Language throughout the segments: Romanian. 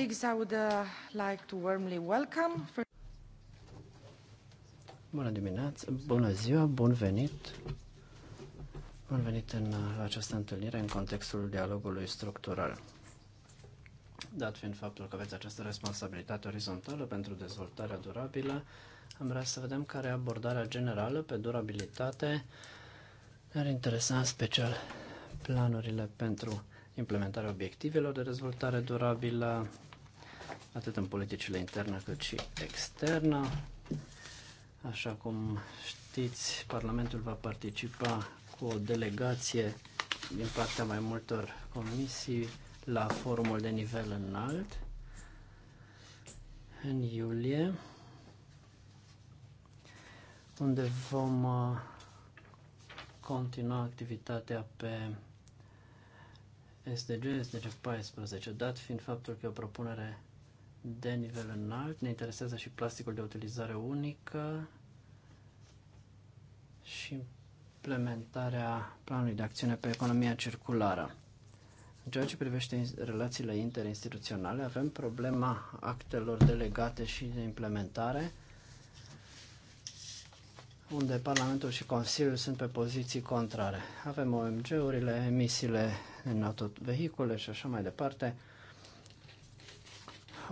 colleagues, I would uh, like to warmly welcome. For... Bună dimineața, bună ziua, bun venit. Bun venit în uh, această întâlnire în contextul dialogului structural. Dat fiind faptul că aveți această responsabilitate orizontală pentru dezvoltarea durabilă, am vrea să vedem care e abordarea generală pe durabilitate. Ne-ar interesa în special planurile pentru implementarea obiectivelor de dezvoltare durabilă, atât în politicile interne cât și externe, Așa cum știți, Parlamentul va participa cu o delegație din partea mai multor comisii la forumul de nivel înalt în iulie, unde vom uh, continua activitatea pe SDG, SDG 14, dat fiind faptul că e o propunere de nivel înalt, ne interesează și plasticul de utilizare unică și implementarea planului de acțiune pe economia circulară. În ceea ce privește relațiile interinstituționale, avem problema actelor delegate și de implementare, unde Parlamentul și Consiliul sunt pe poziții contrare. Avem OMG-urile, emisiile în autovehicule și așa mai departe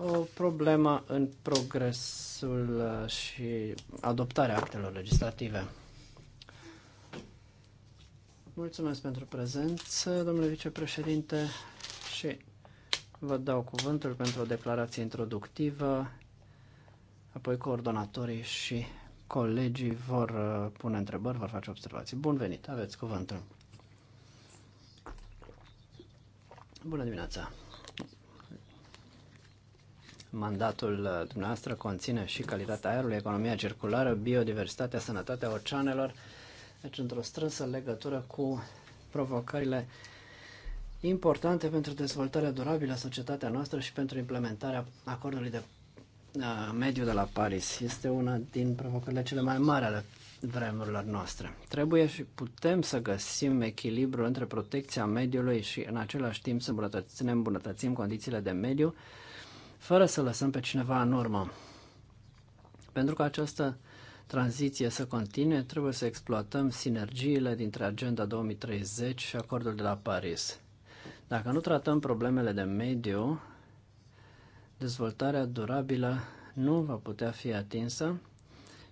o problemă în progresul uh, și adoptarea actelor legislative. Mulțumesc pentru prezență, domnule vicepreședinte, și vă dau cuvântul pentru o declarație introductivă, apoi coordonatorii și colegii vor uh, pune întrebări, vor face observații. Bun venit, aveți cuvântul. Bună dimineața! Mandatul uh, dumneavoastră conține și calitatea aerului, economia circulară, biodiversitatea, sănătatea oceanelor, deci într-o strânsă legătură cu provocările importante pentru dezvoltarea durabilă a societatea noastră și pentru implementarea acordului de uh, mediu de la Paris. Este una din provocările cele mai mari ale vremurilor noastre. Trebuie și putem să găsim echilibru între protecția mediului și în același timp să îmbunătățim, să îmbunătățim condițiile de mediu fără să lăsăm pe cineva în urmă. Pentru că această tranziție să continue, trebuie să exploatăm sinergiile dintre Agenda 2030 și acordul de la Paris. Dacă nu tratăm problemele de mediu, dezvoltarea durabilă nu va putea fi atinsă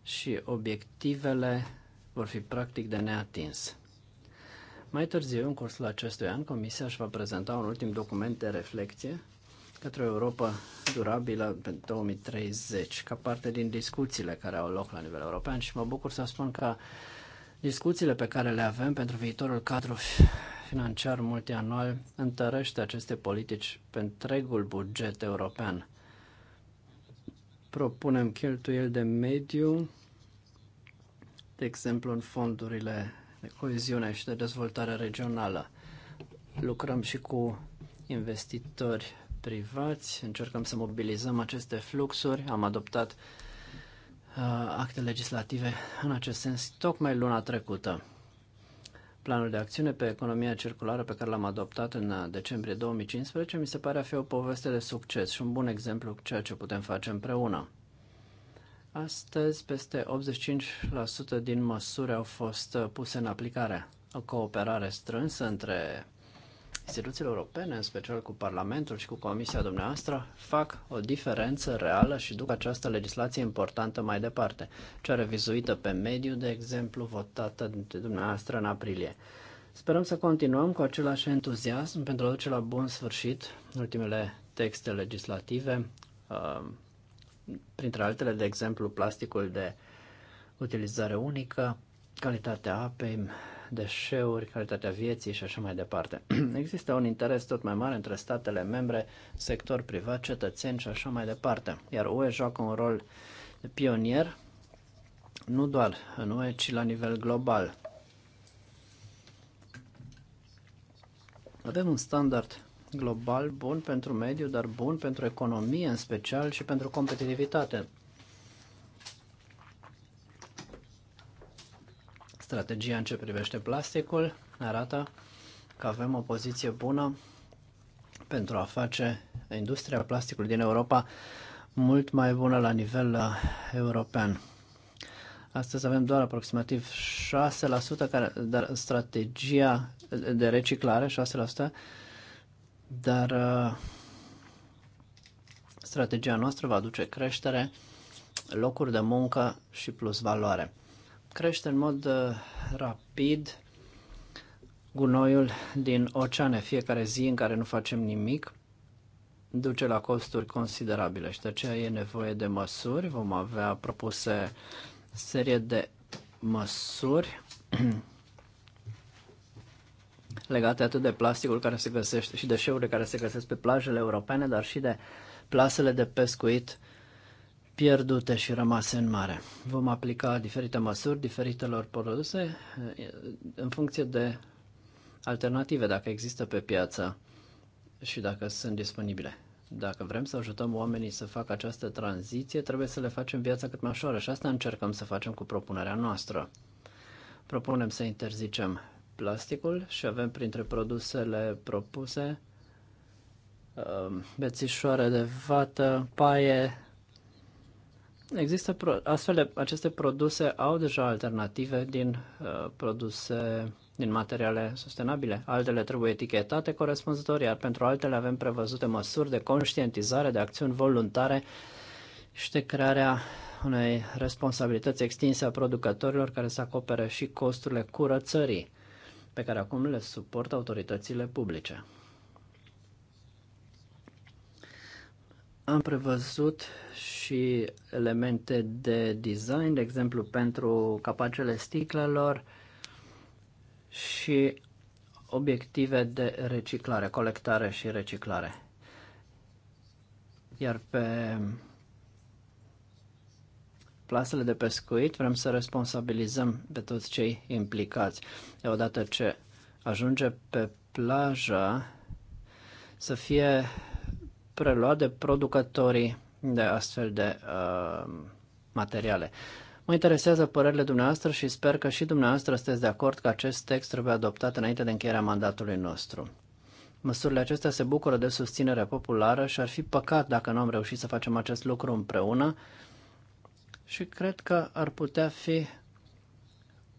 și obiectivele vor fi practic de neatins. Mai târziu, în cursul acestui an, Comisia își va prezenta un ultim document de reflecție către Europa durabilă pentru 2030, ca parte din discuțiile care au loc la nivel european și mă bucur să spun că discuțiile pe care le avem pentru viitorul cadru financiar multianual întărește aceste politici pe întregul buget european. Propunem cheltuieli de mediu, de exemplu în fondurile de coeziune și de dezvoltare regională. Lucrăm și cu investitori privați, încercăm să mobilizăm aceste fluxuri. Am adoptat uh, acte legislative în acest sens tocmai luna trecută. Planul de acțiune pe economia circulară pe care l-am adoptat în uh, decembrie 2015 mi se pare a fi o poveste de succes și un bun exemplu cu ceea ce putem face împreună. Astăzi, peste 85% din măsuri au fost uh, puse în aplicare. O cooperare strânsă între Instituțiile europene, în special cu Parlamentul și cu Comisia dumneavoastră, fac o diferență reală și duc această legislație importantă mai departe, cea revizuită pe mediu, de exemplu, votată de dumneavoastră în aprilie. Sperăm să continuăm cu același entuziasm pentru a duce la bun sfârșit ultimele texte legislative, uh, printre altele, de exemplu, plasticul de utilizare unică, calitatea apei, deșeuri, calitatea vieții și așa mai departe. Există un interes tot mai mare între statele membre, sector privat, cetățeni și așa mai departe. Iar UE joacă un rol de pionier, nu doar în UE, ci la nivel global. Avem un standard global bun pentru mediu, dar bun pentru economie în special și pentru competitivitate. Strategia în ce privește plasticul arată că avem o poziție bună pentru a face industria plasticului din Europa mult mai bună la nivel uh, european. Astăzi avem doar aproximativ 6% care, dar strategia de reciclare, 6%, dar uh, strategia noastră va aduce creștere, locuri de muncă și plus valoare crește în mod uh, rapid gunoiul din oceane. Fiecare zi în care nu facem nimic duce la costuri considerabile și de aceea e nevoie de măsuri. Vom avea propuse serie de măsuri legate atât de plasticul care se găsește și deșeurile care se găsesc pe plajele europene, dar și de plasele de pescuit pierdute și rămase în mare. Vom aplica diferite măsuri diferitelor produse eh, în funcție de alternative, dacă există pe piață și dacă sunt disponibile. Dacă vrem să ajutăm oamenii să facă această tranziție, trebuie să le facem viața cât mai ușoară și asta încercăm să facem cu propunerea noastră. Propunem să interzicem plasticul și avem printre produsele propuse eh, bețișoare de vată, paie, Există pro- astfel de, aceste produse au deja alternative din uh, produse din materiale sustenabile. Altele trebuie etichetate corespunzător, iar pentru altele avem prevăzute măsuri de conștientizare, de acțiuni voluntare și de crearea unei responsabilități extinse a producătorilor care să acopere și costurile curățării pe care acum le suportă autoritățile publice. Am prevăzut și elemente de design, de exemplu pentru capacele sticlelor și obiective de reciclare, colectare și reciclare. Iar pe plasele de pescuit vrem să responsabilizăm pe toți cei implicați. De odată ce ajunge pe plajă, să fie preluat de producătorii de astfel de uh, materiale. Mă interesează părerile dumneavoastră și sper că și dumneavoastră sunteți de acord că acest text trebuie adoptat înainte de încheierea mandatului nostru. Măsurile acestea se bucură de susținere populară și ar fi păcat dacă nu am reușit să facem acest lucru împreună și cred că ar putea fi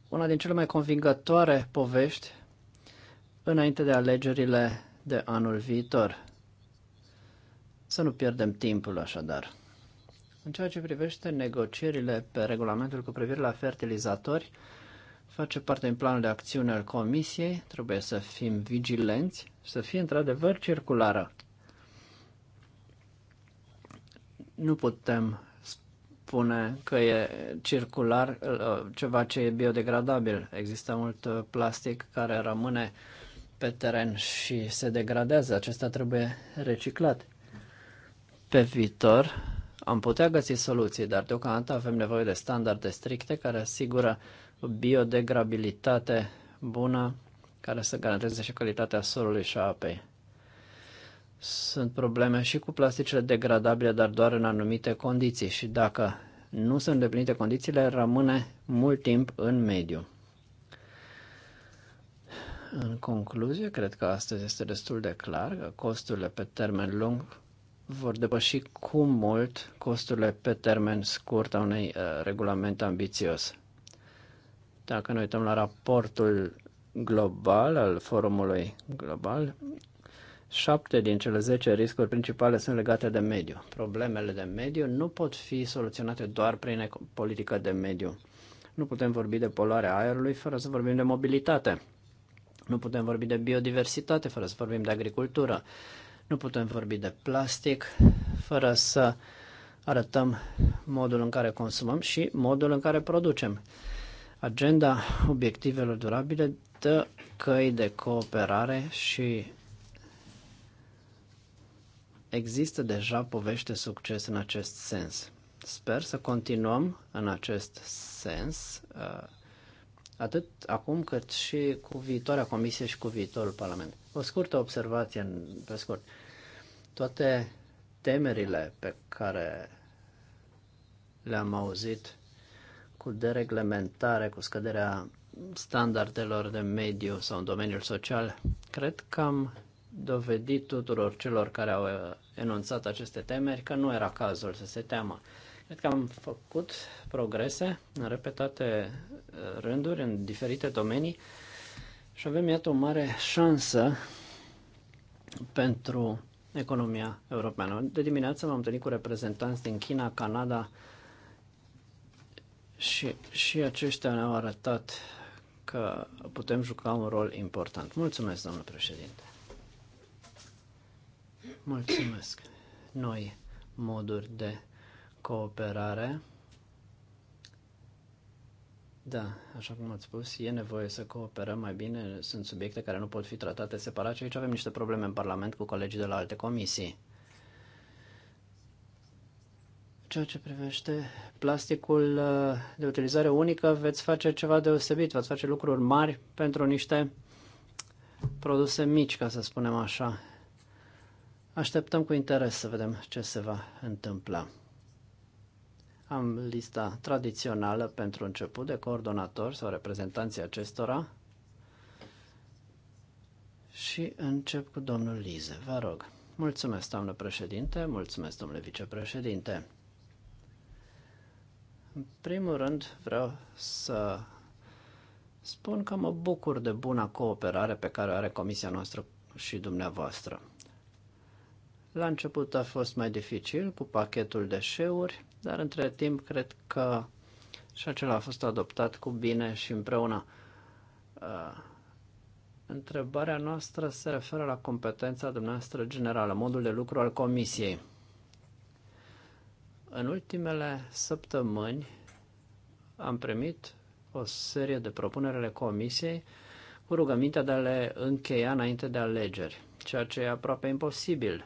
una din cele mai convingătoare povești înainte de alegerile de anul viitor. Să nu pierdem timpul așadar. În ceea ce privește negocierile pe regulamentul cu privire la fertilizatori, face parte din planul de acțiune al Comisiei, trebuie să fim vigilenți și să fie într-adevăr circulară. Nu putem spune că e circular uh, ceva ce e biodegradabil. Există mult uh, plastic care rămâne pe teren și se degradează. Acesta trebuie reciclat. Pe viitor am putea găsi soluții, dar deocamdată avem nevoie de standarde stricte care asigură biodegrabilitate bună, care să garanteze și calitatea solului și a apei. Sunt probleme și cu plasticele degradabile, dar doar în anumite condiții și dacă nu sunt îndeplinite condițiile, rămâne mult timp în mediu. În concluzie, cred că astăzi este destul de clar că costurile pe termen lung vor depăși cu mult costurile pe termen scurt a unui uh, regulament ambițios. Dacă ne uităm la raportul global al forumului global, șapte din cele zece riscuri principale sunt legate de mediu. Problemele de mediu nu pot fi soluționate doar prin politică de mediu. Nu putem vorbi de poluarea aerului fără să vorbim de mobilitate. Nu putem vorbi de biodiversitate fără să vorbim de agricultură. Nu putem vorbi de plastic fără să arătăm modul în care consumăm și modul în care producem. Agenda obiectivelor durabile dă căi de cooperare și există deja povești de succes în acest sens. Sper să continuăm în acest sens, uh, atât acum cât și cu viitoarea comisie și cu viitorul Parlament. O scurtă observație, în, pe scurt. Toate temerile pe care le-am auzit cu dereglementare, cu scăderea standardelor de mediu sau în domeniul social, cred că am dovedit tuturor celor care au uh, enunțat aceste temeri că nu era cazul să se teamă. Cred că am făcut progrese în repetate uh, rânduri în diferite domenii și avem, iată, o mare șansă pentru economia europeană. De dimineață m-am întâlnit cu reprezentanți din China, Canada și, și aceștia ne-au arătat că putem juca un rol important. Mulțumesc, domnule președinte. Mulțumesc. Noi moduri de cooperare. Da, așa cum ați spus, e nevoie să cooperăm mai bine. Sunt subiecte care nu pot fi tratate separat și aici avem niște probleme în Parlament cu colegii de la alte comisii. Ceea ce privește plasticul uh, de utilizare unică, veți face ceva deosebit, veți face lucruri mari pentru niște produse mici, ca să spunem așa. Așteptăm cu interes să vedem ce se va întâmpla. Am lista tradițională pentru început de coordonatori sau reprezentanții acestora și încep cu domnul Lize. Vă rog. Mulțumesc, doamnă președinte, mulțumesc, domnule vicepreședinte. În primul rând, vreau să spun că mă bucur de buna cooperare pe care o are comisia noastră și dumneavoastră. La început a fost mai dificil cu pachetul deșeuri, dar între timp cred că și acela a fost adoptat cu bine și împreună. Uh, întrebarea noastră se referă la competența dumneavoastră generală, modul de lucru al comisiei. În ultimele săptămâni am primit o serie de propunerele comisiei cu rugămintea de a le încheia înainte de alegeri, ceea ce e aproape imposibil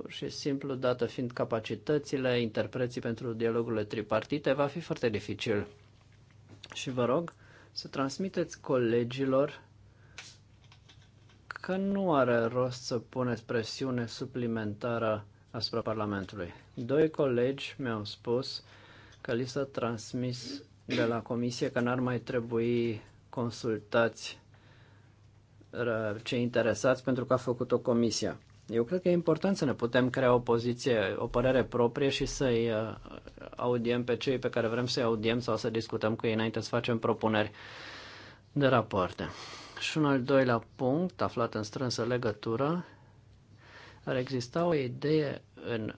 pur și simplu, dată fiind capacitățile, interpreții pentru dialogurile tripartite, va fi foarte dificil. Și vă rog să transmiteți colegilor că nu are rost să puneți presiune suplimentară asupra Parlamentului. Doi colegi mi-au spus că li s-a transmis de la Comisie că n-ar mai trebui consultați cei interesați pentru că a făcut o comisie. Eu cred că e important să ne putem crea o poziție, o părere proprie și să-i uh, audiem pe cei pe care vrem să-i audiem sau să discutăm cu ei înainte să facem propuneri de rapoarte. Și un al doilea punct, aflat în strânsă legătură, ar exista o idee în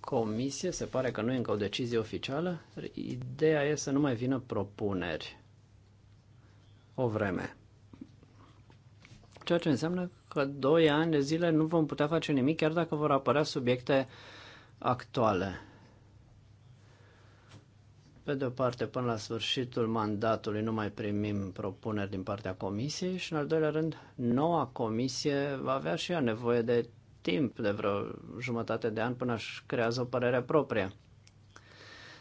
comisie, se pare că nu e încă o decizie oficială, ideea e să nu mai vină propuneri o vreme ceea ce înseamnă că doi ani de zile nu vom putea face nimic, chiar dacă vor apărea subiecte actuale. Pe de o parte, până la sfârșitul mandatului nu mai primim propuneri din partea comisiei și, în al doilea rând, noua comisie va avea și ea nevoie de timp, de vreo jumătate de an, până își creează o părere proprie.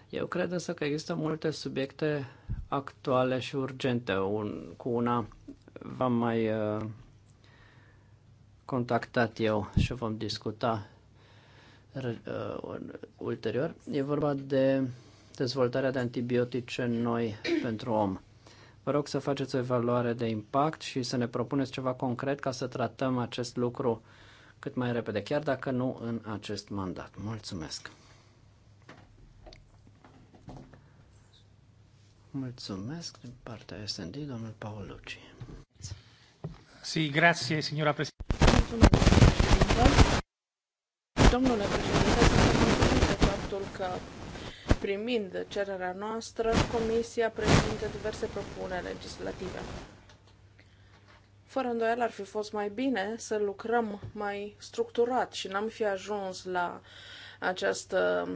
Eu cred însă că există multe subiecte actuale și urgente. Un, cu una v-am mai uh, contactat eu și vom discuta uh, ulterior. E vorba de dezvoltarea de antibiotice noi pentru om. Vă rog să faceți o evaluare de impact și să ne propuneți ceva concret ca să tratăm acest lucru cât mai repede, chiar dacă nu în acest mandat. Mulțumesc! Mulțumesc din partea SND, domnul Paolucci. Sì, grazie signora Presidente domnule președinte. Domnule președinte, suntem mulțumiți de faptul că primind cererea noastră, Comisia prezintă diverse propuneri legislative. Fără îndoială ar fi fost mai bine să lucrăm mai structurat și n-am fi ajuns la această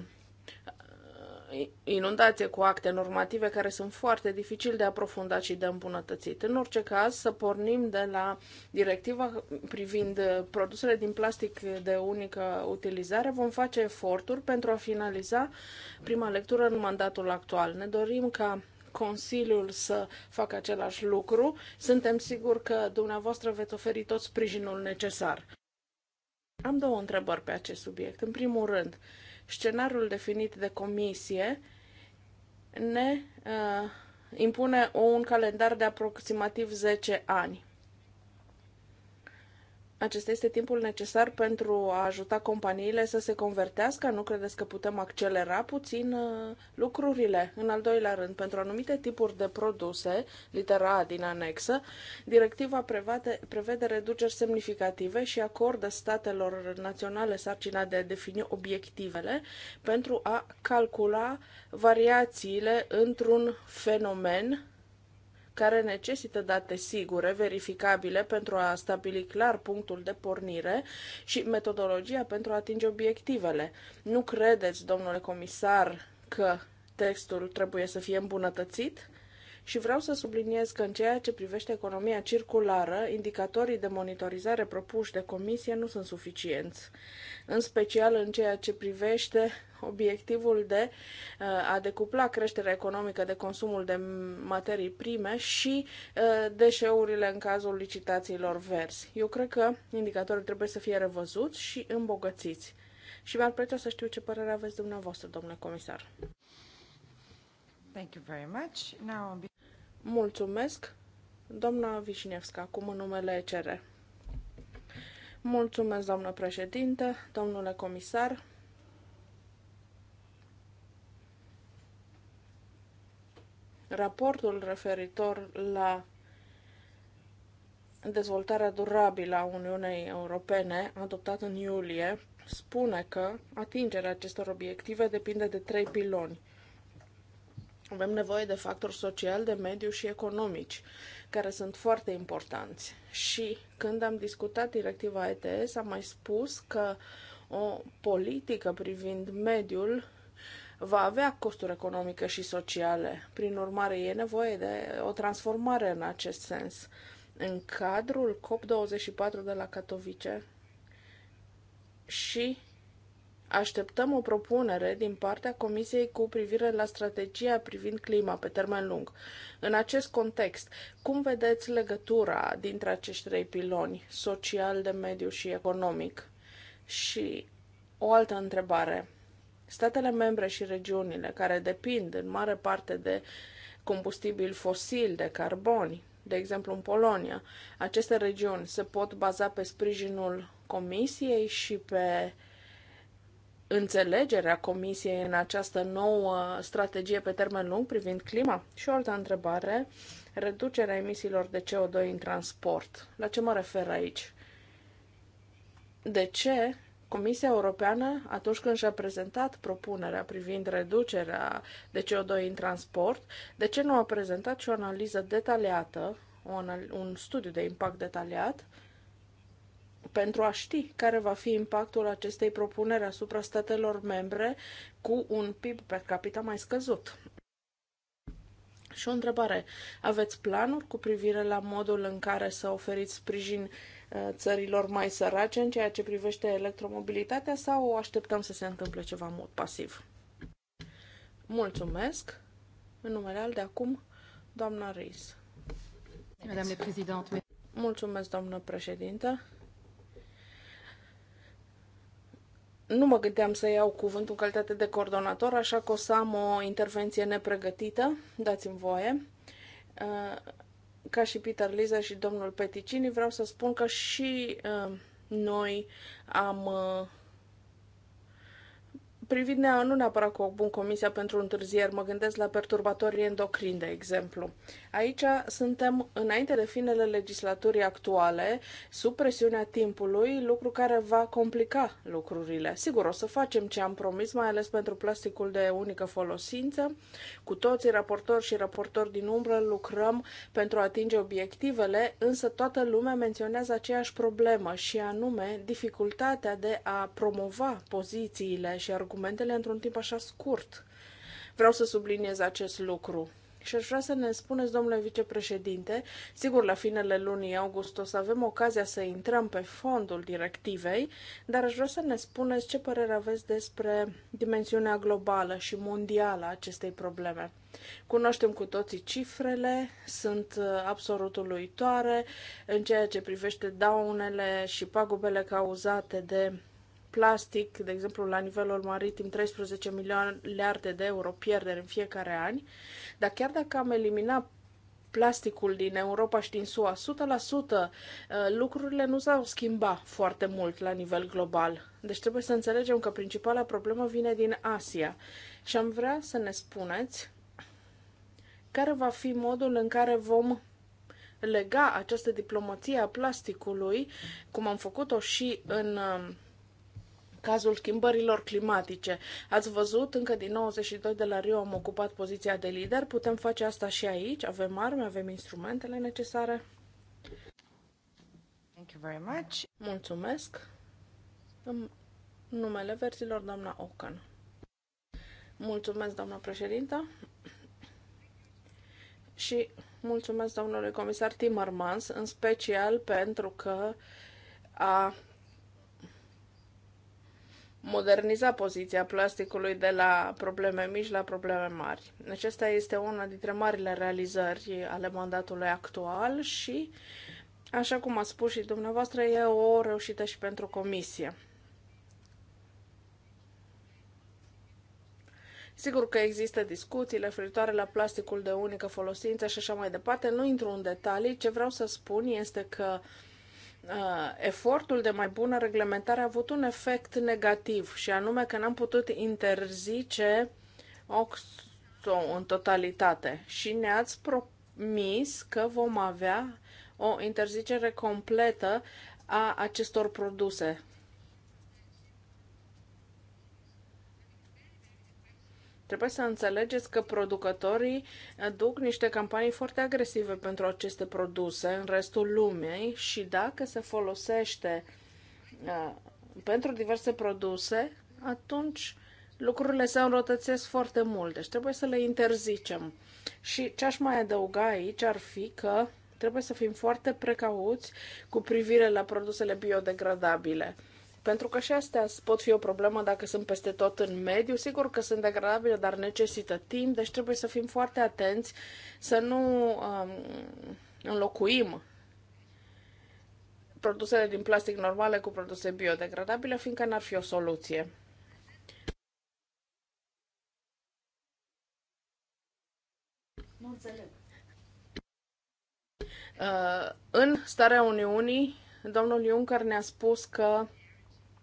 inundație cu acte normative care sunt foarte dificil de aprofundat și de îmbunătățit. În orice caz, să pornim de la directiva privind produsele din plastic de unică utilizare, vom face eforturi pentru a finaliza prima lectură în mandatul actual. Ne dorim ca Consiliul să facă același lucru. Suntem siguri că dumneavoastră veți oferi tot sprijinul necesar. Am două întrebări pe acest subiect. În primul rând, Scenariul definit de comisie ne uh, impune un calendar de aproximativ 10 ani. Acesta este timpul necesar pentru a ajuta companiile să se convertească? Nu credeți că putem accelera puțin uh, lucrurile? În al doilea rând, pentru anumite tipuri de produse, litera A din anexă, directiva prevede, prevede reduceri semnificative și acordă statelor naționale sarcina de a defini obiectivele pentru a calcula variațiile într-un fenomen care necesită date sigure, verificabile pentru a stabili clar punctul de pornire și metodologia pentru a atinge obiectivele. Nu credeți, domnule comisar, că textul trebuie să fie îmbunătățit? Și vreau să subliniez că în ceea ce privește economia circulară, indicatorii de monitorizare propuși de comisie nu sunt suficienți, în special în ceea ce privește obiectivul de uh, a decupla creșterea economică de consumul de materii prime și uh, deșeurile în cazul licitațiilor verzi. Eu cred că indicatorii trebuie să fie revăzuți și îmbogățiți. Și mi-ar plăcea să știu ce părere aveți dumneavoastră, domnule comisar. Thank you very much. Now... Mulțumesc, doamna Vișnevska, acum în numele ECR. Mulțumesc, doamnă președinte, domnule comisar. Raportul referitor la dezvoltarea durabilă a Uniunii Europene, adoptat în iulie, spune că atingerea acestor obiective depinde de trei piloni. Avem nevoie de factori social, de mediu și economici, care sunt foarte importanți. Și când am discutat directiva ETS, am mai spus că o politică privind mediul va avea costuri economice și sociale. Prin urmare, e nevoie de o transformare în acest sens. În cadrul COP24 de la Katowice și Așteptăm o propunere din partea Comisiei cu privire la strategia privind clima pe termen lung. În acest context, cum vedeți legătura dintre acești trei piloni, social, de mediu și economic? Și o altă întrebare. Statele membre și regiunile care depind în mare parte de combustibil fosil, de carboni, de exemplu în Polonia, aceste regiuni se pot baza pe sprijinul Comisiei și pe înțelegerea Comisiei în această nouă strategie pe termen lung privind clima? Și o altă întrebare, reducerea emisiilor de CO2 în transport. La ce mă refer aici? De ce Comisia Europeană, atunci când și-a prezentat propunerea privind reducerea de CO2 în transport, de ce nu a prezentat și o analiză detaliată, un studiu de impact detaliat pentru a ști care va fi impactul acestei propuneri asupra statelor membre cu un PIB per capita mai scăzut. Și o întrebare. Aveți planuri cu privire la modul în care să oferiți sprijin uh, țărilor mai sărace în ceea ce privește electromobilitatea sau așteptăm să se întâmple ceva în mod pasiv? Mulțumesc. În numele al de acum, doamna Reis. Mulțumesc, doamnă președintă. nu mă gândeam să iau cuvântul în calitate de coordonator, așa că o să am o intervenție nepregătită, dați-mi voie. Uh, ca și Peter Liza și domnul Peticini, vreau să spun că și uh, noi am uh, privind nu neapărat cu bun comisia pentru întârzieri, mă gândesc la perturbatorii endocrini, de exemplu. Aici suntem înainte de finele legislaturii actuale, sub presiunea timpului, lucru care va complica lucrurile. Sigur, o să facem ce am promis, mai ales pentru plasticul de unică folosință. Cu toții raportori și raportori din umbră lucrăm pentru a atinge obiectivele, însă toată lumea menționează aceeași problemă și anume dificultatea de a promova pozițiile și argumentele documentele într-un timp așa scurt. Vreau să subliniez acest lucru. Și aș vrea să ne spuneți, domnule vicepreședinte, sigur, la finele lunii august o să avem ocazia să intrăm pe fondul directivei, dar aș vrea să ne spuneți ce părere aveți despre dimensiunea globală și mondială a acestei probleme. Cunoaștem cu toții cifrele, sunt uh, absolut uluitoare în ceea ce privește daunele și pagubele cauzate de plastic, de exemplu, la nivelul maritim, 13 miliarde de euro pierdere în fiecare an, dar chiar dacă am eliminat plasticul din Europa și din SUA 100%, uh, lucrurile nu s-au schimbat foarte mult la nivel global. Deci trebuie să înțelegem că principala problemă vine din Asia. Și am vrea să ne spuneți care va fi modul în care vom lega această diplomație a plasticului, cum am făcut-o și în um, cazul schimbărilor climatice. Ați văzut, încă din 92 de la Rio am ocupat poziția de lider. Putem face asta și aici. Avem arme, avem instrumentele necesare. Thank you very much. Mulțumesc. În numele verzilor, doamna Ocan. Mulțumesc, doamna președintă. Și mulțumesc domnului comisar Timmermans, în special pentru că a moderniza poziția plasticului de la probleme mici la probleme mari. Acesta este una dintre marile realizări ale mandatului actual și, așa cum a spus și dumneavoastră, e o reușită și pentru comisie. Sigur că există discuții referitoare la plasticul de unică folosință și așa mai departe. Nu intru în detalii. Ce vreau să spun este că uh, Uh, efortul de mai bună reglementare a avut un efect negativ și anume că n-am putut interzice OXO în totalitate și ne-ați promis că vom avea o interzicere completă a acestor produse Trebuie să înțelegeți că producătorii duc niște campanii foarte agresive pentru aceste produse în restul lumii și dacă se folosește uh, pentru diverse produse, atunci lucrurile se înrotățesc foarte mult, deci trebuie să le interzicem. Și ce aș mai adăuga aici ar fi că trebuie să fim foarte precauți cu privire la produsele biodegradabile pentru că și astea pot fi o problemă dacă sunt peste tot în mediu. Sigur că sunt degradabile, dar necesită timp, deci trebuie să fim foarte atenți să nu um, înlocuim produsele din plastic normale cu produse biodegradabile, fiindcă n-ar fi o soluție. Nu înțeleg. Uh, în starea Uniunii, domnul Juncker ne-a spus că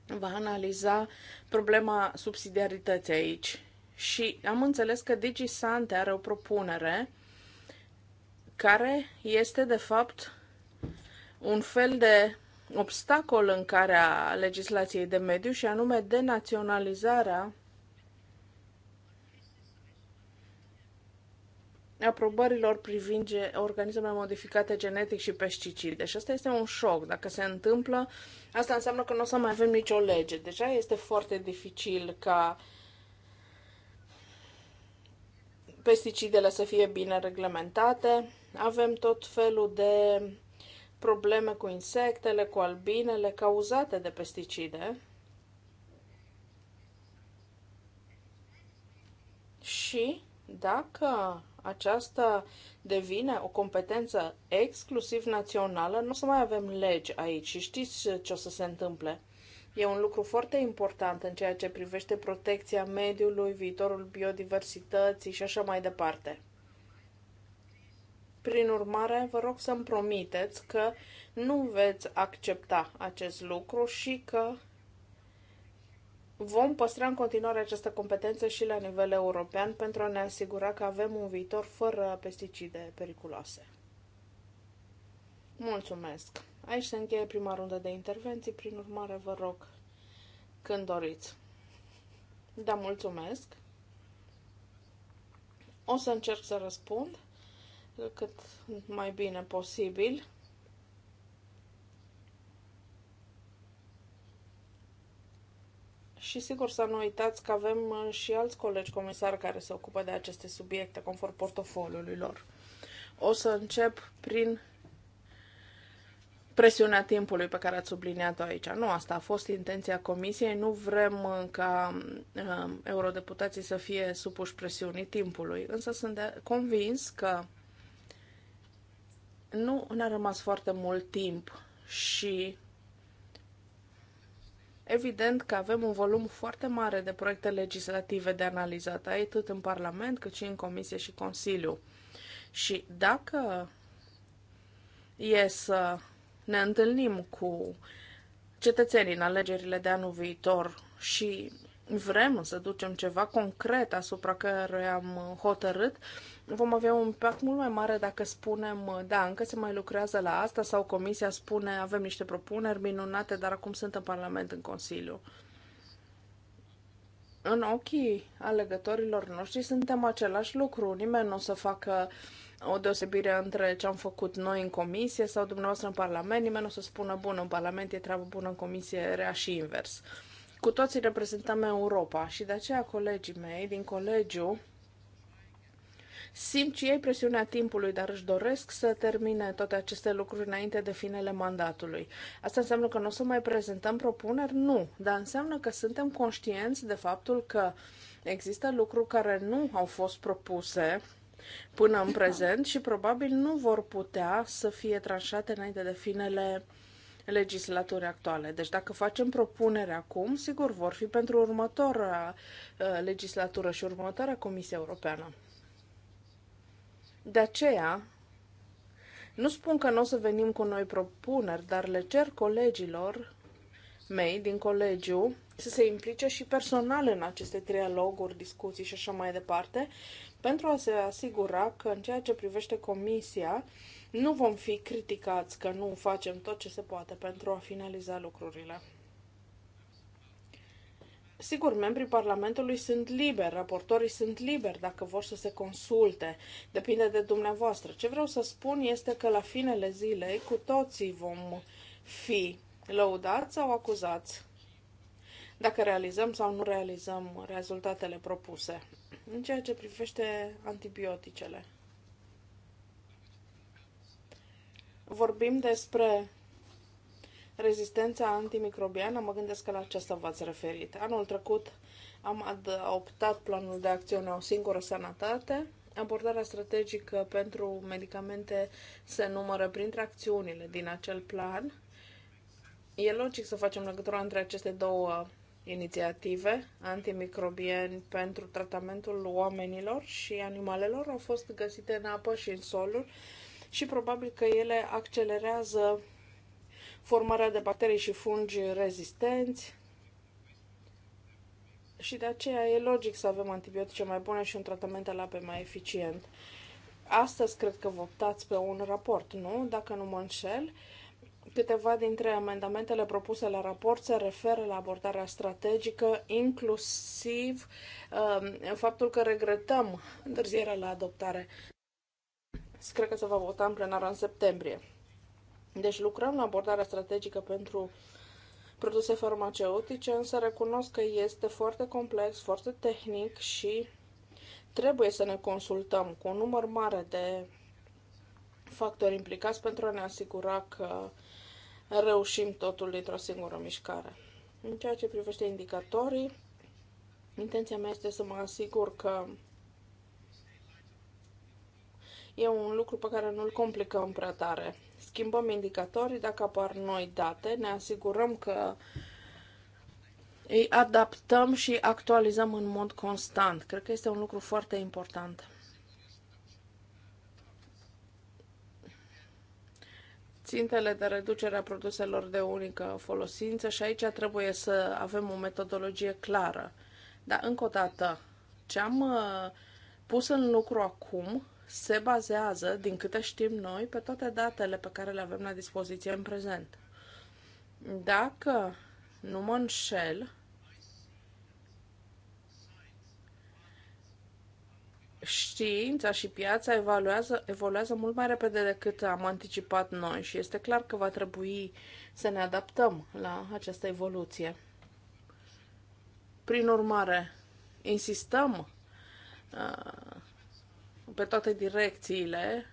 va analiza problema subsidiarității aici. Și am înțeles că DigiSante are o propunere care este, de fapt, un fel de obstacol în care a legislației de mediu și anume denaționalizarea aprobărilor privind organismele modificate genetic și pesticide. Și asta este un șoc. Dacă se întâmplă, asta înseamnă că nu o să mai avem nicio lege. Deja deci este foarte dificil ca pesticidele să fie bine reglementate. Avem tot felul de probleme cu insectele, cu albinele cauzate de pesticide. Și dacă aceasta devine o competență exclusiv națională, nu o să mai avem legi aici și știți ce o să se întâmple. E un lucru foarte important în ceea ce privește protecția mediului, viitorul biodiversității și așa mai departe. Prin urmare, vă rog să-mi promiteți că nu veți accepta acest lucru și că Vom păstra în continuare această competență și la nivel european pentru a ne asigura că avem un viitor fără pesticide periculoase. Mulțumesc! Aici se încheie prima rundă de intervenții, prin urmare vă rog când doriți. Da, mulțumesc! O să încerc să răspund cât mai bine posibil. Și sigur să nu uitați că avem uh, și alți colegi comisari care se ocupă de aceste subiecte conform portofoliului lor. O să încep prin presiunea timpului pe care ați subliniat-o aici. Nu, asta a fost intenția comisiei. Nu vrem uh, ca uh, eurodeputații să fie supuși presiunii timpului, însă sunt de- convins că nu ne-a rămas foarte mult timp și Evident că avem un volum foarte mare de proiecte legislative de analizat, atât în Parlament cât și în Comisie și Consiliu. Și dacă e să ne întâlnim cu cetățenii în alegerile de anul viitor și vrem să ducem ceva concret asupra căruia am hotărât, vom avea un impact mult mai mare dacă spunem, uh, da, încă se mai lucrează la asta sau Comisia spune, avem niște propuneri minunate, dar acum sunt în Parlament, în Consiliu. În ochii alegătorilor noștri suntem același lucru. Nimeni nu o să facă o deosebire între ce am făcut noi în comisie sau dumneavoastră în Parlament. Nimeni nu o să spună, bun, în Parlament e treabă bună, în comisie rea și invers. Cu toții reprezentăm Europa și de aceea colegii mei din colegiu simt și ei presiunea timpului, dar își doresc să termine toate aceste lucruri înainte de finele mandatului. Asta înseamnă că nu o să mai prezentăm propuneri? Nu, dar înseamnă că suntem conștienți de faptul că există lucruri care nu au fost propuse până în prezent și probabil nu vor putea să fie tranșate înainte de finele legislaturii actuale. Deci dacă facem propunere acum, sigur vor fi pentru următoarea uh, legislatură și următoarea Comisie Europeană. De aceea, nu spun că nu o să venim cu noi propuneri, dar le cer colegilor mei din colegiu să se implice și personal în aceste trialoguri, discuții și așa mai departe, pentru a se asigura că în ceea ce privește comisia nu vom fi criticați că nu facem tot ce se poate pentru a finaliza lucrurile. Sigur, membrii Parlamentului sunt liberi, raportorii sunt liberi dacă vor să se consulte. Depinde de dumneavoastră. Ce vreau să spun este că la finele zilei cu toții vom fi lăudați sau acuzați dacă realizăm sau nu realizăm rezultatele propuse în ceea ce privește antibioticele. Vorbim despre rezistența antimicrobiană, mă gândesc că la aceasta v-ați referit. Anul trecut am adoptat planul de acțiune O singură sănătate. Abordarea strategică pentru medicamente se numără printre acțiunile din acel plan. E logic să facem legătura între aceste două inițiative antimicrobieni pentru tratamentul oamenilor și animalelor au fost găsite în apă și în soluri și probabil că ele accelerează formarea de bacterii și fungi rezistenți. Și de aceea e logic să avem antibiotice mai bune și un tratament al apei mai eficient. Astăzi cred că votați pe un raport, nu? Dacă nu mă înșel. Câteva dintre amendamentele propuse la raport se referă la abordarea strategică, inclusiv uh, faptul că regretăm întârzierea la adoptare. Cred că se va vota în plenară în septembrie. Deci lucrăm la abordarea strategică pentru produse farmaceutice, însă recunosc că este foarte complex, foarte tehnic și trebuie să ne consultăm cu un număr mare de factori implicați pentru a ne asigura că reușim totul dintr-o singură mișcare. În ceea ce privește indicatorii, intenția mea este să mă asigur că e un lucru pe care nu-l complicăm prea tare schimbăm indicatorii, dacă apar noi date, ne asigurăm că îi adaptăm și actualizăm în mod constant. Cred că este un lucru foarte important. țintele de reducere a produselor de unică folosință și aici trebuie să avem o metodologie clară. Dar, încă o dată, ce am uh, pus în lucru acum se bazează, din câte știm noi, pe toate datele pe care le avem la dispoziție în prezent. Dacă nu mă înșel, știința și piața evaluează, evoluează mult mai repede decât am anticipat noi și este clar că va trebui să ne adaptăm la această evoluție. Prin urmare, insistăm uh, pe toate direcțiile,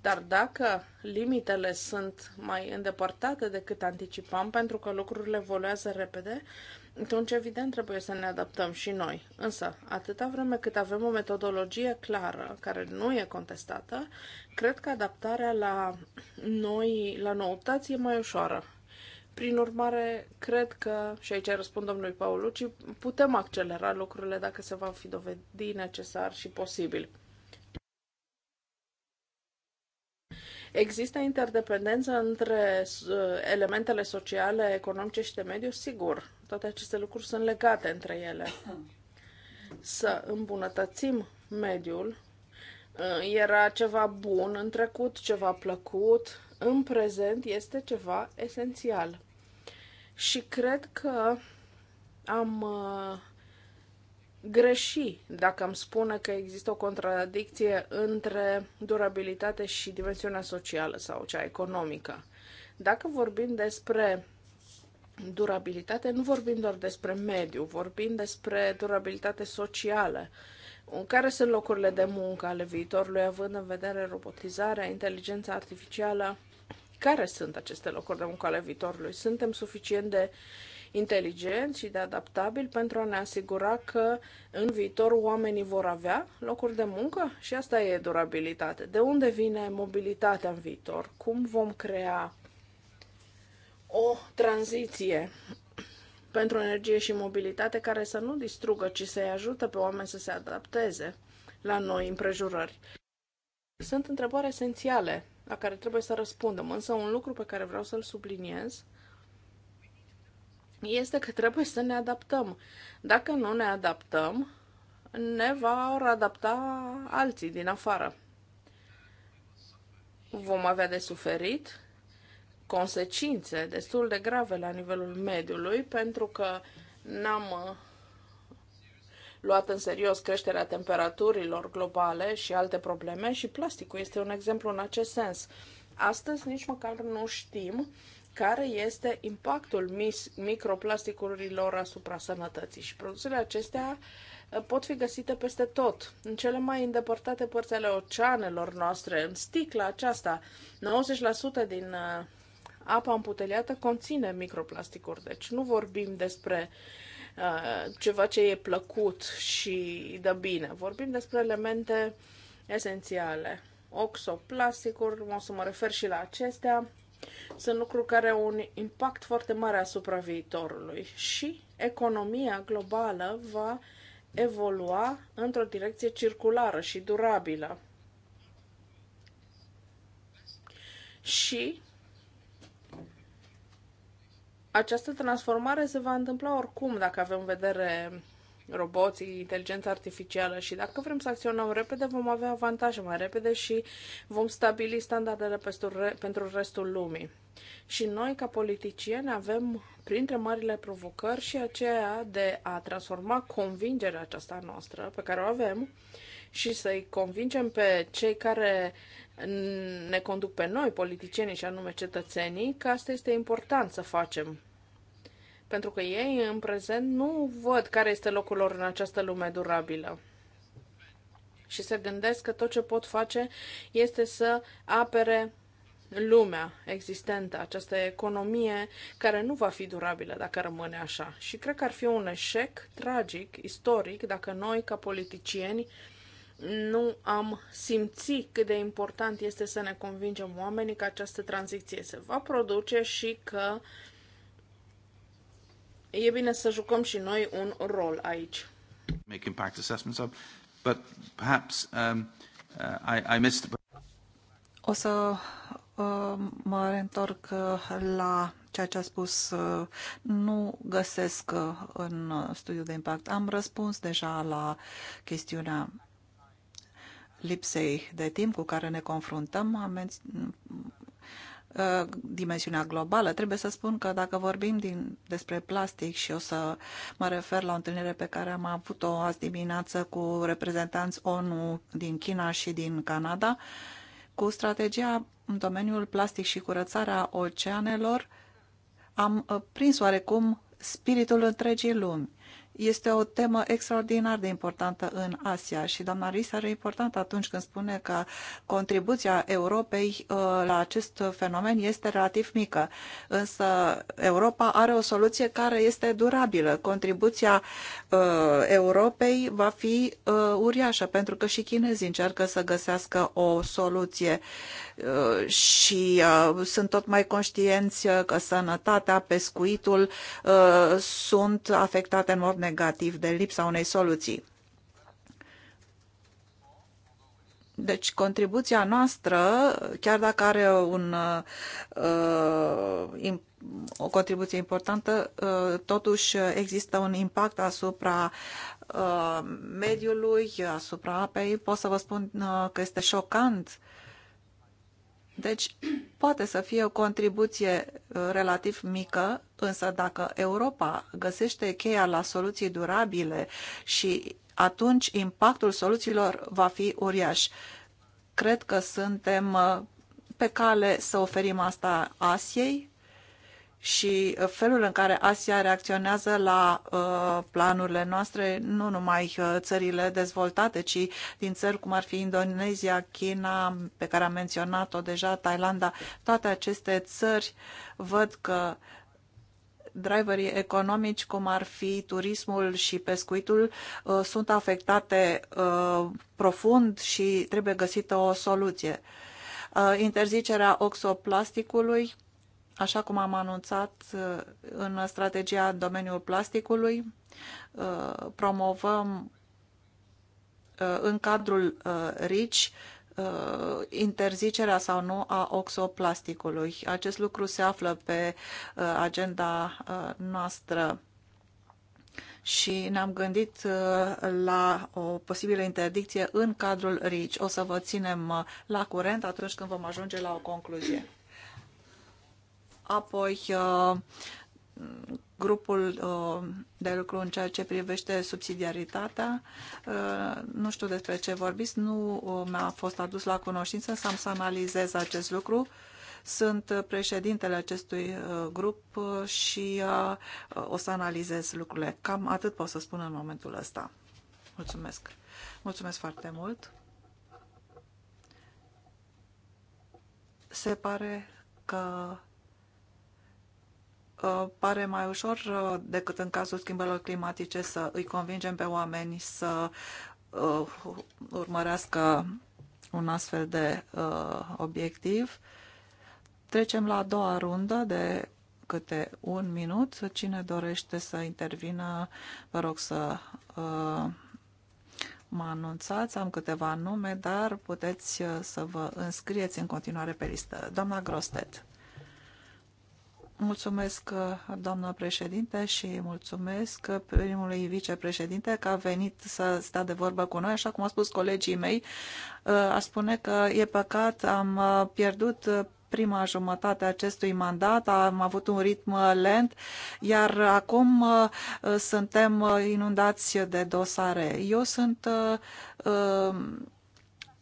dar dacă limitele sunt mai îndepărtate decât anticipam, pentru că lucrurile evoluează repede, atunci evident trebuie să ne adaptăm și noi. Însă, atâta vreme cât avem o metodologie clară, care nu e contestată, cred că adaptarea la noi, la noutăți e mai ușoară. Prin urmare, cred că, și aici răspund domnului Paulucci, putem accelera lucrurile dacă se va fi dovedi necesar și posibil. Există interdependență între uh, elementele sociale, economice și de mediu? Sigur, toate aceste lucruri sunt legate între ele. Să îmbunătățim mediul uh, era ceva bun în trecut, ceva plăcut, în prezent este ceva esențial. Și cred că am uh, greși dacă am spune că există o contradicție între durabilitate și dimensiunea socială sau cea economică. Dacă vorbim despre durabilitate, nu vorbim doar despre mediu, vorbim despre durabilitate socială. Care sunt locurile de muncă ale viitorului, având în vedere robotizarea, inteligența artificială? Care sunt aceste locuri de muncă ale viitorului? Suntem suficient de uh, inteligent și de adaptabil pentru a ne asigura că în viitor oamenii vor avea locuri de muncă și asta e durabilitate. De unde vine mobilitatea în viitor? Cum vom crea o tranziție pentru energie și mobilitate care să nu distrugă, ci să-i ajută pe oameni să se adapteze la noi împrejurări? Sunt întrebări esențiale la care trebuie să răspundem, însă un lucru pe care vreau să-l subliniez este că trebuie să ne adaptăm. Dacă nu ne adaptăm, ne va adapta alții din afară. Vom avea de suferit consecințe destul de grave la nivelul mediului pentru că n-am uh, luat în serios creșterea temperaturilor globale și alte probleme și plasticul este un exemplu în acest sens. Astăzi nici măcar nu știm care este impactul microplasticurilor asupra sănătății. Și produsele acestea uh, pot fi găsite peste tot, în cele mai îndepărtate părți ale oceanelor noastre, în sticla aceasta. 90% din uh, apa împuteliată conține microplasticuri, deci nu vorbim despre uh, ceva ce e plăcut și dă bine. Vorbim despre elemente esențiale. Oxoplasticuri, o să mă refer și la acestea, sunt lucruri care au un impact foarte mare asupra viitorului și economia globală va evolua într-o direcție circulară și durabilă. Și această transformare se va întâmpla oricum dacă avem vedere roboții, inteligența artificială și dacă vrem să acționăm repede, vom avea avantaje mai repede și vom stabili standardele pentru restul lumii. Și noi, ca politicieni, avem printre marile provocări și aceea de a transforma convingerea aceasta noastră pe care o avem și să-i convingem pe cei care ne conduc pe noi, politicienii și anume cetățenii, că asta este important să facem pentru că ei în prezent nu văd care este locul lor în această lume durabilă. Și se gândesc că tot ce pot face este să apere lumea existentă, această economie care nu va fi durabilă dacă rămâne așa. Și cred că ar fi un eșec tragic, istoric, dacă noi, ca politicieni, nu am simțit cât de important este să ne convingem oamenii că această tranziție se va produce și că e bine să jucăm și noi un rol aici. Make impact assessments of, but perhaps um, uh, I, I missed... O să uh, mă întorc uh, la ceea ce a spus. Uh, nu găsesc uh, în studiul de impact. Am răspuns deja la chestiunea lipsei de timp cu care ne confruntăm. Am Uh, dimensiunea globală. Trebuie să spun că dacă vorbim din, despre plastic și o să mă refer la o întâlnire pe care am avut-o azi dimineață cu reprezentanți ONU din China și din Canada, cu strategia în domeniul plastic și curățarea oceanelor, am uh, prins oarecum spiritul întregii lumi este o temă extraordinar de importantă în Asia și doamna Risa are important atunci când spune că contribuția Europei uh, la acest fenomen este relativ mică. Însă Europa are o soluție care este durabilă. Contribuția uh, Europei va fi uh, uriașă pentru că și chinezii încearcă să găsească o soluție Uh, și uh, sunt tot mai conștienți uh, că sănătatea, pescuitul sunt afectate în mod negativ de lipsa unei soluții. Deci contribuția noastră, chiar dacă are un, uh, o contribuție importantă, uh, totuși există un impact asupra uh, mediului, asupra apei. Pot să vă spun că este șocant deci poate să fie o contribuție uh, relativ mică, însă dacă Europa găsește cheia la soluții durabile și atunci impactul soluțiilor va fi uriaș. Cred că suntem uh, pe cale să oferim asta Asiei, și uh, felul în care Asia reacționează la uh, planurile noastre, nu numai uh, țările dezvoltate, ci din țări cum ar fi Indonezia, China, pe care am menționat-o deja, Thailanda, toate aceste țări văd că driverii economici, cum ar fi turismul și pescuitul, uh, sunt afectate uh, profund și trebuie găsită o soluție. Uh, interzicerea oxoplasticului, Așa cum am anunțat uh, în strategia în domeniul plasticului, uh, promovăm uh, în cadrul RICI interzicerea sau nu a oxoplasticului. Acest lucru se află pe agenda noastră și ne-am gândit la o posibilă interdicție în cadrul RICI. O să vă ținem la curent atunci când vom ajunge la o concluzie apoi uh, grupul uh, de lucru în ceea ce privește subsidiaritatea. Uh, nu știu despre ce vorbiți, nu mi-a fost adus la cunoștință să am să analizez acest lucru. Sunt președintele acestui grup și o să analizez lucrurile. Cam atât pot să spun în momentul ăsta. Mulțumesc. Mulțumesc foarte mult. Se pare că Uh, pare mai ușor uh, decât în cazul schimbărilor climatice să îi convingem pe oameni să uh, urmărească un astfel de obiectiv. Trecem la a doua rundă de câte un minut. Cine dorește să intervină, vă rog să uh, mă anunțați. Am câteva nume, dar puteți să vă înscrieți în continuare pe listă. Doamna Grostet. Mulțumesc, uh, doamnă președinte, și mulțumesc uh, primului vicepreședinte că a venit să stea de vorbă cu noi. Așa cum au spus colegii mei, uh, a spune că e păcat, am pierdut prima jumătate a acestui mandat, am avut un ritm lent, iar acum suntem inundați de dosare. Eu sunt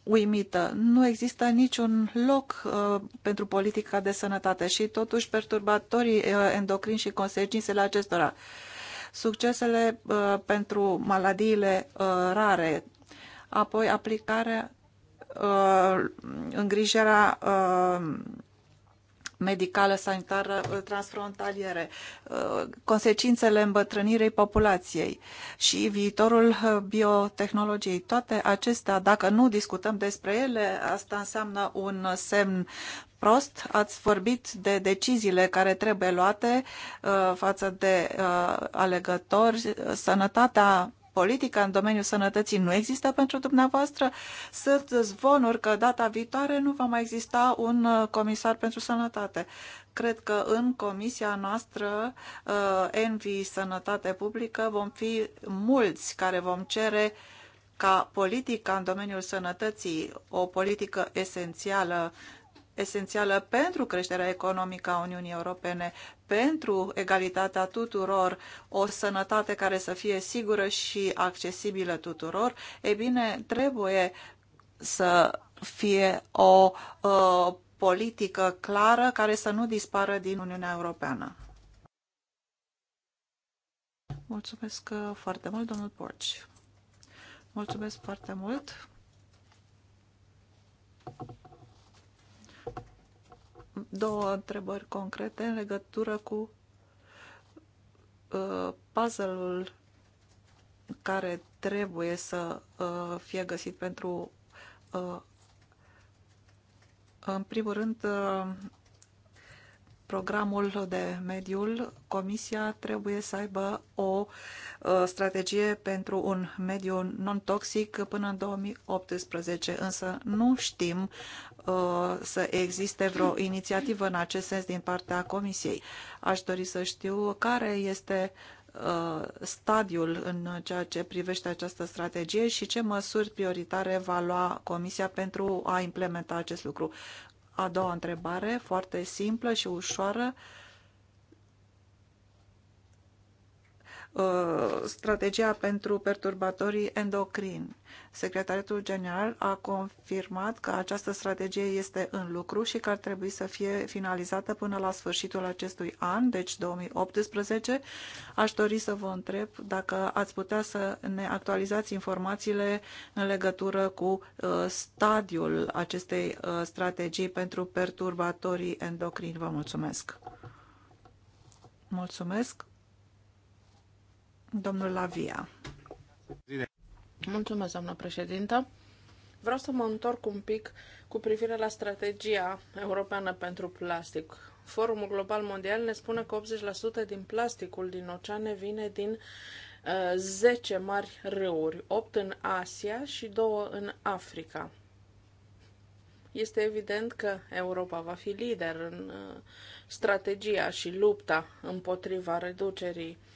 uimită. Nu există niciun loc uh, pentru politica de sănătate și totuși perturbatorii uh, endocrini și consecințele acestora. Succesele uh, pentru maladiile uh, rare, apoi aplicarea, uh, îngrijirea uh, medicală sanitară transfrontaliere, uh, consecințele îmbătrânirii populației și viitorul uh, biotehnologiei. Toate acestea, dacă nu discutăm despre ele, asta înseamnă un semn prost, ați vorbit de deciziile care trebuie luate uh, față de alegători. Sănătatea politica în domeniul sănătății nu există pentru dumneavoastră? Sunt zvonuri că data viitoare nu va mai exista un uh, comisar pentru sănătate. Cred că în comisia noastră uh, Envi Sănătate Publică vom fi mulți care vom cere ca politica în domeniul sănătății, o politică esențială esențială pentru creșterea economică a Uniunii Europene, pentru egalitatea tuturor, o sănătate care să fie sigură și accesibilă tuturor, e bine, trebuie să fie o uh, politică clară care să nu dispară din Uniunea Europeană. Mulțumesc uh, foarte mult, domnul Porci. Mulțumesc foarte mult două întrebări concrete în legătură cu uh, puzzle-ul care trebuie să uh, fie găsit pentru, uh, în primul rând, programul de mediul, Comisia trebuie să aibă o uh, strategie pentru un mediu non-toxic până în 2018, însă nu știm uh, să existe vreo inițiativă în acest sens din partea Comisiei. Aș dori să știu care este uh, stadiul în ceea ce privește această strategie și ce măsuri prioritare va lua Comisia pentru a implementa acest lucru a doua întrebare, foarte simplă și ușoară. Uh, Uh, strategia pentru perturbatorii endocrini. Secretariatul General a confirmat că această strategie este în lucru și că ar trebui să fie finalizată până la sfârșitul acestui an, deci 2018. Aș dori să vă întreb dacă ați putea să ne actualizați informațiile în legătură cu uh, stadiul acestei uh, strategii pentru perturbatorii endocrini. Vă mulțumesc! Mulțumesc! Domnul Mulțumesc, doamnă președintă. Vreau să mă întorc un pic cu privire la strategia europeană pentru plastic. Forumul Global Mondial ne spune că 80% din plasticul din oceane vine din uh, 10 mari râuri, 8 în Asia și 2 în Africa. Este evident că Europa va fi lider în uh, strategia și lupta împotriva reducerii uh,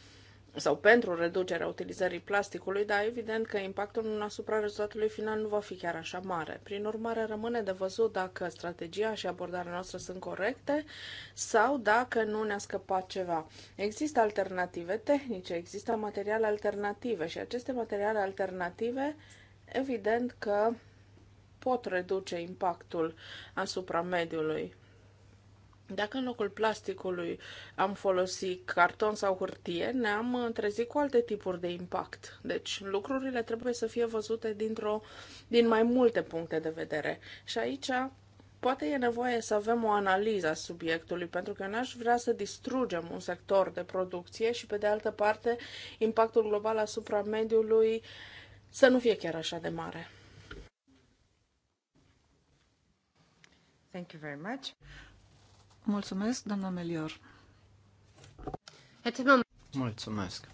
sau pentru reducerea utilizării plasticului, dar evident că impactul asupra rezultatului final nu va fi chiar așa mare. Prin urmare, rămâne de văzut dacă strategia și abordarea noastră sunt corecte sau dacă nu ne-a scăpat ceva. Există alternative tehnice, există materiale alternative și aceste materiale alternative, evident că pot reduce impactul asupra mediului dacă în locul plasticului am folosit carton sau hârtie, ne-am trezit cu alte tipuri de impact. Deci lucrurile trebuie să fie văzute dintr-o, din mai multe puncte de vedere. Și aici poate e nevoie să avem o analiză a subiectului, pentru că n-aș vrea să distrugem un sector de producție și, pe de altă parte, impactul global asupra mediului să nu fie chiar așa de mare. Thank you very much. Mulțumesc, doamna Melior. Mulțumesc.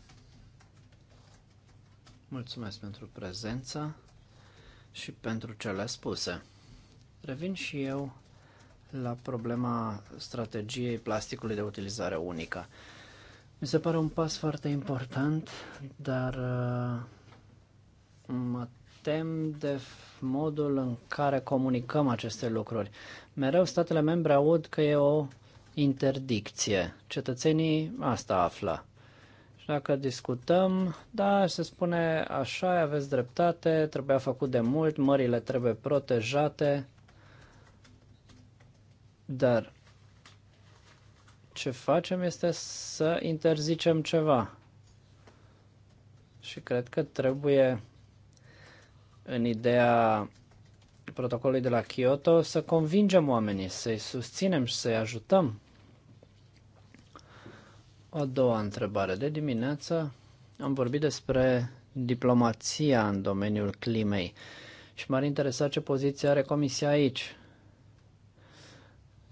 Mulțumesc pentru prezența și pentru cele spuse. Revin și eu la problema strategiei plasticului de utilizare unică. Mi se pare un pas foarte important, dar uh, mă tem de modul în care comunicăm aceste lucruri. Mereu statele membre aud că e o interdicție. Cetățenii asta află. Și dacă discutăm, da, se spune așa, aveți dreptate, trebuia făcut de mult, mările trebuie protejate, dar ce facem este să interzicem ceva. Și cred că trebuie în ideea protocolului de la Kyoto să convingem oamenii, să-i susținem și să-i ajutăm. O doua întrebare de dimineață. Am vorbit despre diplomația în domeniul climei și m-ar interesa ce poziție are Comisia aici.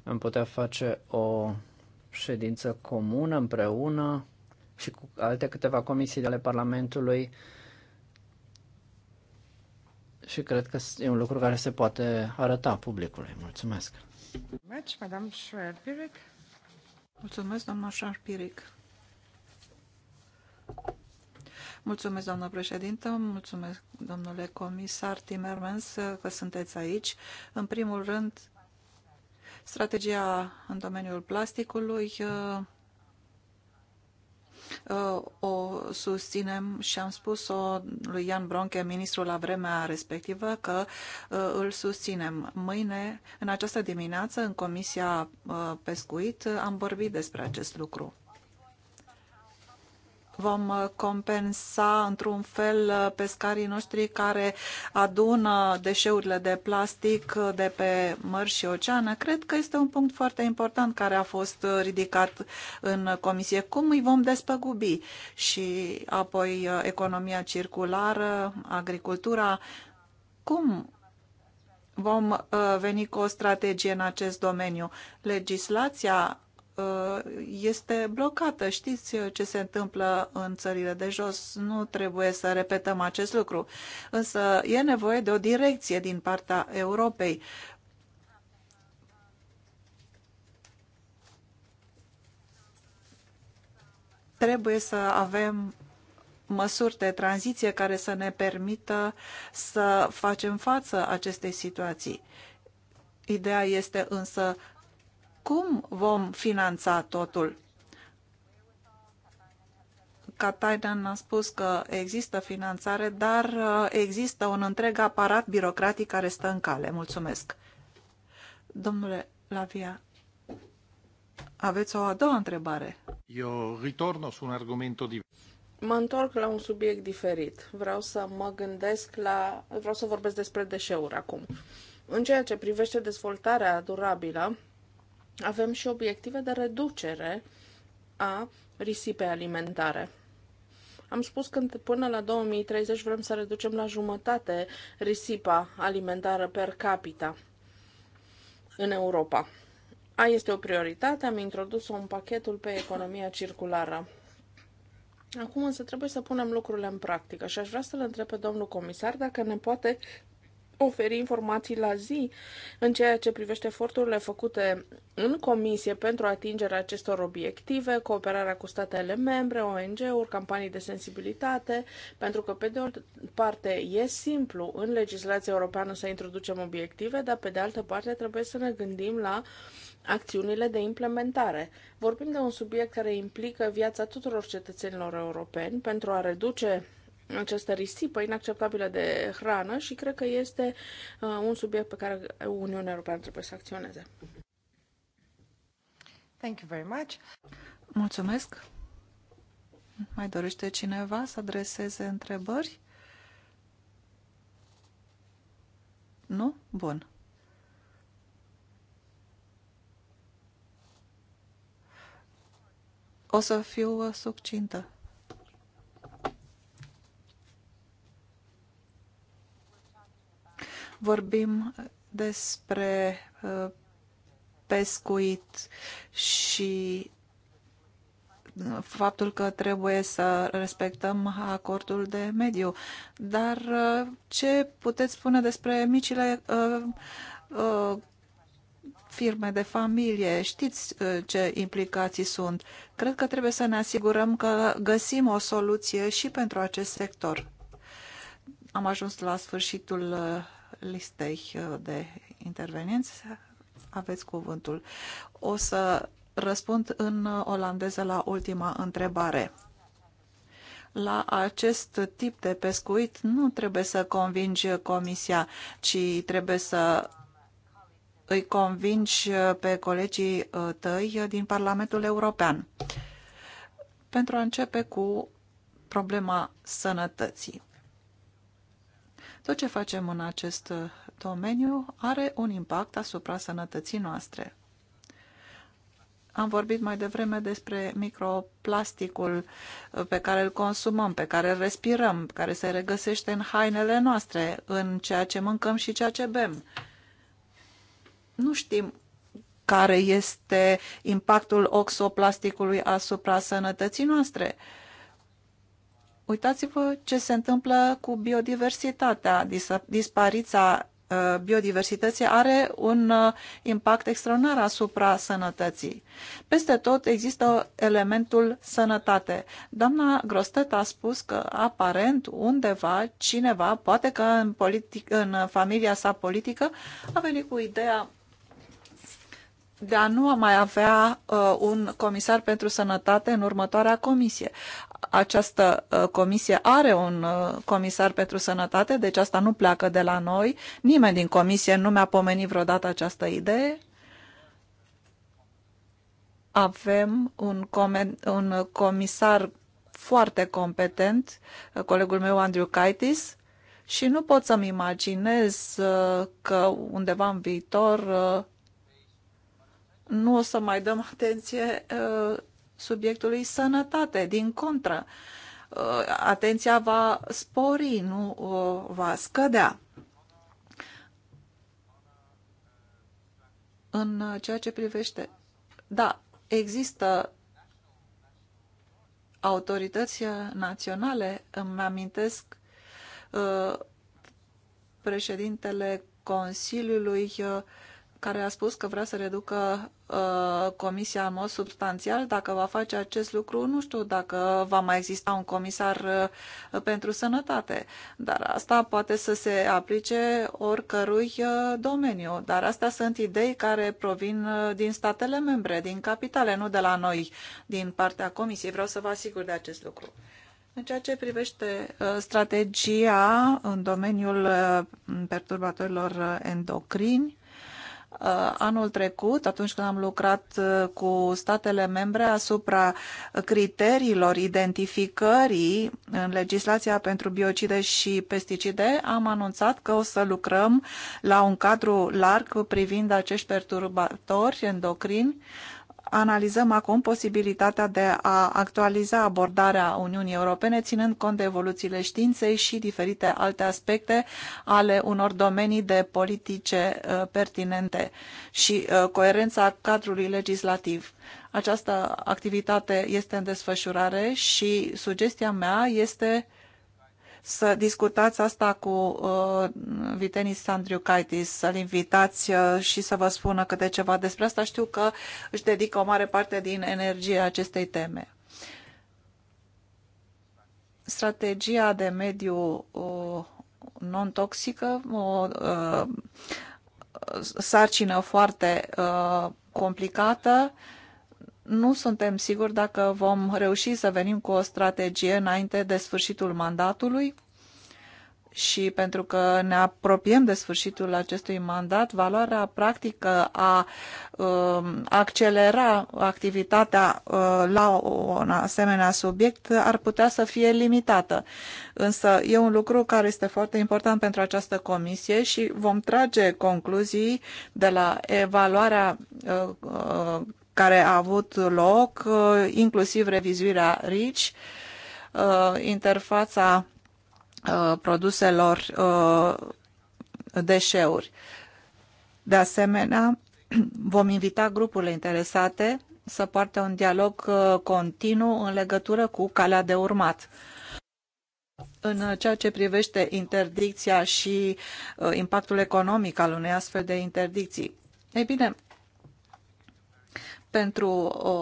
Am putea face o ședință comună împreună și cu alte câteva comisii ale Parlamentului și cred că e un lucru care se poate arăta publicului. Mulțumesc! Mulțumesc, doamna Șarpiric. Mulțumesc, doamnă președintă, mulțumesc, domnule comisar Timmermans, că sunteți aici. În primul rând, strategia în domeniul plasticului Uh, o susținem și am spus-o lui Ian Bronche, ministrul la vremea respectivă, că uh, îl susținem. Mâine, în această dimineață, în Comisia uh, Pescuit, am vorbit despre acest lucru vom uh, compensa într-un fel uh, pescarii noștri care adună deșeurile de plastic uh, de pe mări și oceane. Cred că este un punct foarte important care a fost ridicat în comisie. Cum îi vom despăgubi? Și apoi economia circulară, agricultura. Cum vom veni cu o strategie în acest domeniu? Legislația Uh, este blocată. Știți ce se întâmplă în țările de jos, nu trebuie să repetăm acest lucru. Însă e nevoie de o direcție din partea Europei. Trebuie să avem măsuri de tranziție care să ne permită să facem față acestei situații. Ideea este însă cum vom finanța totul? Katainen a spus că există finanțare, dar uh, există un întreg aparat birocratic care stă în cale. Mulțumesc. Domnule Lavia, aveți o a doua întrebare. Eu ritorno su un argumento diverso. Mă întorc la un subiect diferit. Vreau să mă gândesc la... Vreau să vorbesc despre deșeuri acum. În ceea ce privește dezvoltarea durabilă, avem și obiective de reducere a risipei alimentare. Am spus că până la 2030 vrem să reducem la jumătate risipa alimentară per capita în Europa. A este o prioritate, am introdus-o în pachetul pe economia circulară. Acum însă trebuie să punem lucrurile în practică și aș vrea să-l întreb pe domnul comisar dacă ne poate oferi informații la zi în ceea ce privește eforturile făcute în comisie pentru atingerea acestor obiective, cooperarea cu statele membre, ONG-uri, campanii de sensibilitate, pentru că, pe de o parte, e simplu în legislația europeană să introducem obiective, dar, pe de altă parte, trebuie să ne gândim la acțiunile de implementare. Vorbim de un subiect care implică viața tuturor cetățenilor europeni pentru a reduce această risipă inacceptabilă de hrană și cred că este uh, un subiect pe care Uniunea Europeană trebuie să acționeze. Thank you very much. Mulțumesc. Mai dorește cineva să adreseze întrebări? Nu? Bun. O să fiu uh, succintă. vorbim despre uh, pescuit și uh, faptul că trebuie să respectăm acordul de mediu. Dar uh, ce puteți spune despre micile firme de familie? Știți ce implicații sunt. Cred că trebuie să ne asigurăm că găsim o soluție și pentru acest sector. Am ajuns la sfârșitul listei uh, de intervenienți. Aveți cuvântul. O să răspund în olandeză la ultima întrebare. La acest tip de pescuit nu trebuie să convingi comisia, ci trebuie să îi convingi pe colegii uh, tăi din Parlamentul European. Pentru a începe cu problema sănătății. Tot ce facem în acest domeniu are un impact asupra sănătății noastre. Am vorbit mai devreme despre microplasticul uh, pe care îl consumăm, pe care îl respirăm, care se regăsește în hainele noastre, în ceea ce mâncăm și ceea ce bem. Nu știm care este impactul oxoplasticului asupra sănătății noastre. Uh, Uitați-vă ce se întâmplă cu biodiversitatea. Dispariția uh, biodiversității are un uh, impact extraordinar asupra sănătății. Peste tot există elementul sănătate. Doamna Grostet a spus că aparent undeva cineva, poate că în, politic, în familia sa politică, a venit cu ideea de a nu mai avea uh, un comisar pentru sănătate în următoarea comisie această uh, comisie are un uh, comisar pentru sănătate, deci asta nu pleacă de la noi. Nimeni din comisie nu mi-a pomenit vreodată această idee. Avem un, comen, un comisar foarte competent, uh, colegul meu Andrew Kaitis, și nu pot să-mi imaginez că undeva în viitor nu o să mai dăm atenție subiectului sănătate. Din contră, uh, atenția va spori, nu uh, va scădea. În ceea ce privește, da, există autorități naționale, îmi amintesc uh, președintele Consiliului care a spus că vrea să reducă Uh, comisia în mod substanțial. Dacă va face acest lucru, nu știu dacă va mai exista un comisar uh, pentru sănătate, dar asta poate să se aplice oricărui uh, domeniu. Dar astea sunt idei care provin din statele membre, din capitale, nu de la noi, din partea Comisiei. Vreau să vă asigur de acest lucru. În ceea ce privește strategia în domeniul perturbatorilor endocrini, Uh, anul trecut, atunci când am lucrat uh, cu statele membre asupra criteriilor identificării în legislația pentru biocide și pesticide, am anunțat că o să lucrăm la un cadru larg privind acești perturbatori endocrini analizăm acum posibilitatea de a actualiza abordarea Uniunii Europene, ținând cont de evoluțiile științei și diferite alte aspecte ale unor domenii de politice uh, pertinente și uh, coerența cadrului legislativ. Această activitate este în desfășurare și sugestia mea este să discutați asta cu uh, Vitenis Andriukaitis, să-l invitați uh, și să vă spună câte ceva despre asta. Știu că își dedică o mare parte din energie acestei teme. Strategia de mediu uh, non-toxică, o uh, uh, sarcină foarte uh, complicată, uh, nu suntem siguri dacă vom reuși să venim cu o strategie înainte de sfârșitul mandatului și pentru că ne apropiem de sfârșitul acestui mandat, valoarea practică a uh, accelera activitatea uh, la un asemenea subiect ar putea să fie limitată. Însă e un lucru care este foarte important pentru această comisie și vom trage concluzii de la evaluarea uh, uh care a avut loc, uh, inclusiv revizuirea RICI, uh, interfața uh, produselor deșeuri. De asemenea, vom invita grupurile interesate să poarte un dialog continuu în legătură cu calea de urmat. În ceea ce privește interdicția și impactul economic al unei astfel de interdicții. Ei bine, pentru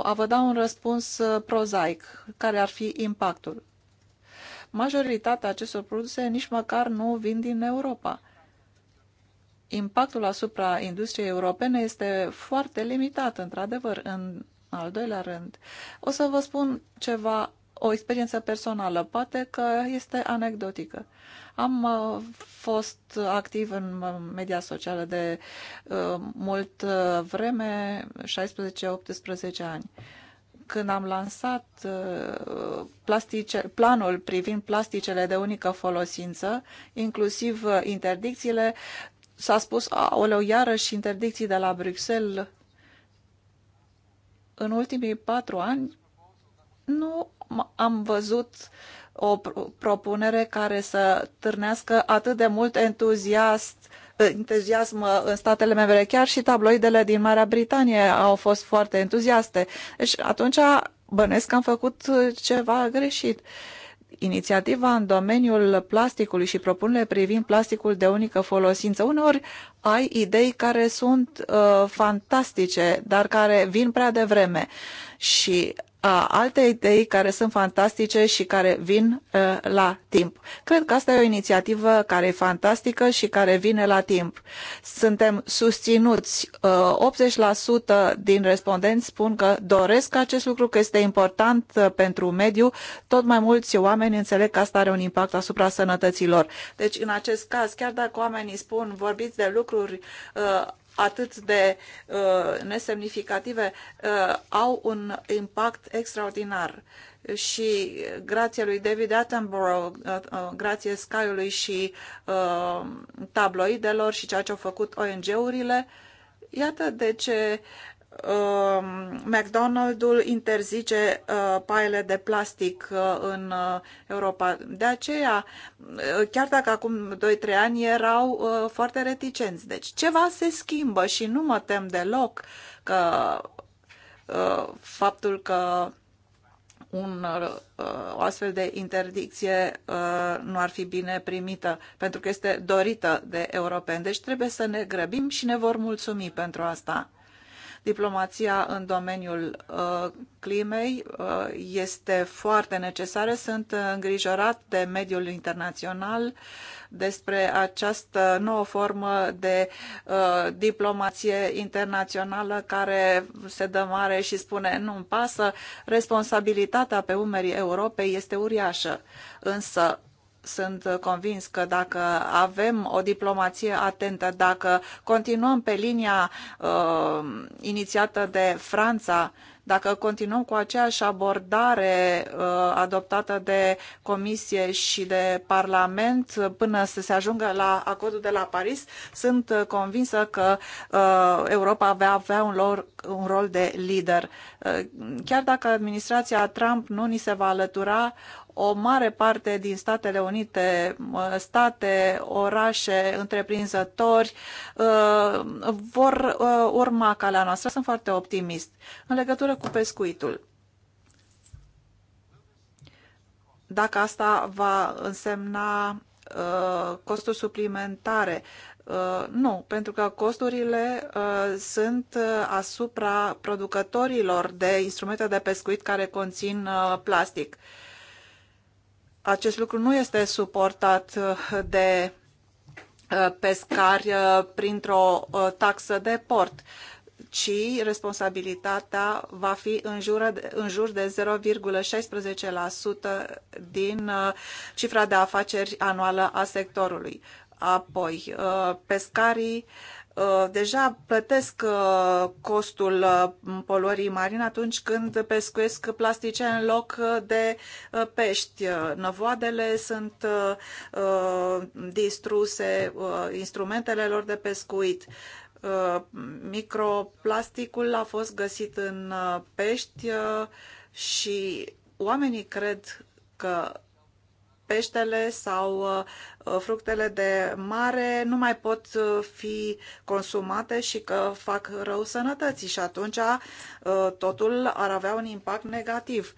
a vă da un răspuns uh, prozaic, care ar fi impactul. Majoritatea acestor produse nici măcar nu vin din Europa. Impactul asupra industriei europene este foarte limitat, într-adevăr, în al doilea rând. O să vă spun ceva, o experiență personală, poate că este anecdotică. Am uh, fost activ în uh, media socială de uh, mult vreme, 16-18 ani. Când am lansat plastice, planul privind plasticele de unică folosință, inclusiv interdicțiile, s-a spus, aoleu, iarăși interdicții de la Bruxelles. În ultimii patru ani nu am văzut o propunere care să târnească atât de mult entuziast, entuziasm în statele membre. Chiar și tabloidele din Marea Britanie au fost foarte entuziaste. Deci atunci bănesc că am făcut ceva greșit. Inițiativa în domeniul plasticului și propunerile privind plasticul de unică folosință. Uneori ai idei care sunt uh, fantastice, dar care vin prea devreme și alte idei care sunt fantastice și care vin la timp. Cred că asta e o inițiativă care e fantastică și care vine la timp. Suntem susținuți. 80% din respondenți spun că doresc acest lucru, că este important pentru mediu. Tot mai mulți oameni înțeleg că asta are un impact asupra sănătății lor. Deci, în acest caz, chiar dacă oamenii spun vorbiți de lucruri atât de uh, nesemnificative uh, au un impact extraordinar și grație lui David Attenborough, uh, uh, grație Sky-ului și uh, tabloidelor și ceea ce au făcut ONG-urile, iată de ce Um, McDonald's interzice uh, paiele de plastic uh, în uh, Europa. De aceea, chiar dacă acum 2-3 ani erau foarte reticenți. Deci ceva se schimbă și nu mă tem deloc că faptul că un, o astfel de interdicție nu ar fi bine primită, pentru că este dorită de europeni. Deci trebuie să ne grăbim și ne vor mulțumi pentru asta. Diplomația în domeniul uh, climei uh, este foarte necesară. Sunt îngrijorat de mediul internațional despre această nouă formă de uh, diplomație internațională care se dă mare și spune nu-mi pasă. Responsabilitatea pe umerii Europei este uriașă, însă sunt convins că dacă avem o diplomație atentă, dacă continuăm pe linia uh, inițiată de Franța, dacă continuăm cu aceeași abordare uh, adoptată de Comisie și de Parlament până să se ajungă la acordul de la Paris, sunt convinsă că uh, Europa va avea un, lor, un rol de lider. Uh, chiar dacă administrația Trump nu ni se va alătura, o mare parte din Statele Unite, state, orașe, întreprinzători uh, vor uh, urma calea noastră. Sunt foarte optimist în legătură cu pescuitul. Dacă asta va însemna uh, costuri suplimentare, nu, pentru că costurile sunt asupra producătorilor de instrumente de pescuit care conțin plastic. Acest lucru nu este suportat uh, de uh, pescari uh, printr-o taxă de port, ci responsabilitatea va fi în jur de, în jur de 0,16% din cifra de afaceri anuală a sectorului. Apoi, pescarii uh, Uh, deja plătesc uh, costul uh, poluării marine atunci când pescuiesc plastice în loc de pești. Năvoadele sunt distruse, instrumentele lor de pescuit. Microplasticul a fost găsit în pești și oamenii cred că peștele sau uh, uh, fructele de mare nu mai pot uh, fi consumate și că fac rău sănătății și atunci totul ar avea un impact negativ.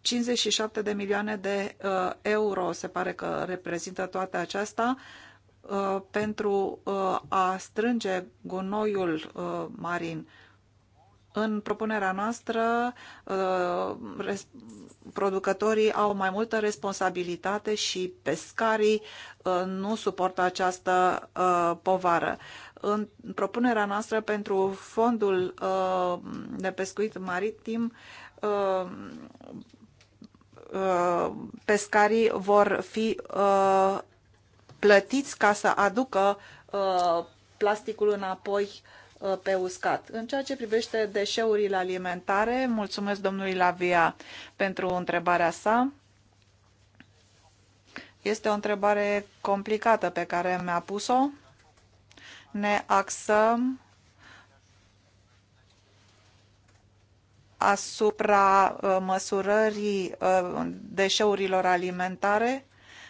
57 de milioane de euro se pare că reprezintă toate acestea pentru a strânge gunoiul marin în propunerea noastră, uh, producătorii au mai multă responsabilitate și pescarii uh, nu suportă această uh, povară. În propunerea noastră pentru fondul de pescuit maritim, pescarii vor fi plătiți ca să aducă plasticul înapoi Uh, pe uscat. În ceea ce privește deșeurile alimentare, mulțumesc domnului Lavia pentru întrebarea sa. Este o întrebare complicată pe care mi-a pus-o. Ne axăm asupra uh, măsurării uh, deșeurilor alimentare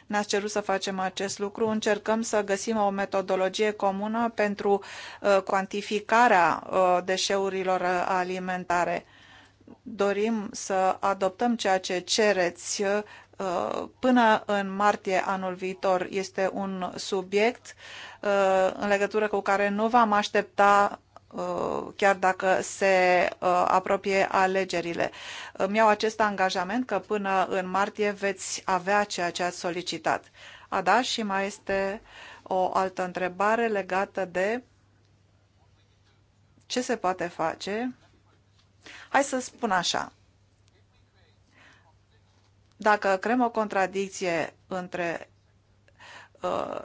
ne-ați cerut să facem acest lucru. Încercăm să găsim o metodologie comună pentru uh, cuantificarea uh, deșeurilor uh, alimentare. Dorim să adoptăm ceea ce cereți până în martie anul viitor. Este un subiect în legătură cu care nu v-am aștepta Uh, chiar dacă se uh, apropie alegerile. Îmi iau acest angajament că până în martie veți avea ceea ce ați solicitat. A, da, și mai este o altă întrebare legată de ce se poate face. Hai să spun așa. Dacă creăm o contradicție între uh,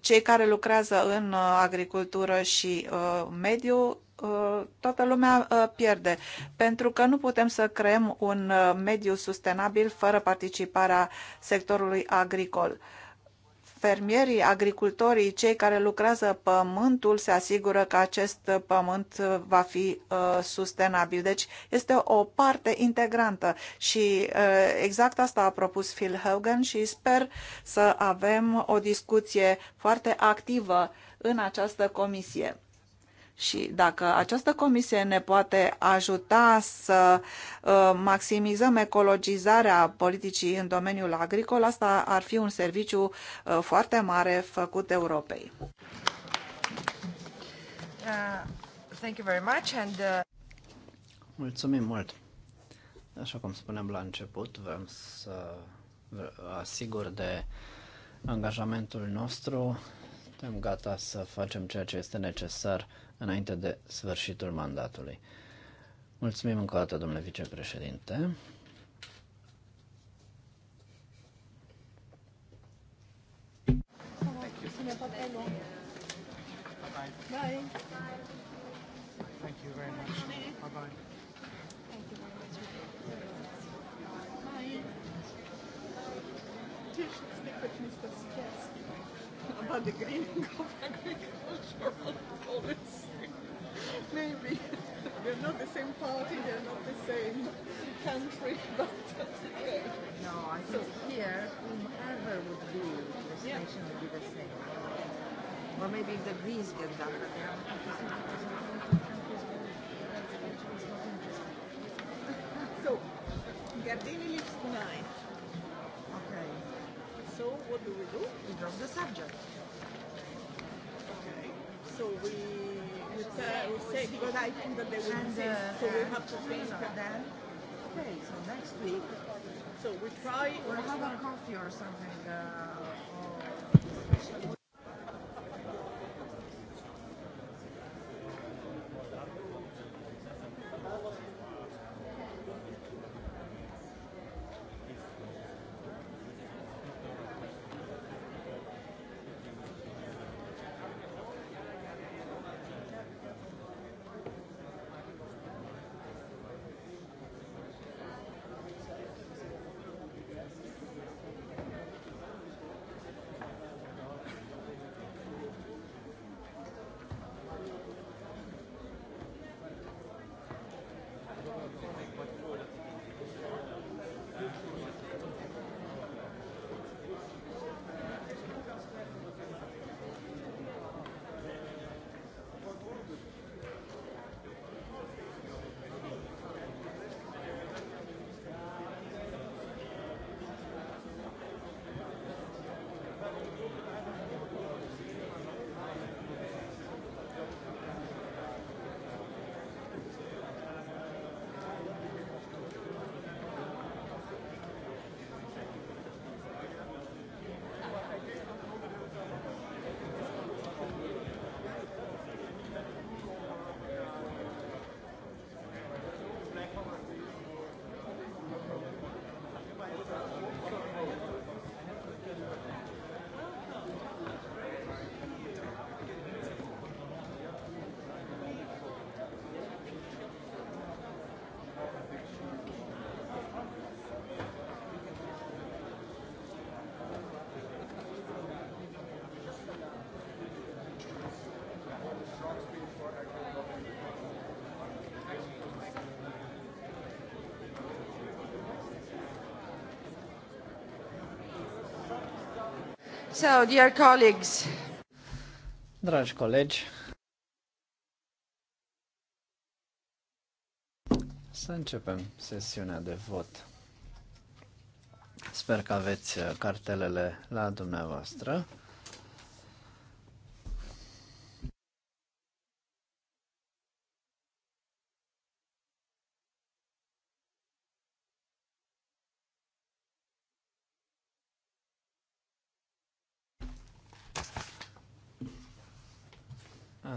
cei care lucrează în uh, agricultură și uh, mediu, uh, toată lumea pierde, pentru că nu putem să creăm un mediu sustenabil fără participarea sectorului agricol fermierii, agricultorii, cei care lucrează pământul se asigură că acest pământ va fi uh, sustenabil. Deci este o parte integrantă și uh, exact asta a propus Phil Hogan și sper să avem o discuție foarte activă în această comisie. Și dacă această comisie ne poate ajuta să uh, maximizăm ecologizarea politicii în domeniul agricol, asta ar fi un serviciu uh, foarte mare făcut Europei. Uh, thank you very much and, uh... Mulțumim mult! Așa cum spuneam la început, vrem să asigur de angajamentul nostru suntem gata să facem ceea ce este necesar înainte de sfârșitul mandatului. Mulțumim încă o dată, domnule vicepreședinte. Thank you on the green and go back agricultural policy. Maybe. They're not the same party, they're not the same country, but that's okay. No, I think so, here, whomever would be, the station yeah. would be the same. Or maybe if the Greens get done. So, Gardini lives tonight. Okay. So, what do we do? We drop the subject so we we, try, we say because I think that they will and, uh, so we uh, have to think. Then, okay, so next week. So we try. We'll have a coffee or something. Uh, or So, dear colleagues. Dragi colegi, să începem sesiunea de vot. Sper că aveți uh, cartelele la dumneavoastră.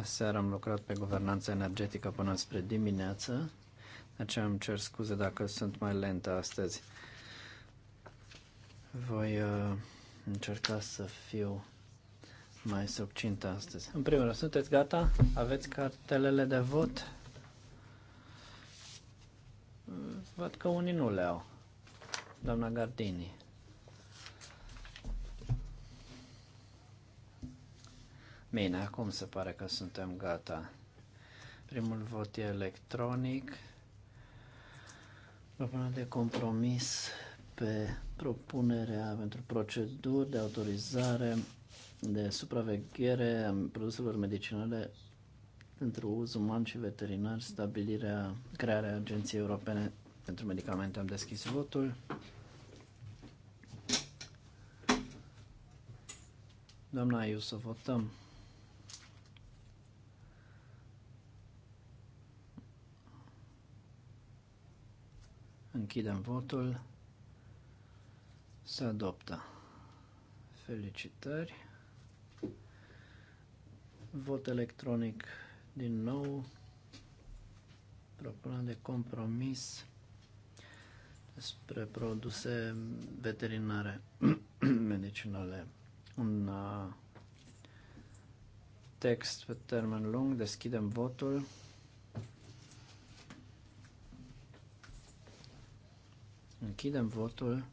Seara, am lucrat pe guvernanța energetică până spre dimineață, de aceea îmi cer scuze dacă sunt mai lentă astăzi. Voi uh, încerca să fiu mai succintă astăzi. În primul rând, sunteți gata? Aveți cartelele de vot? Văd că unii nu le au. Doamna Gardini. Bine, acum se pare că suntem gata. Primul vot e electronic. Propunerea de compromis pe propunerea pentru proceduri de autorizare de supraveghere a produselor medicinale pentru uz uman și veterinar, stabilirea, crearea Agenției Europene pentru Medicamente. Am deschis votul. Doamna Iu, să votăm. Închidem votul. Se adoptă. Felicitări. Vot electronic din nou. Propunem de compromis despre produse veterinare medicinale. Un uh, text pe termen lung. Deschidem votul. Închidem votul.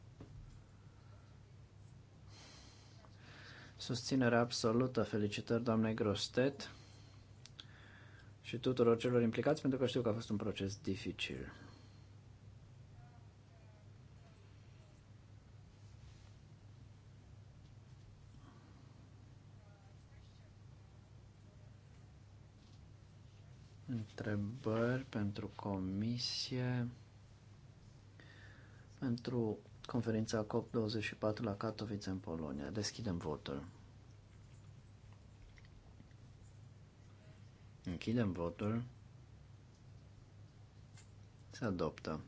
Susținere absolută. Felicitări, doamne Grostet și tuturor celor implicați, pentru că știu că a fost un proces dificil. Întrebări pentru comisie pentru conferința COP24 la Katowice în Polonia. Deschidem votul. Închidem votul. Se adoptă.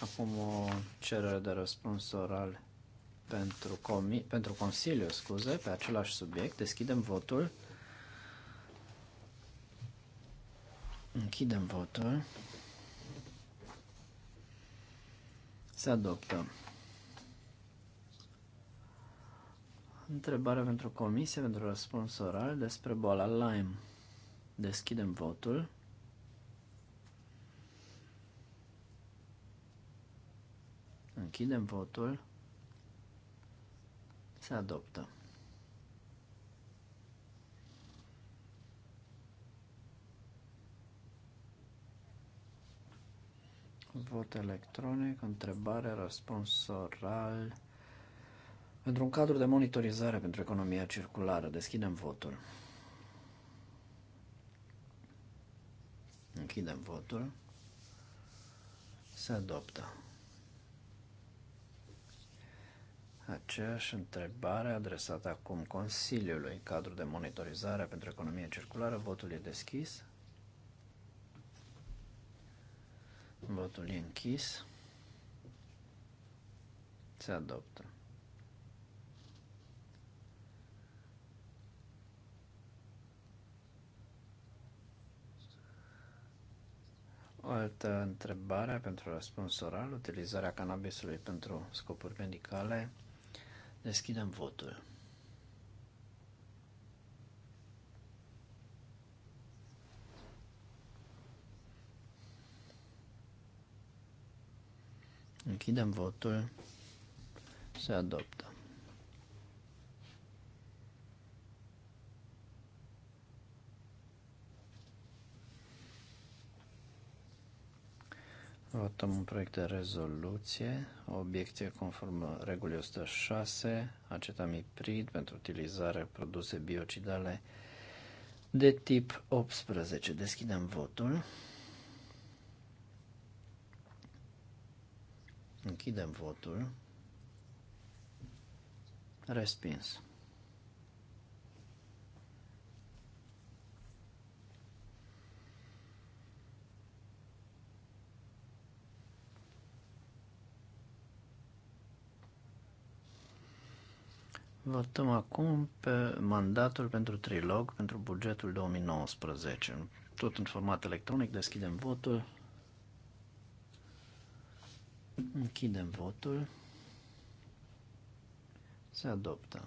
Acum o cerere de răspuns oral pentru, comi- pentru Consiliu, scuze, pe același subiect. Deschidem votul. Închidem votul. Se adoptă. Întrebare pentru comisie, pentru răspuns oral despre boala Lyme. Deschidem votul. Închidem votul. Se adoptă. Vot electronic, întrebare, răspuns oral. Pentru un cadru de monitorizare pentru economia circulară, deschidem votul. Închidem votul. Se adoptă. Aceeași întrebare adresată acum Consiliului, cadru de monitorizare pentru economie circulară, votul e deschis. Votul e închis. Se adoptă. O altă întrebare pentru răspuns oral, utilizarea cannabisului pentru scopuri medicale. Deschidem votul. Închidem votul. Se adoptă. Votăm un proiect de rezoluție, o obiecție conform regulii 106, acetamiprid pentru utilizare produse biocidale de tip 18. Deschidem votul. Închidem votul. Respins. Votăm acum pe mandatul pentru trilog pentru bugetul 2019. Tot în format electronic deschidem votul. Închidem votul. Se adoptă.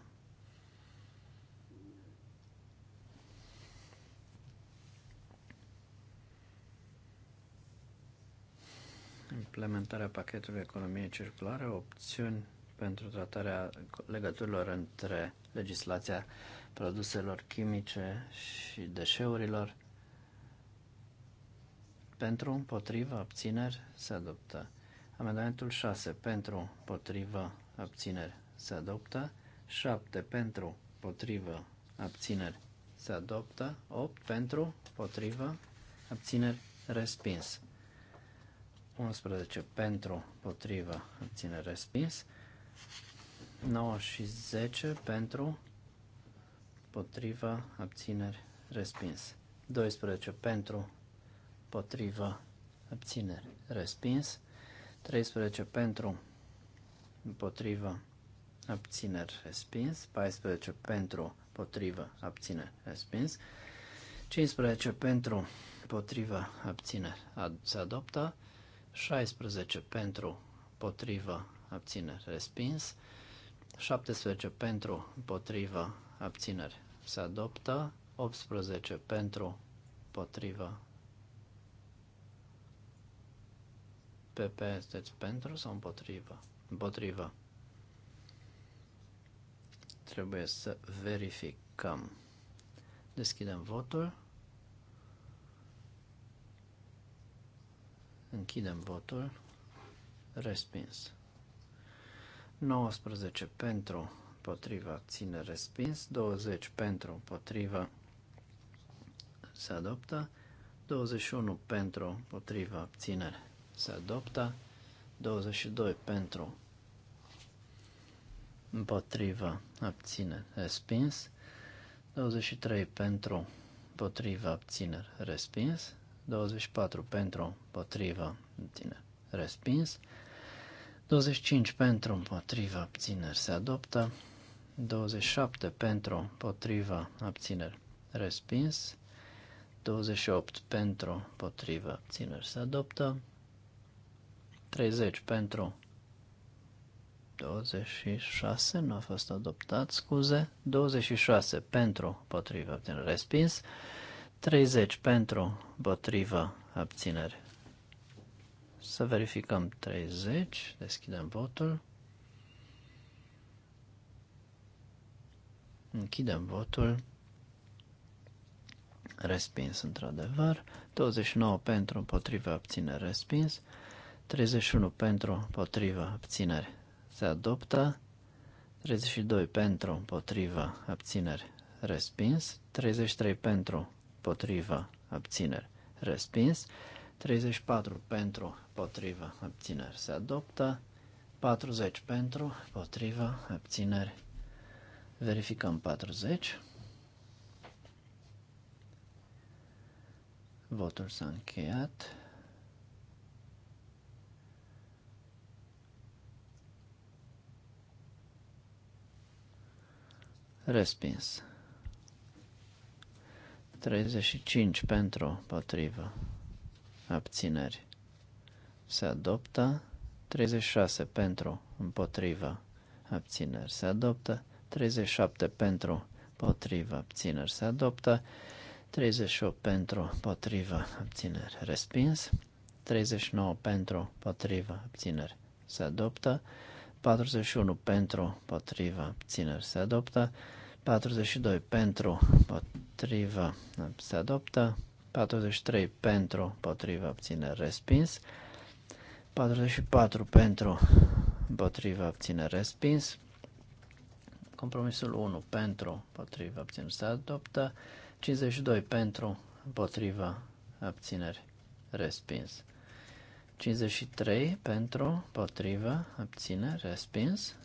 Implementarea pachetului economie circulară, opțiuni pentru tratarea legăturilor între legislația produselor chimice și deșeurilor. Pentru, împotriva, abțineri, se adoptă. Amendamentul 6 pentru, potrivă, abțineri se adoptă. 7 pentru, potrivă, abțineri se adoptă. 8 pentru, potrivă, abțineri respins. 11 pentru, potrivă, abțineri respins. 9 și 10 pentru, potrivă, abțineri respins. 12 pentru, potrivă, abțineri respins. 13 pentru, împotrivă, abțineri, respins. 14 pentru, împotrivă, abțineri, respins. 15 pentru, împotrivă, abțineri, ad se adoptă. 16 pentru, împotrivă, abțineri, respins. 17 pentru, împotrivă, abțineri, se adoptă. 18 pentru, împotrivă, PP, sunteți pentru sau împotrivă? Împotrivă. Trebuie să verificăm. Deschidem votul. Închidem votul. Respins. 19 pentru, împotriva, ține respins. 20 pentru, împotriva, se adoptă. 21 pentru, împotriva, abținere se adoptă. 22 pentru, împotriva, abține respins. 23 pentru, împotriva, abțineri, respins. 24 pentru, împotriva, abțineri, respins. 25 pentru, împotriva, abțineri, se adoptă. 27 pentru, împotriva, abțineri, respins. 28 pentru, împotriva, abțineri, se adoptă. 30 pentru 26, nu a fost adoptat, scuze, 26 pentru, potrivă, abținere, respins, 30 pentru, potrivă, abținere. Să verificăm 30, deschidem votul. Închidem votul. Respins într-adevăr. 29 pentru, împotriva, abține, respins. 31 pentru, potrivă, abțineri. Se adoptă. 32 pentru, potrivă, abțineri. Respins. 33 pentru, potrivă, abțineri. Respins. 34 pentru, potrivă, abțineri. Se adoptă. 40 pentru, potrivă, abțineri. Verificăm 40. Votul s-a încheiat. Respins. 35 pentru, potrivă, abțineri. Se adoptă. 36 pentru, împotrivă, abțineri. Se adoptă. 37 pentru, potrivă, abțineri. Se adoptă. 38 pentru, potrivă, abțineri. Respins. 39 pentru, potrivă, abțineri. Se adoptă. 41 pentru, potrivă, abțineri. Se adoptă. 42 pentru, potrivă, se adoptă. 43 pentru, potrivă, obține respins. 44 pentru, potrivă, obține respins. Compromisul 1 pentru, potrivă, obține, se adoptă. 52 pentru, potrivă abțineri, respins. 53 pentru, potrivă, abțineri, respins.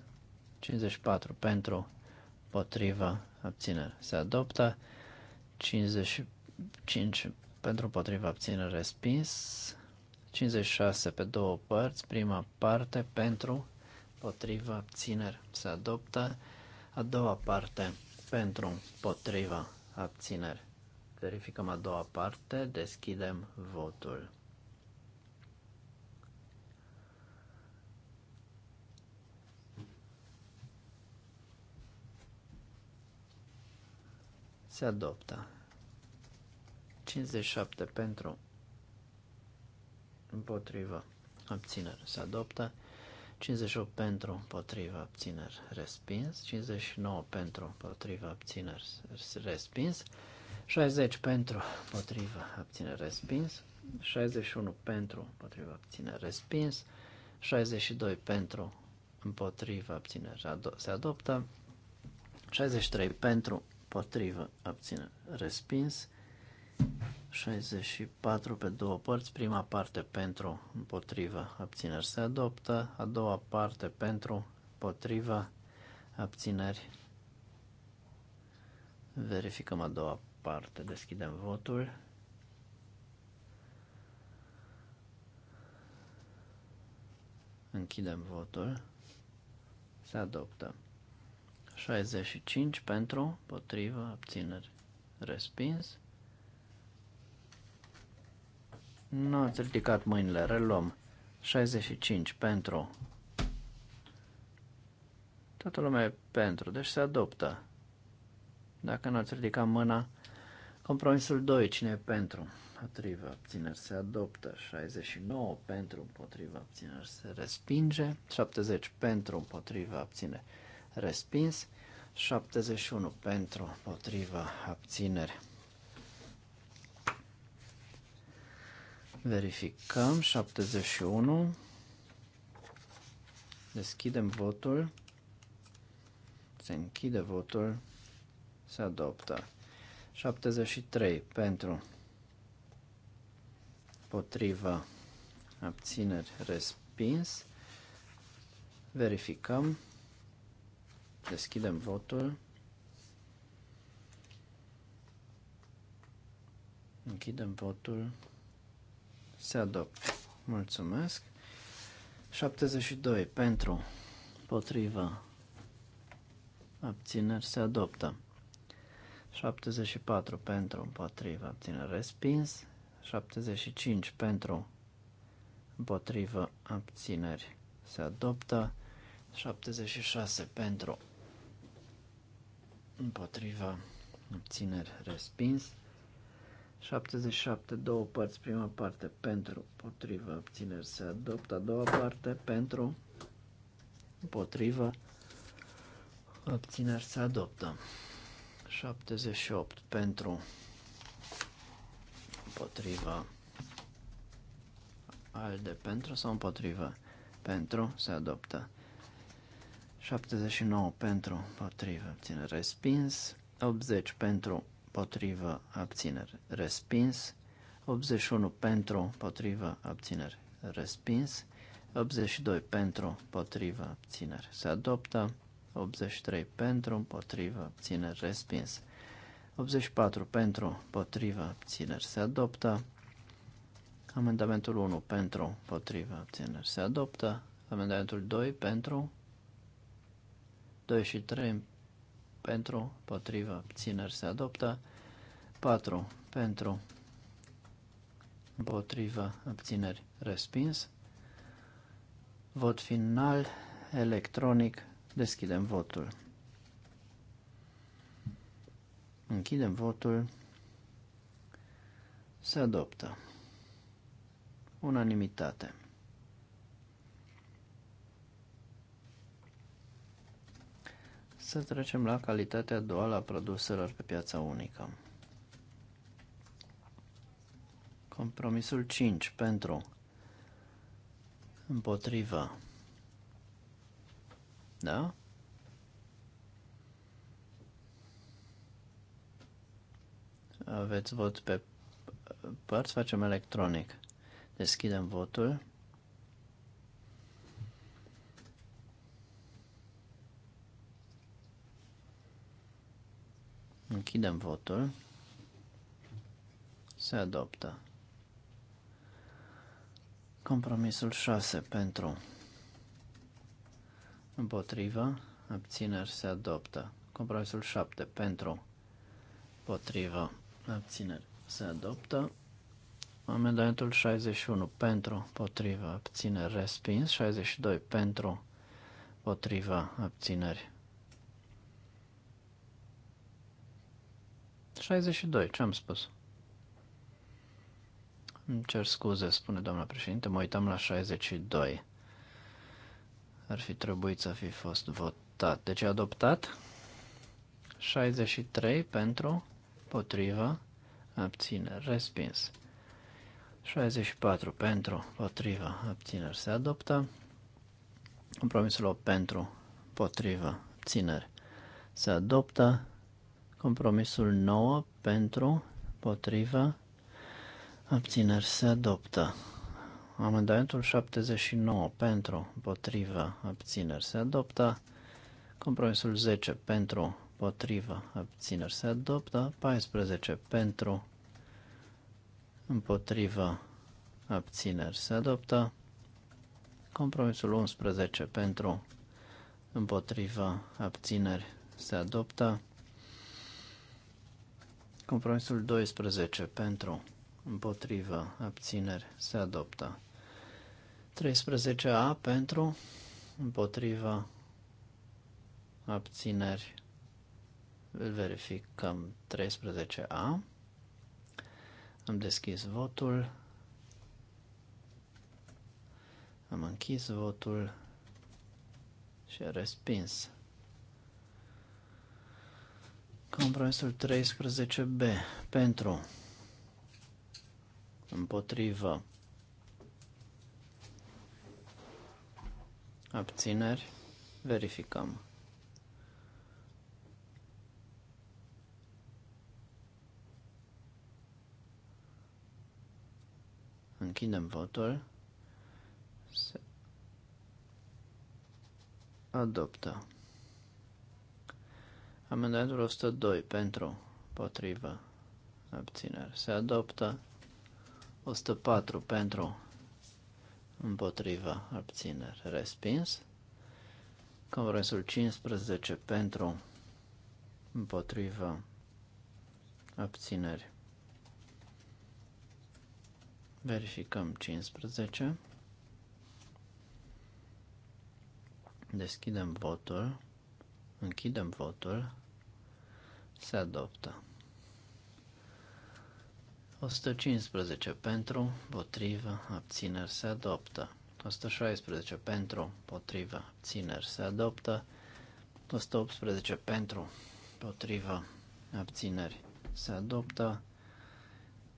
54 pentru, Potriva abținere se adoptă, 55 pentru potriva abținere respins, 56 pe două părți, prima parte pentru, potriva abținere se adoptă, a doua parte pentru, potriva abținere. Verificăm a doua parte, deschidem votul. Se adoptă. 57 pentru. Împotrivă. Abțineri. Se adoptă. 58 pentru, împotriva, abțineri, respins. 59 pentru, împotriva, abțineri, respins. 60 pentru, împotriva, abțineri, respins. 61 pentru, împotriva, abțineri, respins. 62 pentru, împotriva, abțineri, se adoptă. 63 pentru, împotrivă, abține, respins. 64 pe două părți, prima parte pentru, împotrivă, abțineri se adoptă, a doua parte pentru, împotrivă, abțineri. Verificăm a doua parte, deschidem votul. Închidem votul. Se adoptă. 65 pentru, potrivă, abțineri, respins. Nu ați ridicat mâinile, reluăm. 65 pentru. Toată lumea e pentru, deci se adoptă. Dacă nu ați ridicat mâna, compromisul 2, cine e pentru? Potrivă, abțineri, se adoptă. 69 pentru, potrivă, abțineri, se respinge. 70 pentru, potrivă, abțineri respins, 71 pentru, potrivă, abțineri. Verificăm 71. Deschidem votul. Se închide votul. Se adoptă. 73 pentru potrivă abțineri respins. Verificăm. Deschidem votul. Închidem votul. Se adoptă. Mulțumesc. 72 pentru, potriva, abțineri se adoptă. 74 pentru, împotriva, abțineri respins. 75 pentru, împotriva, abțineri se adoptă. 76 pentru, împotriva obțineri respins. 77, două părți, prima parte pentru, împotriva obțineri se adoptă, a doua parte pentru, împotriva obțineri se adoptă. 78 pentru, împotriva al de pentru sau împotriva pentru se adoptă. 79 pentru, potrivă, abținere, respins. 80 pentru, potrivă, abținere, respins. 81 pentru, potrivă, abținere, respins. 82 pentru, potrivă, abținere, se adoptă. 83 pentru, potrivă, abținere, respins. 84 pentru, potrivă, abținere se adoptă. Amendamentul 1 pentru, potrivă, abținere se adoptă. Amendamentul 2 pentru, 2 și 3 pentru, potrivă, abțineri se adoptă, 4 pentru, împotrivă, abțineri respins. Vot final electronic, deschidem votul. Închidem votul. Se adoptă. Unanimitate. Să trecem la calitatea duală a produselor pe piața unică. Compromisul 5 pentru împotriva. Da? Aveți vot pe părți, facem electronic. Deschidem votul. Închidem votul. Se adoptă. Compromisul 6 pentru împotriva, abțineri se adoptă. Compromisul 7 pentru împotriva, abțineri se adoptă. Amendamentul 61 pentru potriva abțineri respins, 62 pentru potriva abțineri 62, ce am spus? Îmi cer scuze, spune doamna președinte, mă uitam la 62. Ar fi trebuit să fi fost votat. Deci adoptat? 63 pentru, potrivă, abțineri, respins. 64 pentru, potrivă, abțineri, se adoptă. Compromisul 8 pentru, potrivă, abțineri, se adoptă. Compromisul 9 pentru, potrivă, abțineri se adoptă. Amendamentul 79 pentru, potrivă, abțineri se adoptă. Compromisul 10 pentru, potrivă, abțineri se adoptă. 14 pentru, împotrivă, abțineri se adoptă. Compromisul 11 pentru, împotrivă, abțineri se adoptă. Compromisul 12 pentru, împotrivă, abțineri se adoptă. 13A pentru, împotriva, abțineri, îl verificăm 13A. Am deschis votul, am închis votul și a respins. Compromisul 13B. Pentru. Împotrivă. Abțineri. Verificăm. Închidem votul. Se adoptă. Amendamentul 102 pentru, potrivă, abțineri. Se adoptă 104 pentru, împotrivă, abțineri. Respins. Compromisul 15 pentru, împotrivă, abțineri. Verificăm 15. Deschidem votul. Închidem votul. Se adoptă. 115 pentru, potrivă, abțineri se adoptă. 116 pentru, potrivă, abțineri se adoptă. 118 pentru, potrivă, abțineri se adoptă.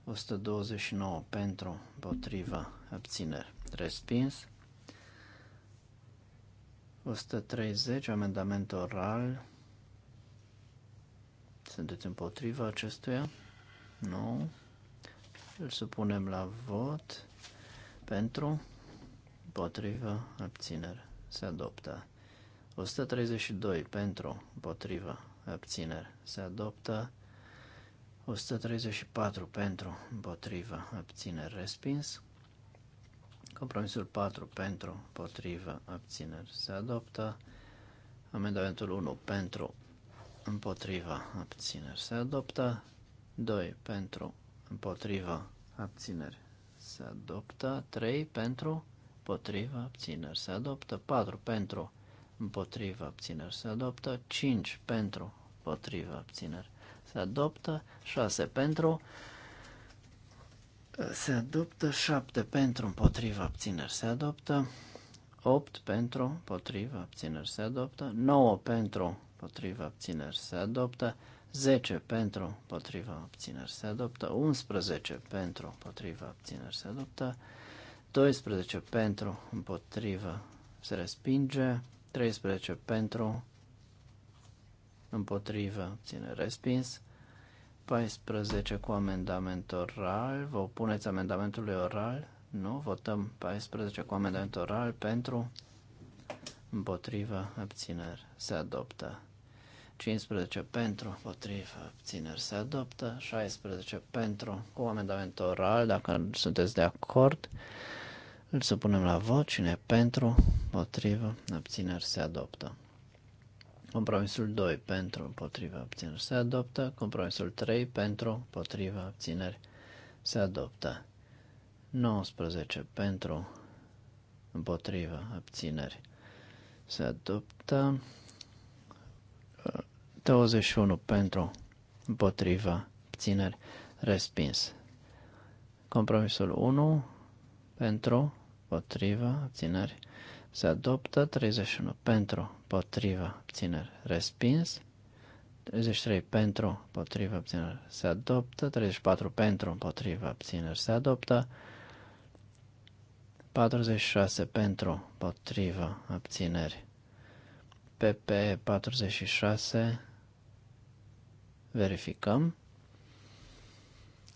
129 pentru, potrivă, abțineri respins. 130, amendament oral. Sunteți împotriva acestuia? Nu. Îl supunem la vot. Pentru, împotriva, abținere. Se adoptă. 132 pentru, împotriva, abținere. Se adoptă. 134 pentru, împotriva, abținere. Respins. Compromisul 4 pentru, împotrivă, abțineri se adoptă. Amendamentul 1 pentru, împotriva, abțineri se adoptă. 2 pentru, împotriva, abțineri se adoptă. 3 pentru, împotriva, abțineri se adoptă. 4 pentru, împotriva, abțineri se adoptă. 5 pentru, împotriva, abțineri se adoptă. 6 pentru, se adoptă 7 pentru împotriva abțineri se adoptă 8 pentru împotriva abțineri se adoptă 9 pentru împotriva abțineri se adoptă 10 pentru împotriva abțineri se adoptă 11 pentru împotriva abțineri se adoptă 12 pentru împotriva se respinge 13 pentru împotriva abțineri respins 14 cu amendament oral. Vă opuneți amendamentului oral? Nu? Votăm 14 cu amendament oral pentru, împotrivă abțineri. Se adoptă. 15 pentru, potrivă, abțineri. Se adoptă. 16 pentru, cu amendament oral, dacă sunteți de acord. Îl supunem la vot. Cine pentru, potrivă, abțineri. Se adoptă. Compromisul 2 pentru împotriva abțineri se adoptă. Compromisul 3 pentru împotriva abțineri se adoptă. 19 pentru împotriva abțineri se adoptă. 21 pentru împotriva abțineri respins. Compromisul 1 pentru împotriva abțineri se adoptă 31 pentru, potrivă, obțineri, respins. 33 pentru, potrivă, obțineri, se adoptă. 34 pentru, potrivă, obțineri, se adoptă. 46 pentru, potrivă, abțineri. PP 46, verificăm.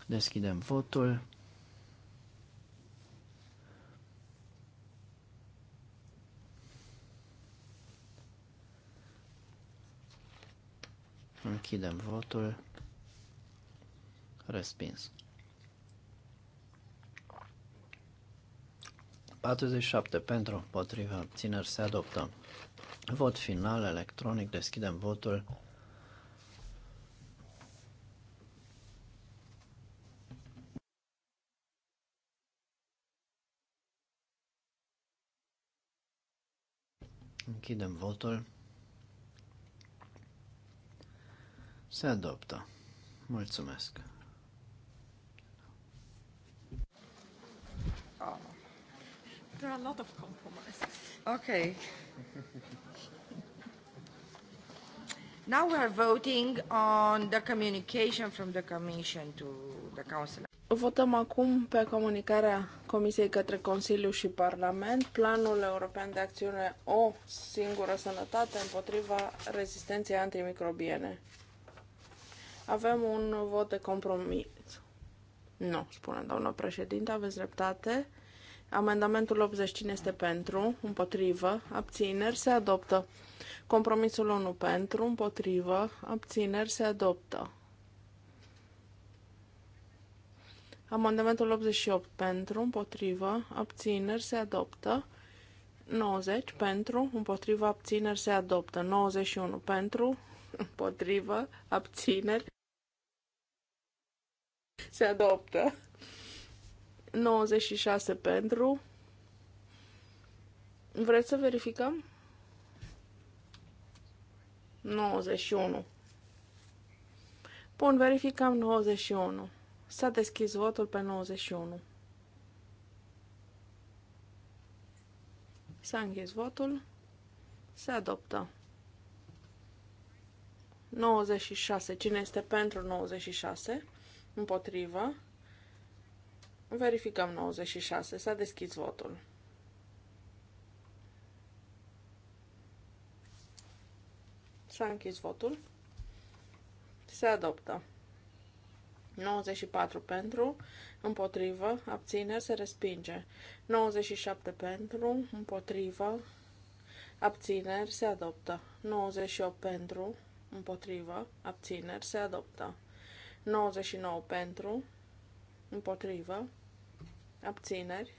Deschidem votul. Închidem votul. Respins. 47 pentru, potrivă, abțineri se adoptă. Vot final electronic, deschidem votul. Închidem votul. Se adoptă. Mulțumesc. There are a lot of compromises. Okay. Now we are voting on the communication from the Commission to the Council. Votăm acum pe comunicarea Comisiei către Consiliu și Parlament, Planul European de Acțiune O Singură Sănătate împotriva rezistenței antimicrobiene. Avem un vot de compromis. Nu, spune doamna președinte, aveți dreptate. Amendamentul 80 cine este pentru, împotrivă, abțineri, se adoptă. Compromisul 1 pentru, împotrivă, abțineri, se adoptă. Amendamentul 88 pentru, împotrivă, abțineri, se adoptă. 90 pentru, împotrivă, abțineri, se adoptă. 91 pentru, împotrivă, abțineri, se adoptă. 96 pentru. Vreți să verificăm? 91. Bun, verificăm 91. S-a deschis votul pe 91. S-a închis votul. Se adoptă. 96. Cine este pentru 96? Împotrivă. Verificăm 96. S-a deschis votul. S-a închis votul. Se adoptă. 94 pentru, împotrivă, abțineri, se respinge. 97 pentru, împotrivă, abțineri, se adoptă. 98 pentru, împotrivă, abțineri, se adoptă. 99 pentru, împotrivă, abțineri,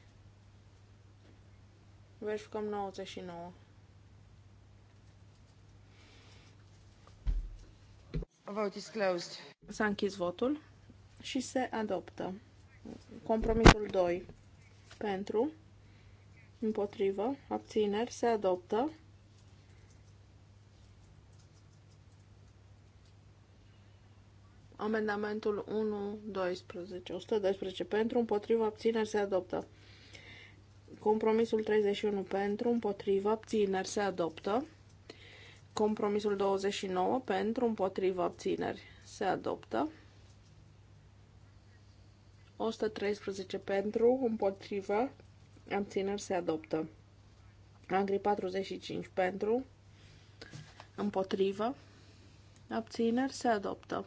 verificăm 99. Vote is closed. S-a închis votul și se adoptă. Compromisul 2 pentru, împotrivă, abțineri, se adoptă. Amendamentul 1, 12, 112 pentru, împotriva, abțineri se adoptă. Compromisul 31 pentru, împotriva, abțineri se adoptă. Compromisul 29 pentru, împotriva, abțineri se adoptă. 113 pentru, împotriva, abțineri se adoptă. Angri 45 pentru, împotriva, abțineri se adoptă.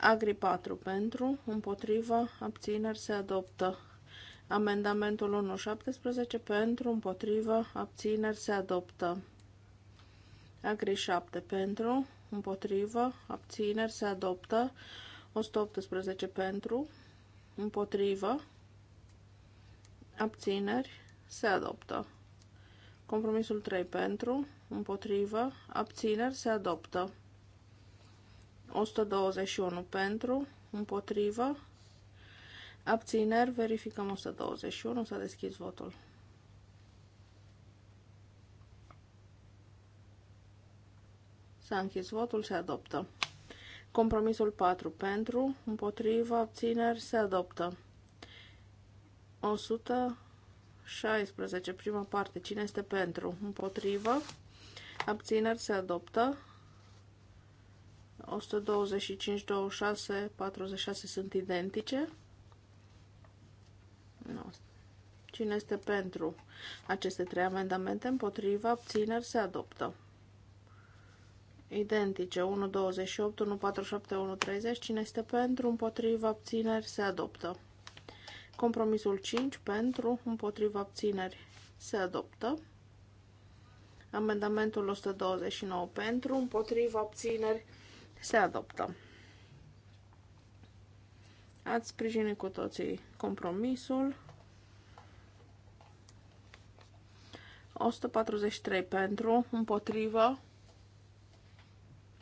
Agri 4 pentru, împotriva, abțineri se adoptă. Amendamentul 1.17 pentru, împotriva, abțineri se adoptă. Agri 7 pentru, împotrivă, abțineri, se adoptă, 118 pentru, împotrivă, abțineri, se adoptă. Compromisul 3 pentru, împotrivă, abțineri, se adoptă. 121 pentru, împotrivă, abțineri, verificăm 121, s-a deschis votul. S-a închis votul, se adoptă. Compromisul 4 pentru, împotrivă, abțineri, se adoptă. 116, prima parte, cine este pentru, împotrivă, abțineri, se adoptă. 125, 26, 46 sunt identice. Nu. Cine este pentru aceste trei amendamente? Împotriva, abțineri, se adoptă. Identice, 1, 1, 28, 47, 1, 30. Cine este pentru, împotriva, abțineri, se adoptă. Compromisul 5, pentru, împotriva, abțineri, se adoptă. Amendamentul 129 pentru, împotriva, abțineri, se se adoptă. Ați sprijinit cu toții compromisul. 143 pentru, împotrivă,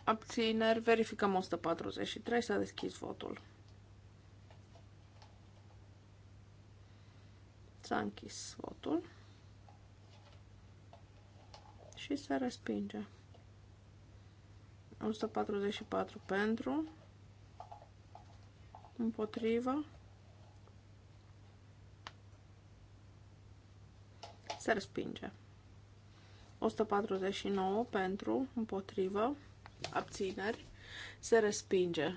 abțineri, verificăm 143, s-a deschis votul. S-a închis votul și se respinge. 144 pentru, împotrivă, se respinge. 149 pentru, împotrivă, abțineri, se respinge.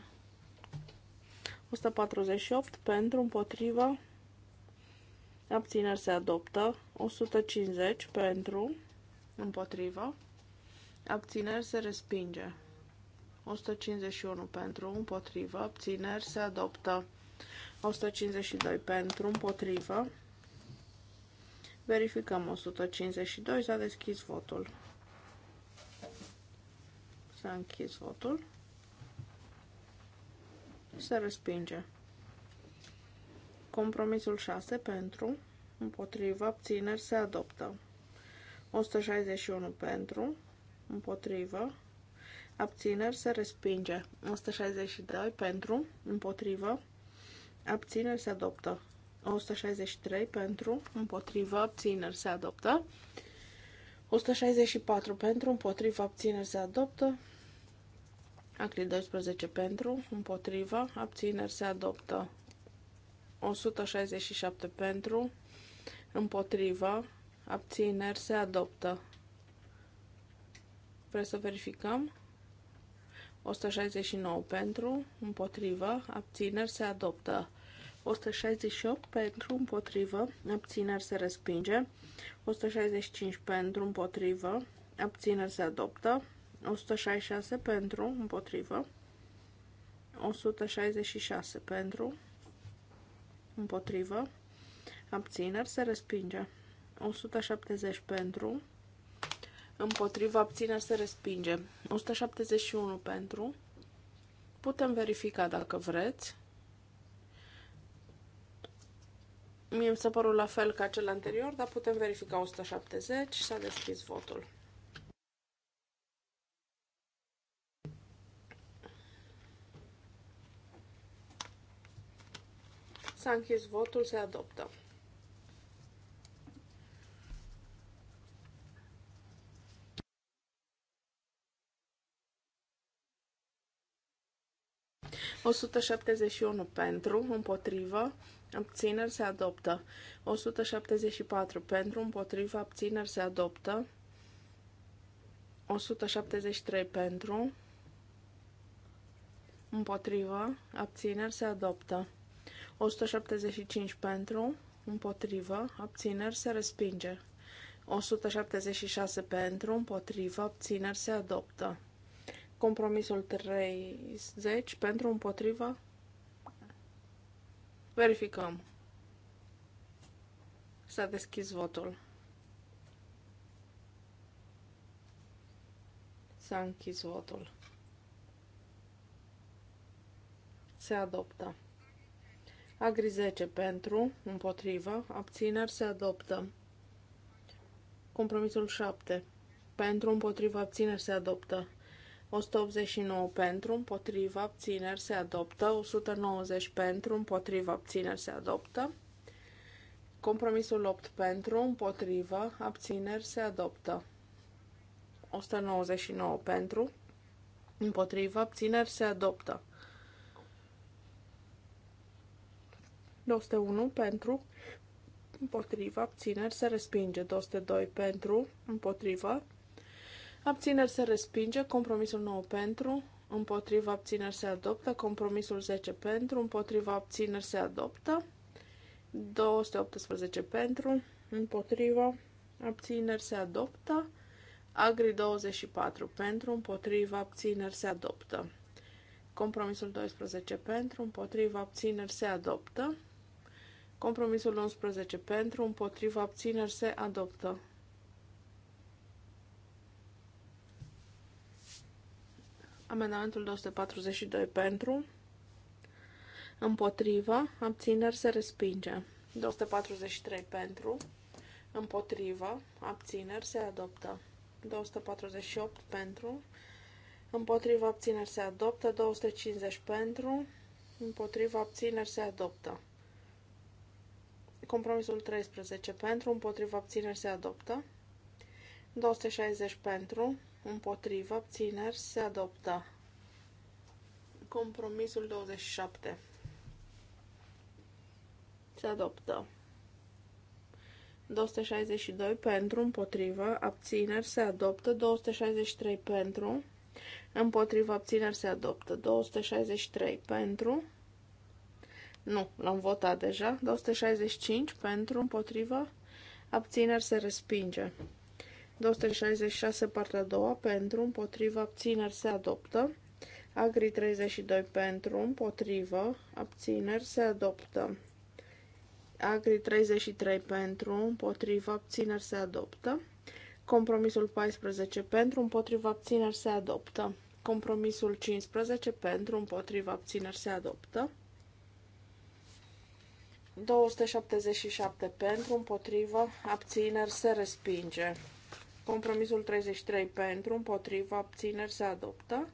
148 pentru, împotrivă, abțineri se adoptă. 150 pentru, împotrivă, abțineri se respinge. 151 pentru, împotrivă, abțineri, se adoptă. 152 pentru, împotrivă. Verificăm 152, s-a deschis votul. S-a închis votul. Se respinge. Compromisul 6 pentru, împotrivă, abțineri, se adoptă. 161 pentru, împotrivă, abțineri se respinge. 162 pentru, împotrivă, abțineri se adoptă. 163 pentru, împotrivă, abțineri se adoptă. 164 pentru, împotrivă, abțineri se adoptă. Acri 12 pentru, împotrivă, abțineri se adoptă. 167 pentru, împotrivă, abțineri se adoptă. Vreți să verificăm? 169 pentru, împotrivă, abțineri se adoptă. 168 pentru, împotrivă, abțineri se respinge. 165 pentru, împotrivă, abțineri se adoptă. 166 pentru, împotrivă. 166 pentru, împotrivă, abțineri se respinge. 170 pentru, împotriva abține se respinge. 171 pentru. Putem verifica dacă vreți. Mie mi s-a părut la fel ca cel anterior, dar putem verifica 170. S-a deschis votul. S-a închis votul, se adoptă. 171 pentru, împotrivă, abțineri se adoptă. 174 pentru, împotrivă, abțineri se adoptă. 173 pentru, împotrivă, abțineri se adoptă. 175 pentru, împotrivă, abțineri se respinge. 176 pentru, împotrivă, abțineri se adoptă. Compromisul 30 pentru împotriva. Verificăm. S-a deschis votul. S-a închis votul. Se adoptă. Agri 10 pentru, împotrivă, abțineri se adoptă. Compromisul 7. Pentru, împotrivă, abțineri se adoptă. 189 pentru, împotriva, abțineri se adoptă. 190 pentru, împotriva, abțineri se adoptă. Compromisul 8 pentru, împotriva, abțineri se adoptă. 199 pentru, împotriva, abțineri se adoptă. 201 pentru, împotriva, abțineri se respinge. 202 pentru, împotriva, Abțineri se respinge, compromisul 9 pentru, împotriva abțineri se adoptă, compromisul 10 pentru, împotriva abțineri se adoptă, 218 pentru, împotriva abțineri se adoptă, agri 24 pentru, împotriva abțineri se adoptă. Compromisul 12 pentru, împotriva abțineri se adoptă. Compromisul 11 pentru, împotriva abțineri se adoptă. Amendamentul 242 pentru, împotriva, abțineri se respinge. 243 pentru, împotriva, abțineri se adoptă. 248 pentru, împotriva abțineri se adoptă, 250 pentru, împotriva abțineri se adoptă. Compromisul 13 pentru, împotriva abțineri se adoptă, 260 pentru, împotrivă, abțineri, se adoptă. Compromisul 27 se adoptă. 262 pentru, împotrivă, abțineri, se adoptă. 263 pentru, împotrivă, abțineri, se adoptă. 263 pentru, nu, l-am votat deja. 265 pentru, împotrivă, abțineri, se respinge. 266 partea a doua pentru, împotriva, abțineri se adoptă. Agri 32 pentru, împotrivă, abțineri se adoptă. Agri 33 pentru, împotrivă, abțineri se adoptă. Compromisul 14 pentru, împotriva, abțineri se adoptă. Compromisul 15 pentru, împotriva, abțineri se adoptă. 277 pentru, împotrivă, abțineri se respinge. Compromisul 33 pentru, împotriva, abțineri se adoptă.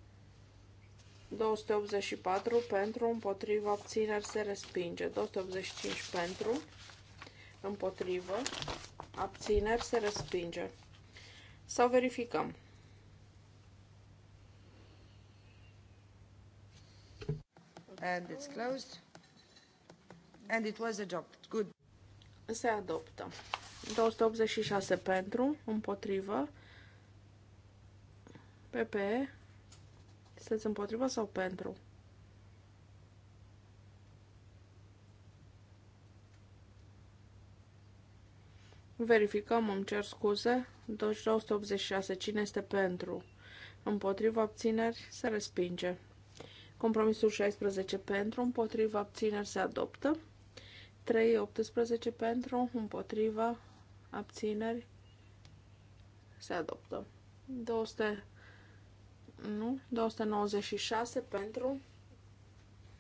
284 pentru, împotriva, abțineri se respinge. 285 pentru, împotrivă, abțineri se respinge. Sau verificăm. And it's closed. And it was adopted. Good. Se adoptă. 286 pentru, împotrivă. PP. Sunteți împotrivă sau pentru? Verificăm, îmi cer scuze. 286. Deci, cine este pentru? Împotrivă abțineri se respinge. Compromisul 16 pentru, împotrivă abțineri se adoptă. 3, 18 pentru, împotriva abțineri, se adoptă. 200, nu, 296 pentru,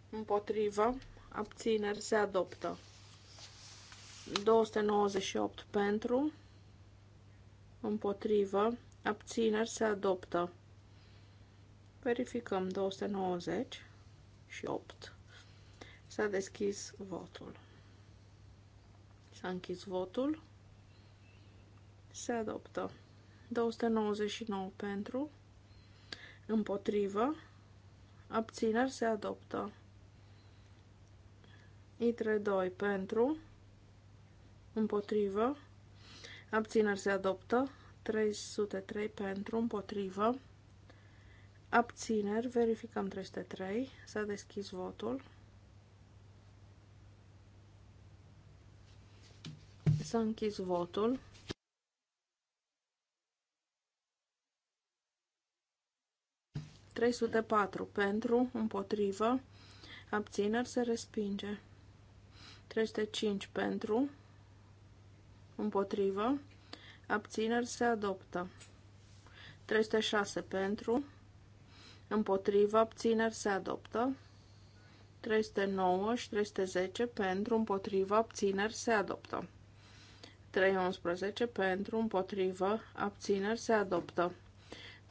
împotrivă, abțineri, se adoptă. 298 pentru, împotrivă, abțineri, se adoptă. Verificăm 290 și 8. S-a deschis votul. S-a închis votul se adoptă. 299 pentru, împotrivă, abțineri se adoptă. ITRE 2 pentru, împotrivă, abțineri se adoptă. 303 pentru, împotrivă, abțineri, verificăm 303, s-a deschis votul. S-a închis votul. 304 pentru, împotrivă, abțineri se respinge. 305 pentru, împotrivă, abțineri se adoptă. 306 pentru, împotrivă, abțineri se adoptă. 309 și 310 pentru, împotrivă, abțineri se adoptă. 311 pentru, împotrivă, abțineri se adoptă.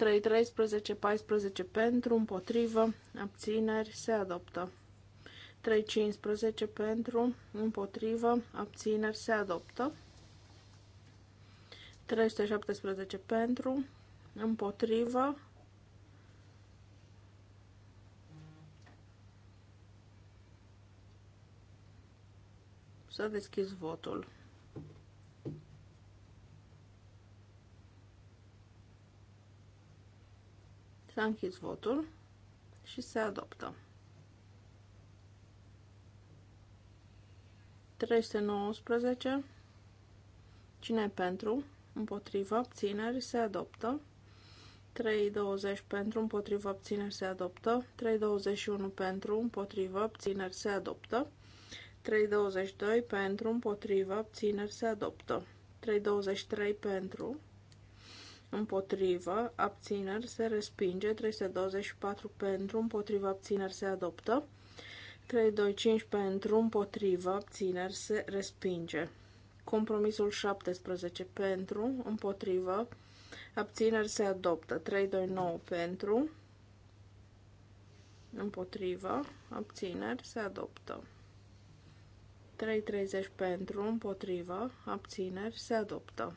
3, 13, 14 pentru, împotrivă, abțineri, se adoptă. 3, 15 pentru, împotrivă, abțineri, se adoptă. 317 pentru, împotrivă, să deschizi votul. S-a închis votul și se adoptă. 319. Cine pentru? Împotrivă? abțineri se adoptă. 320 pentru, împotrivă, abțineri se adoptă. 321 pentru, împotrivă, abțineri se adoptă. 322 pentru, împotrivă, abțineri se adoptă. 323 pentru, împotrivă, abțineri se respinge, 324 pentru, împotrivă, abțineri se adoptă, 325 pentru, împotrivă, abțineri se respinge. Compromisul 17 pentru, împotrivă, abțineri se adoptă, 329 pentru, împotrivă, abțineri se adoptă. 3.30 pentru, împotrivă, abțineri, se adoptă.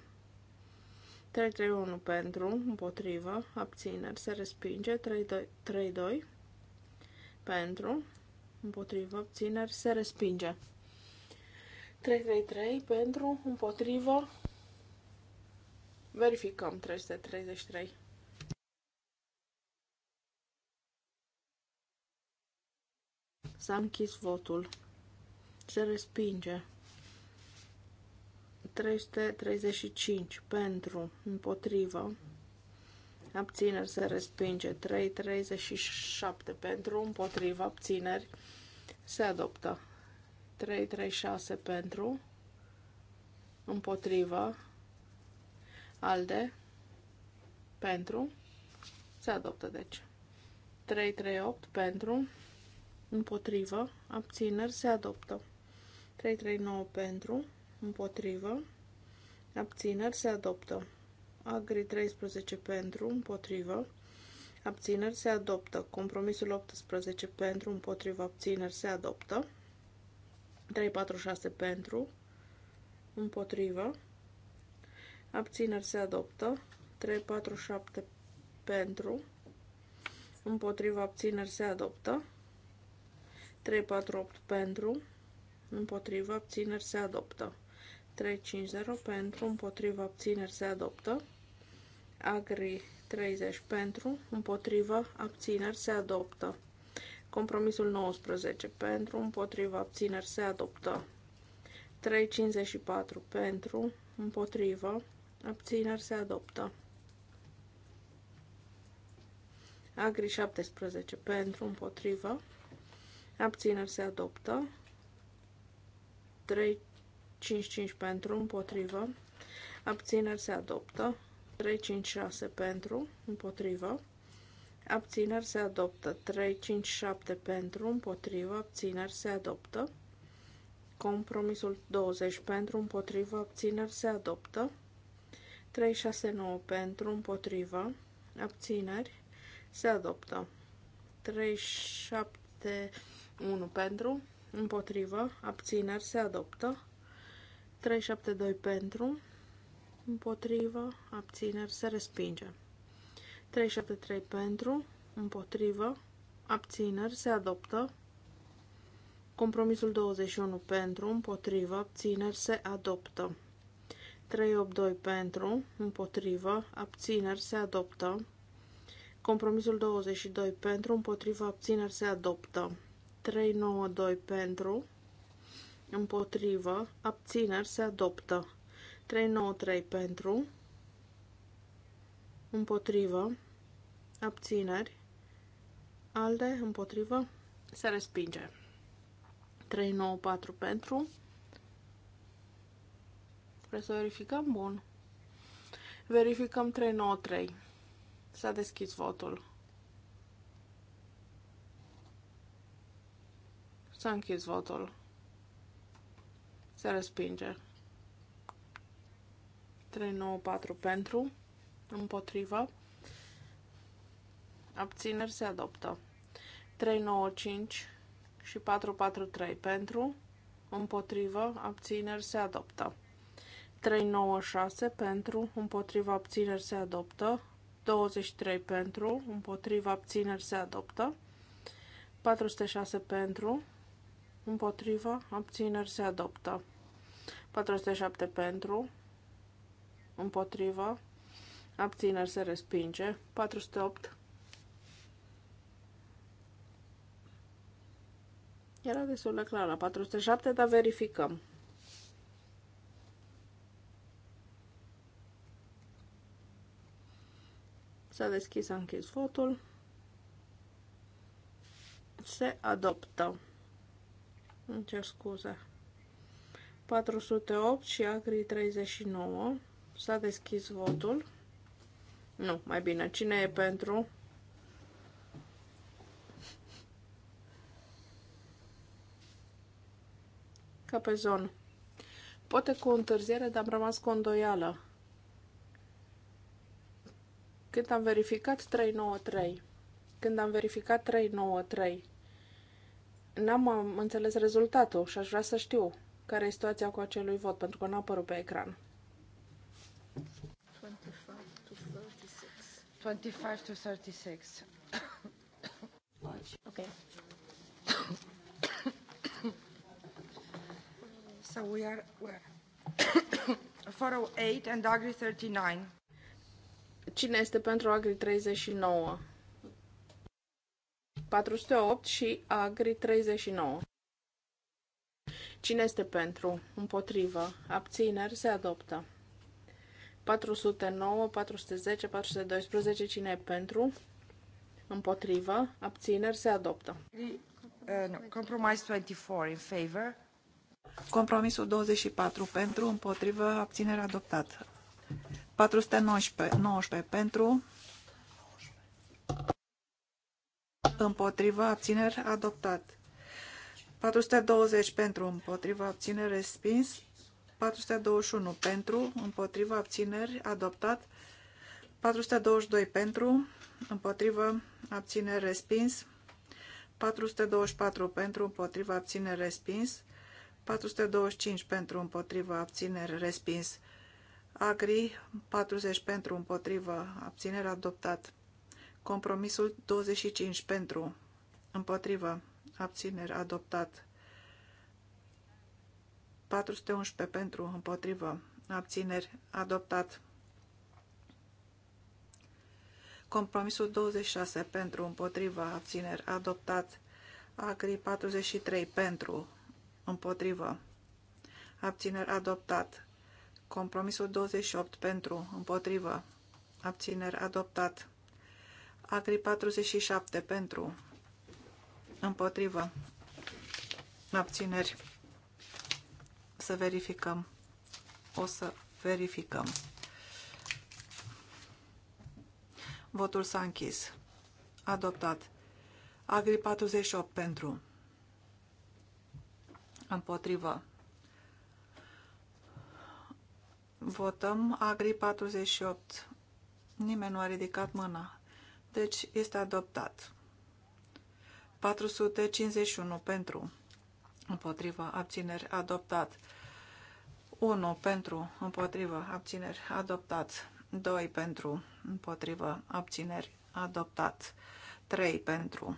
331 pentru, împotrivă, abțineri, se respinge. 332 pentru, împotrivă, abțineri, se respinge. 333 pentru, împotrivă, verificăm 333. S-a închis votul. Se respinge. 335 pentru, împotrivă, abțineri se respinge, 337 pentru, împotrivă, abțineri se adoptă, 336 pentru, împotrivă, alde, pentru, se adoptă deci. 338 pentru, împotrivă, abțineri se adoptă. 339 pentru, împotrivă, abțineri se adoptă. Agri 13 pentru, împotrivă, abțineri se adoptă. Compromisul 18 pentru, împotrivă, abțineri se adoptă. 346 pentru, împotrivă, abțineri se adoptă. 347 pentru, împotrivă, abțineri se adoptă. 348 pentru, împotrivă, abțineri se adoptă. 350 pentru, împotriva abțineri se adoptă. Agri 30 pentru, împotriva abțineri se adoptă. Compromisul 19 pentru, împotriva abțineri se adoptă. 354 pentru, împotriva abțineri se adoptă. Agri 17 pentru, împotriva abțineri se adoptă. 3 5-5 pentru, împotrivă, abțineri se adoptă, 3-5-6 pentru, împotrivă, abțineri se adoptă, 3-5-7 pentru, împotrivă, abțineri se adoptă, compromisul 20 pentru, împotrivă, abțineri se adoptă, 369 pentru, împotrivă, abțineri, se adoptă. 371 pentru, împotrivă, abțineri, se adoptă. 372 pentru, împotrivă, abțineri, se respinge. 373 pentru, împotrivă, abțineri, se adoptă. Compromisul 21 pentru, împotrivă, abțineri, se adoptă. 382 pentru, împotrivă, abțineri, se adoptă. Compromisul 22 pentru, împotrivă, abțineri, se adoptă. 392 pentru, împotrivă, abțineri se adoptă. 393 pentru, împotrivă, abțineri, alde, împotrivă, se respinge. 394 pentru, vreți să verificăm? Bun. Verificăm 393. S-a deschis votul. S-a închis votul. Se respinge. 394 pentru, împotrivă, abțineri se adoptă. 395 și 443 pentru, împotrivă, abțineri se adoptă. 396 pentru, împotrivă, abțineri se adoptă. 23 pentru, împotrivă, abțineri se adoptă. 406 pentru, împotrivă, abțineri se adoptă. 407 pentru, împotrivă, abțineri se respinge, 408 Era destul de clar la 407, dar verificăm. S-a deschis, a închis votul. Se adoptă. Îmi cer scuze. 408 și Agri 39. S-a deschis votul. Nu, mai bine. Cine e pentru? Ca pe zonă. Poate cu întârziere, dar am rămas cu îndoială. Când am verificat 393, când am verificat 393, n-am înțeles rezultatul și aș vrea să știu care e situația cu acelui vot, pentru că nu a apărut pe ecran. 25 to 36. okay. so we are where? 408 and Agri 39. Cine este pentru Agri 39? 408 și Agri 39. Cine este pentru? Împotrivă. Abțineri se adoptă. 409, 410, 412. Cine e pentru? Împotrivă. Abțineri se adoptă. Uh, Compromis 24 in favor. Compromisul 24 pentru, împotrivă, abținere adoptat. 419 19, pentru, împotrivă, abțineri adoptat. 420 pentru împotriva abțineri respins, 421 pentru împotriva abțineri adoptat, 422 pentru împotriva abțineri respins, 424 pentru împotriva abțineri respins, 425 pentru împotriva abțineri respins, Agri 40 pentru împotriva abțineri adoptat, compromisul 25 pentru împotriva abțineri adoptat. 411 pentru, împotrivă, abțineri adoptat. Compromisul 26 pentru, împotriva, abțineri adoptat. Agri 43 pentru, împotrivă, abțineri adoptat. Compromisul 28 pentru, împotrivă, abțineri adoptat. Agri 47 pentru, Împotrivă. Abțineri. Să verificăm. O să verificăm. Votul s-a închis. Adoptat. Agri 48 pentru. Împotrivă. Votăm Agri 48. Nimeni nu a ridicat mâna. Deci este adoptat. 451 pentru, împotrivă, abțineri, adoptat. 1 pentru, împotrivă, abțineri, adoptat. 2 pentru, împotrivă, abțineri, adoptat. 3 pentru,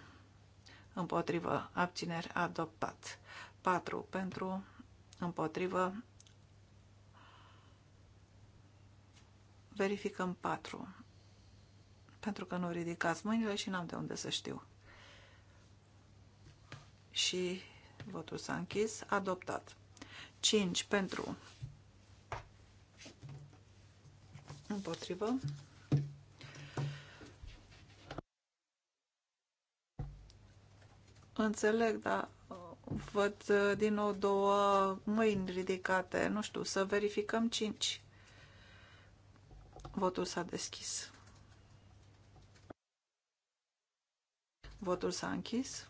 împotrivă, abțineri, adoptat. 4 pentru, împotrivă, verificăm 4, pentru că nu ridicați mâinile și n-am de unde să știu și votul s-a închis, adoptat. 5 pentru, împotrivă. Înțeleg, dar uh, văd uh, din nou două mâini ridicate. Nu știu, să verificăm 5. Votul s-a deschis. Votul s-a închis.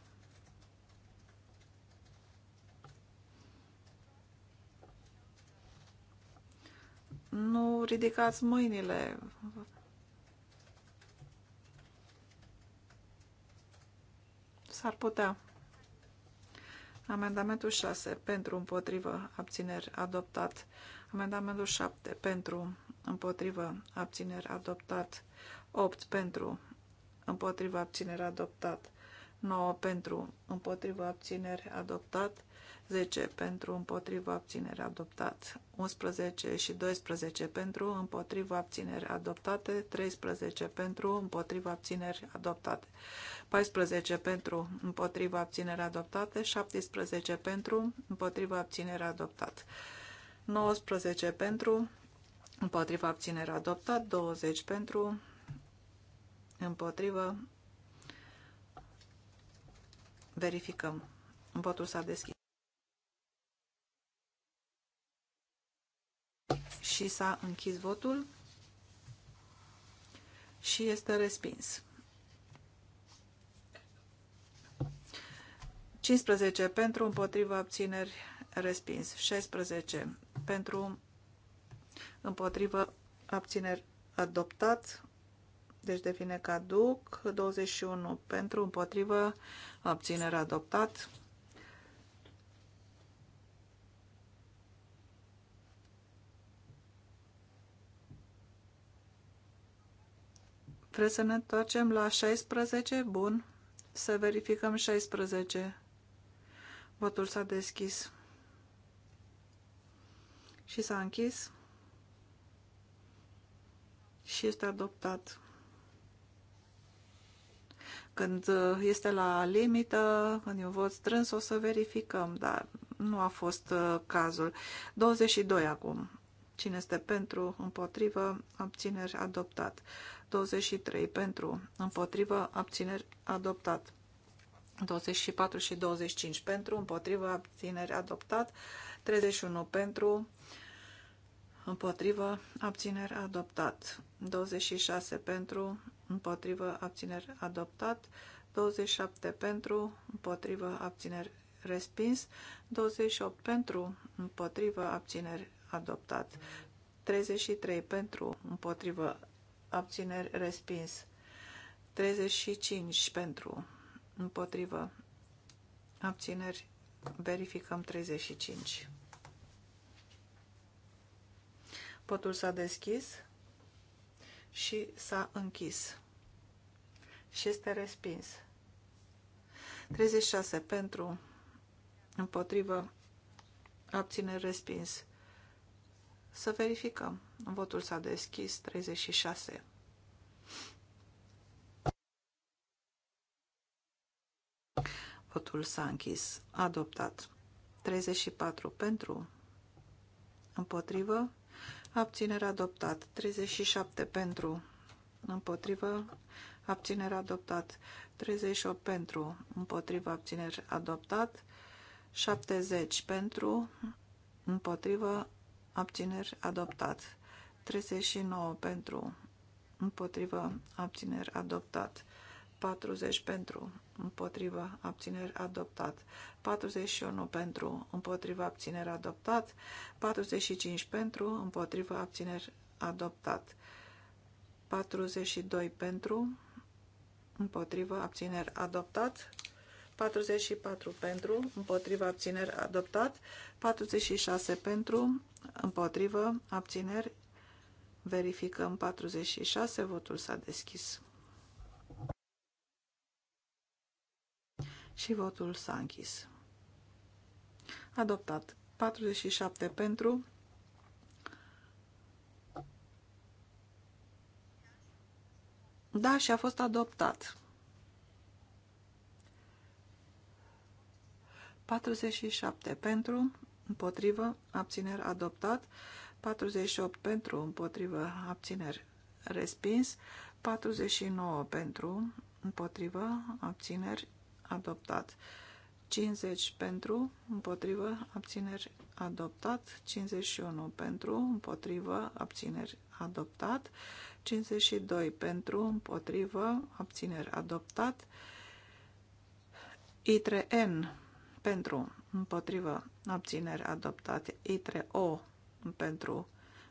Nu ridicați mâinile. S-ar putea. Amendamentul 6 pentru împotrivă abțineri adoptat. Amendamentul 7 pentru împotrivă abțineri adoptat. 8 pentru împotrivă abțineri adoptat. 9 pentru împotrivă abțineri adoptat. 10 pentru împotriva abținere adoptat, 11 și 12 pentru împotriva abținere adoptate, 13 pentru împotriva abțineri adoptate, 14 pentru împotriva abținere adoptate, 17 pentru împotriva abținere adoptat, 19 pentru împotriva abținere adoptat, 20 pentru împotriva verificăm. Votul s-a deschis. și s-a închis votul și este respins. 15 pentru, împotriva abțineri, respins. 16 pentru, împotriva abțineri, adoptat. Deci devine caduc. 21 pentru, împotriva abțineri, adoptat. Vreți să ne întoarcem la 16? Bun. Să verificăm 16. Votul s-a deschis. Și s-a închis. Și este adoptat. Când uh, este la limită, când e un vot strâns, o să verificăm, dar nu a fost uh, cazul. 22 acum. Cine este pentru, împotrivă, obțineri adoptat. 23 pentru, împotrivă, abțineri, adoptat. 24 și 25 pentru, împotrivă, abțineri, adoptat. 31 pentru, împotrivă, abțineri, adoptat. 26 pentru, împotrivă, abțineri, adoptat. 27 pentru, împotrivă, abțineri, respins. 28 pentru, împotrivă, abțineri, adoptat. 33 pentru, împotrivă, abțineri respins. 35 pentru, împotrivă, abțineri, verificăm 35. Potul s-a deschis și s-a închis și este respins. 36 pentru, împotrivă, abțineri respins. Să verificăm. Votul s-a deschis 36. Votul s-a închis. Adoptat. 34 pentru. Împotrivă. Abținere adoptat. 37 pentru. Împotrivă. Abținere adoptat. 38 pentru. Împotrivă. Abținere adoptat. 70 pentru. Împotrivă abțineri adoptat. 39 pentru împotrivă abțineri adoptat. 40 pentru împotrivă abțineri adoptat. 41 pentru împotrivă abțineri adoptat. 45 pentru împotrivă abțineri adoptat. 42 pentru împotrivă abțineri adoptat. 44 pentru, împotriva abțineri adoptat, 46 pentru, împotrivă abțineri, verificăm 46, votul s-a deschis. Și votul s-a închis. Adoptat. 47 pentru, Da, și a fost adoptat. 47 pentru, împotrivă, abțineri adoptat, 48 pentru, împotrivă, abțineri respins, 49 pentru, împotrivă, abțineri adoptat, 50 pentru, împotrivă, abțineri adoptat, 51 pentru, împotrivă, abțineri adoptat, 52 pentru, împotrivă, abțineri adoptat, I3N pentru, împotrivă, abțineri, adoptat. ITRE O pentru,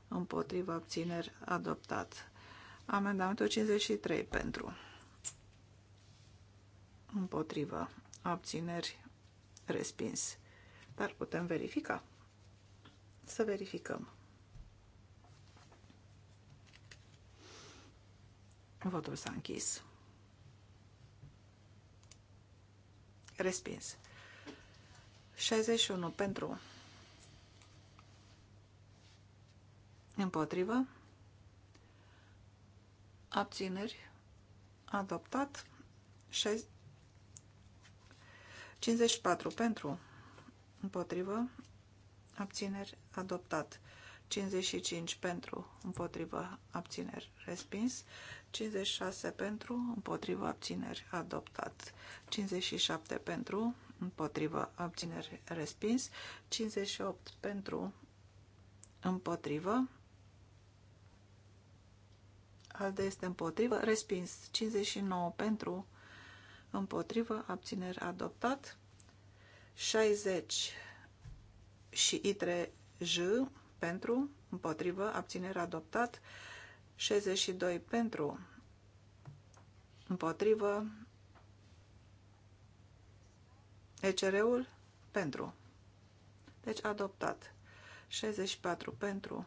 împotrivă, abțineri, adoptat. Amendamentul 53 pentru, împotrivă, abțineri, respins. Dar putem verifica. Să verificăm. Votul s-a închis. Respins. 61 pentru împotrivă abțineri adoptat 54 pentru împotrivă abțineri adoptat 55 pentru, împotrivă, abțineri, respins. 56 pentru, împotrivă, abțineri, adoptat. 57 pentru, împotrivă, abțineri, respins. 58 pentru, împotrivă. Alde este împotrivă, respins. 59 pentru, împotrivă, abțineri, adoptat. 60 și ITRE J pentru, împotrivă, abțineri adoptat, 62 pentru, împotrivă, ECR-ul pentru. Deci adoptat. 64 pentru,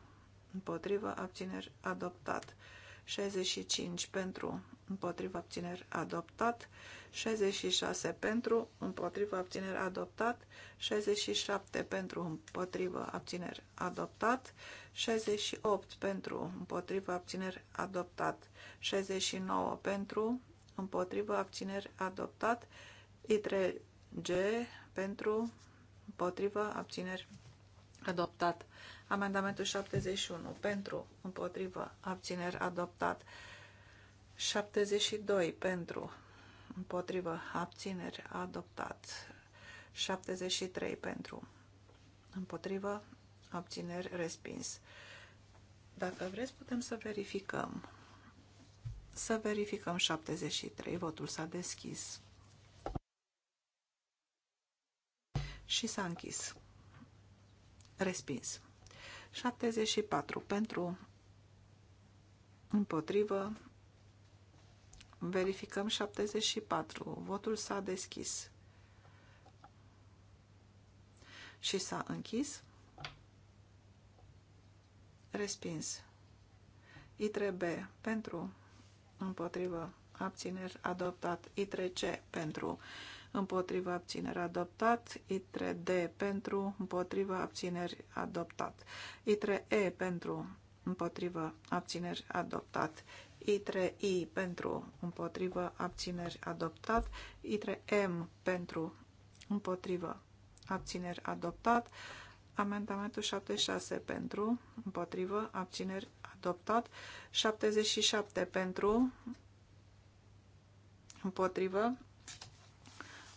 împotrivă, abțineri, adoptat. 65 pentru, împotrivă, abțineri, adoptat. 66 pentru, împotrivă, abțineri, adoptat. 67 pentru, împotrivă, abțineri, adoptat. 68 pentru, împotrivă, abțineri, adoptat. 69 pentru, împotrivă, abțineri, adoptat. G pentru, împotrivă, abțineri, adoptat. Amendamentul 71 pentru, împotrivă, abțineri, adoptat. 72 pentru, împotrivă, abțineri, adoptat. 73 pentru, împotrivă, abțineri, respins. Dacă vreți, putem să verificăm. Să verificăm 73. Votul s-a deschis. și s-a închis. Respins. 74 pentru împotrivă. Verificăm 74. Votul s-a deschis și s-a închis. Respins. I3B pentru împotrivă abțineri adoptat. I3C pentru împotriva abțineri adoptat, ITRE D pentru, împotriva abțineri adoptat, ITRE E pentru, împotriva abțineri adoptat, ITRE I pentru, împotriva abțineri adoptat, ITRE M pentru, împotriva abțineri adoptat, amendamentul 76 pentru, împotriva abțineri adoptat, 77 pentru, împotrivă,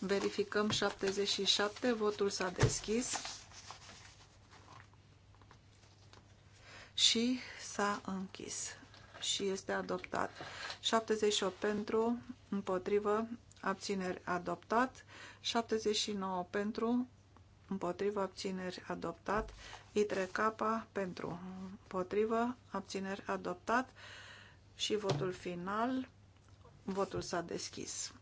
Verificăm 77, votul s-a deschis și s-a închis și este adoptat. 78 pentru, împotrivă, abțineri adoptat, 79 pentru, împotrivă, abțineri adoptat, Y-K pentru, împotrivă, abțineri adoptat și votul final, votul s-a deschis.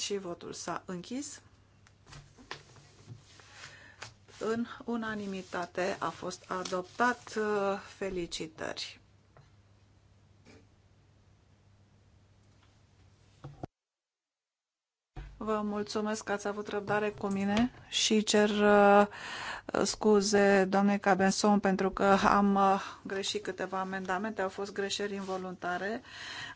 Și votul s-a închis. În unanimitate a fost adoptat. Felicitări! Vă mulțumesc că ați avut răbdare cu mine și cer uh, scuze doamnei Cabenson pentru că am uh, greșit câteva amendamente, au fost greșeli involuntare.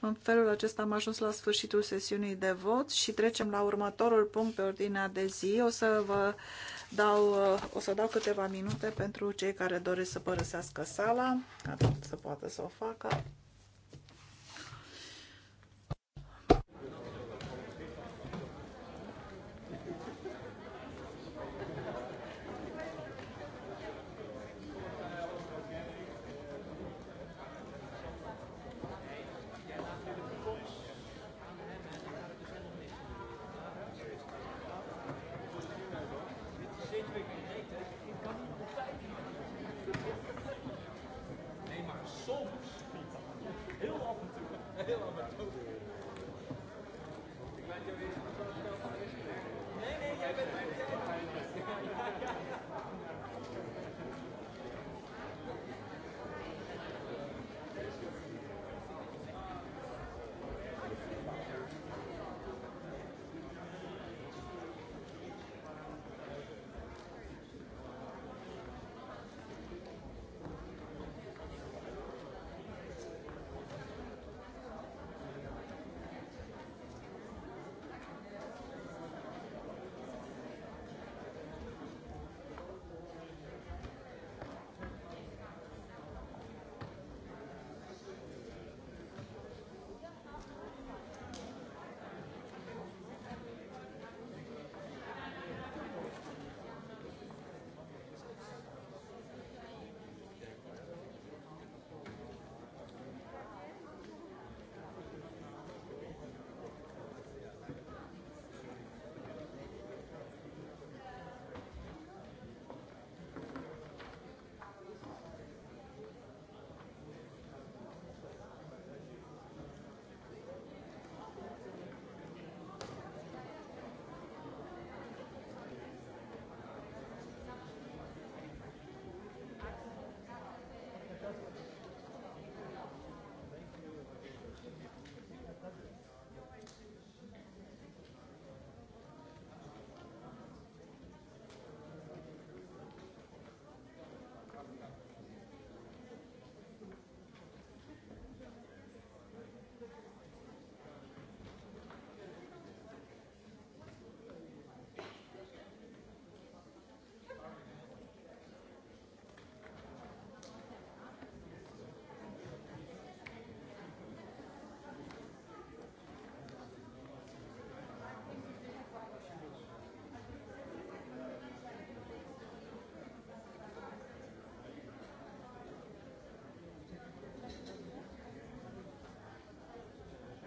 În felul acesta am ajuns la sfârșitul sesiunii de vot și trecem la următorul punct pe ordinea de zi. O să vă dau, uh, o să dau câteva minute pentru cei care doresc să părăsească sala, ca să poată să o facă.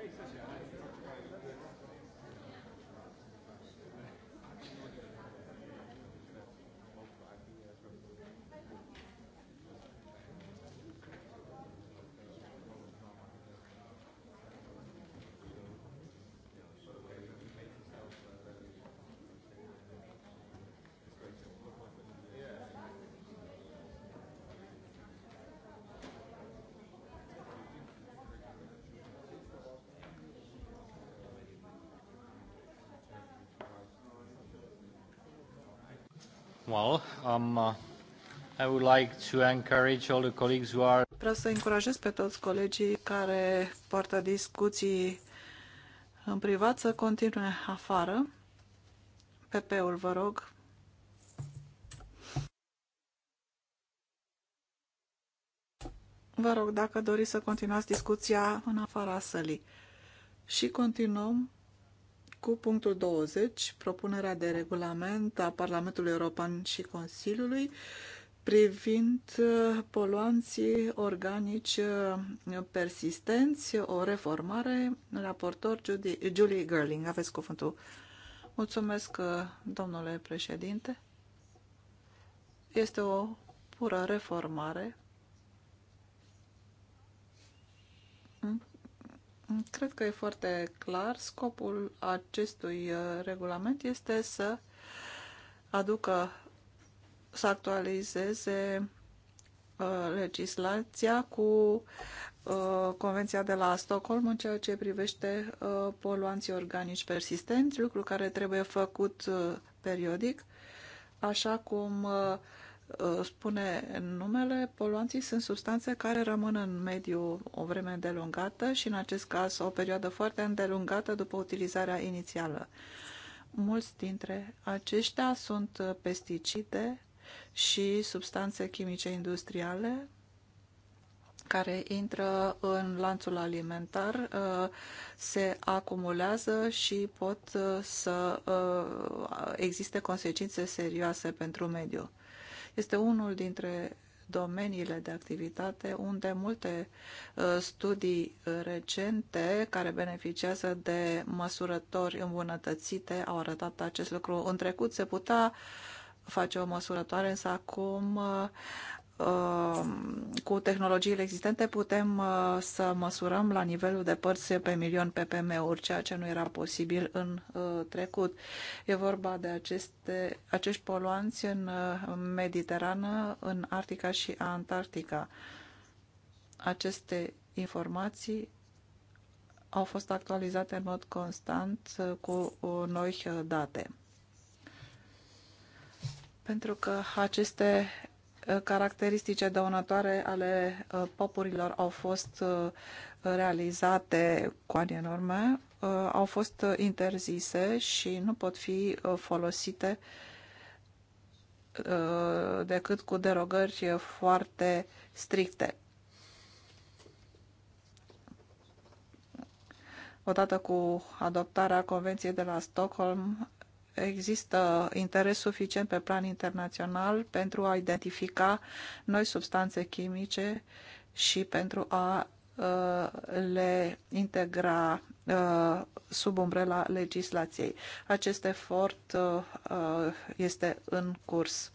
Exagerado. Well, um, uh, I would like to encourage all the colleagues who are... Vreau să încurajez pe toți colegii care poartă discuții în privat să continue afară. PP-ul, vă rog. Vă rog, dacă doriți să continuați discuția în afara sălii. Și continuăm cu punctul 20, propunerea de regulament a Parlamentului European și Consiliului privind uh, poluanții organici uh, persistenți, o reformare, raportor Judy, Julie Gerling. Aveți cuvântul. Mulțumesc, uh, domnule președinte. Este o pură reformare Cred că e foarte clar. Scopul acestui uh, regulament este să aducă, să actualizeze uh, legislația cu uh, Convenția de la Stockholm în ceea ce privește poluanții organici persistenți, lucru care trebuie făcut periodic, așa cum Uh, spune numele, poluanții sunt substanțe care rămân în mediu o vreme îndelungată și, în acest caz, o perioadă foarte îndelungată după utilizarea inițială. Mulți dintre aceștia sunt pesticide și substanțe chimice industriale care intră în lanțul alimentar, uh, se acumulează și pot uh, să existe consecințe serioase pentru mediu. Este unul dintre domeniile de activitate unde multe uh, studii uh, recente care beneficiază de măsurători îmbunătățite au arătat acest lucru. În trecut se putea face o măsurătoare, însă acum uh, Ehm, cu tehnologiile existente putem uh, să măsurăm la nivelul de părți pe milion PPM-uri, ceea ce nu era posibil în uh, trecut. E vorba de aceste, acești poluanți în uh, Mediterană, în Arctica și Antarctica. Aceste informații au fost actualizate în mod constant cu noi date. Pentru că aceste caracteristice dăunătoare ale uh, popurilor au fost uh, realizate cu ani urmă, uh, au fost interzise și nu pot fi folosite decât cu derogări foarte stricte. Odată cu adoptarea Convenției de la Stockholm, există interes suficient pe plan internațional pentru a identifica noi substanțe chimice și pentru a uh, le integra uh, sub umbrela legislației. Acest efort uh, este în curs.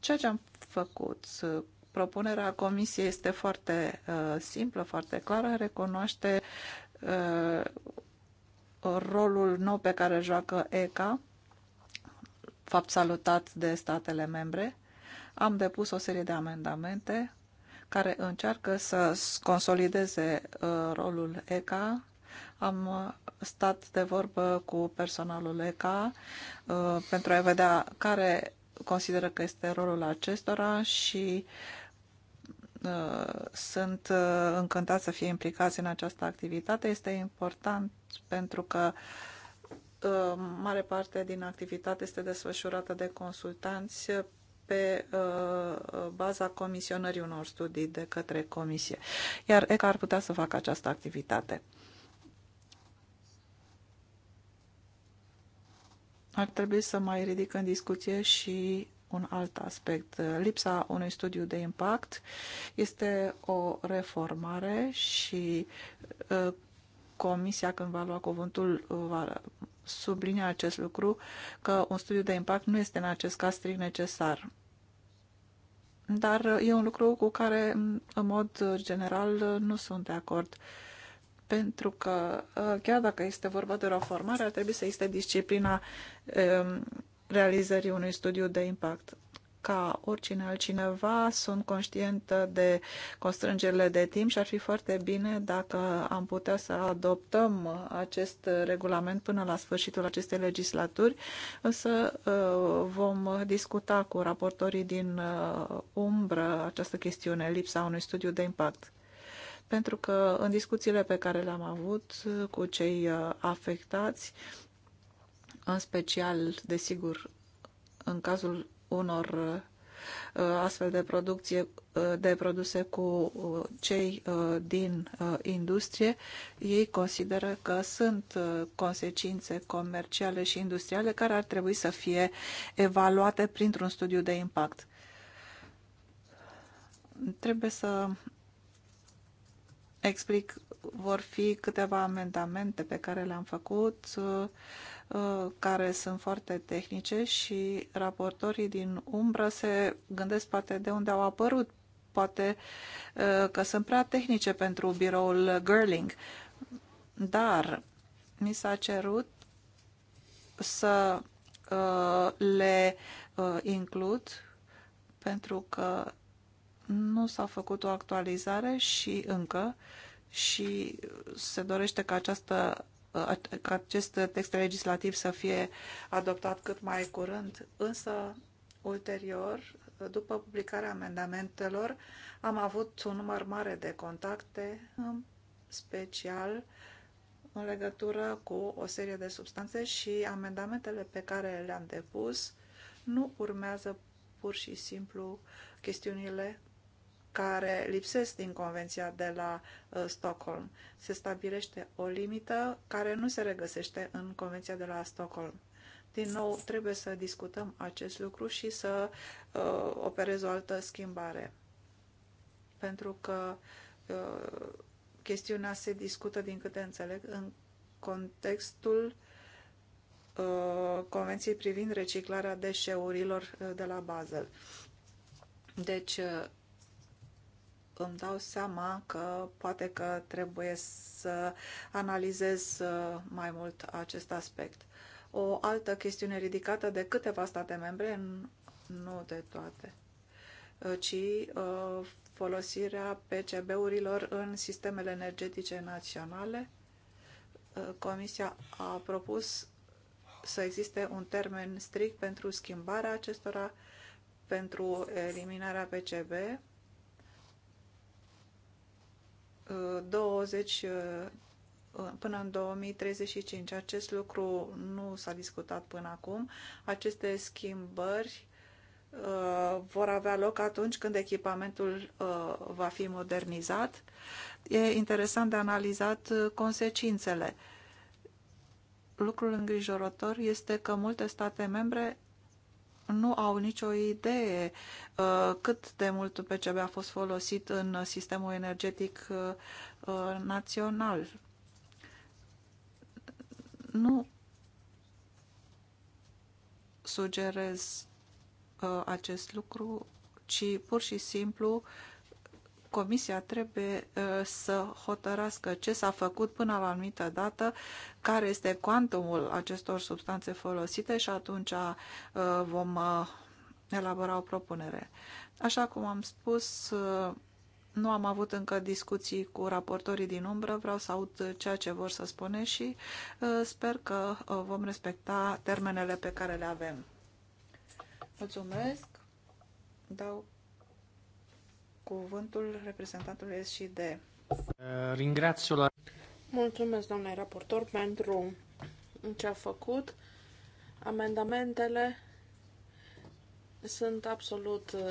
Ceea ce am făcut, propunerea Comisiei este foarte simplă, foarte clară, recunoaște rolul nou pe care îl joacă ECA fapt salutat de statele membre. Am depus o serie de amendamente care încearcă să consolideze uh, rolul ECA. Am stat de vorbă cu personalul ECA uh, pentru a vedea care consideră că este rolul acestora și uh, sunt încântat să fie implicați în această activitate. Este important pentru că uh, Uh, mare parte din activitate este desfășurată de consultanți pe uh, baza comisionării unor studii de către comisie. Iar ECA ar putea să facă această activitate. Ar trebui să mai ridic în discuție și un alt aspect. Lipsa unui studiu de impact este o reformare și uh, Comisia, când va lua cuvântul, va sublinia acest lucru, că un studiu de impact nu este în acest caz strict necesar. Dar e un lucru cu care, în mod general, nu sunt de acord. Pentru că, ă, chiar dacă este vorba de reformare ar trebui să existe disciplina ehm, realizării unui studiu de impact ca oricine altcineva, sunt conștientă de constrângerile de timp și ar fi foarte bine dacă am putea să adoptăm acest regulament până la sfârșitul acestei legislaturi, însă uh, vom discuta cu raportorii din uh, umbră această chestiune, lipsa unui studiu de impact pentru că în discuțiile pe care le-am avut cu cei uh, afectați, în special, desigur, în cazul unor uh, astfel de producție uh, de produse cu uh, cei din industrie, ei consideră că sunt consecințe comerciale și industriale care ar trebui să fie evaluate printr-un studiu de impact. Trebuie să explic, vor fi câteva amendamente pe care le-am făcut Uh, care sunt foarte tehnice și raportorii din umbră se gândesc poate de unde au apărut, poate uh, că sunt prea tehnice pentru biroul Girling. Dar mi s-a cerut să uh, le includ pentru că nu s-a făcut o actualizare și încă și se dorește ca această Uh, ca acest text legislativ să fie adoptat cât mai curând, însă ulterior, după publicarea amendamentelor, am avut un număr mare de contacte, în special în legătură cu o serie de substanțe și amendamentele pe care le-am depus nu urmează pur și simplu chestiunile care lipsesc din Convenția de la uh, Stockholm. Se stabilește o limită care nu se regăsește în Convenția de la Stockholm. Din nou, trebuie să discutăm acest lucru și să uh, operez o altă schimbare. Pentru că uh, chestiunea se discută, din câte înțeleg, în contextul uh, Convenției privind reciclarea deșeurilor uh, de la Basel. Deci, uh, îmi dau seama că poate că trebuie să analizez uh, mai mult acest aspect. O altă chestiune ridicată de câteva state membre, nu de toate, uh, ci uh, folosirea PCB-urilor în sistemele energetice naționale. Comisia a propus să existe un termen strict pentru schimbarea acestora, pentru eliminarea PCB 20 uh, până în 2035. Acest lucru nu s-a discutat până acum. Aceste schimbări uh, vor avea loc atunci când echipamentul uh, va fi modernizat. E interesant de analizat consecințele. Lucrul îngrijorător este că multe state membre nu au nicio idee uh, cât de mult PCB a fost folosit în sistemul energetic uh, național. Nu sugerez uh, acest lucru, ci pur și simplu uh, Comisia trebuie uh, să hotărască ce s-a făcut până la anumită dată, care este cuantumul acestor substanțe folosite și atunci uh, vom uh, elabora o propunere. Așa cum am spus, nu am avut încă discuții cu raportorii din umbră, vreau să aud ceea ce vor să spune și sper că vom respecta termenele pe care le avem. Mulțumesc! Dau cuvântul reprezentantului SCD. Eh, ringrazio la... Mulțumesc, domnule raportor, pentru ce a făcut. Amendamentele sunt absolut eh,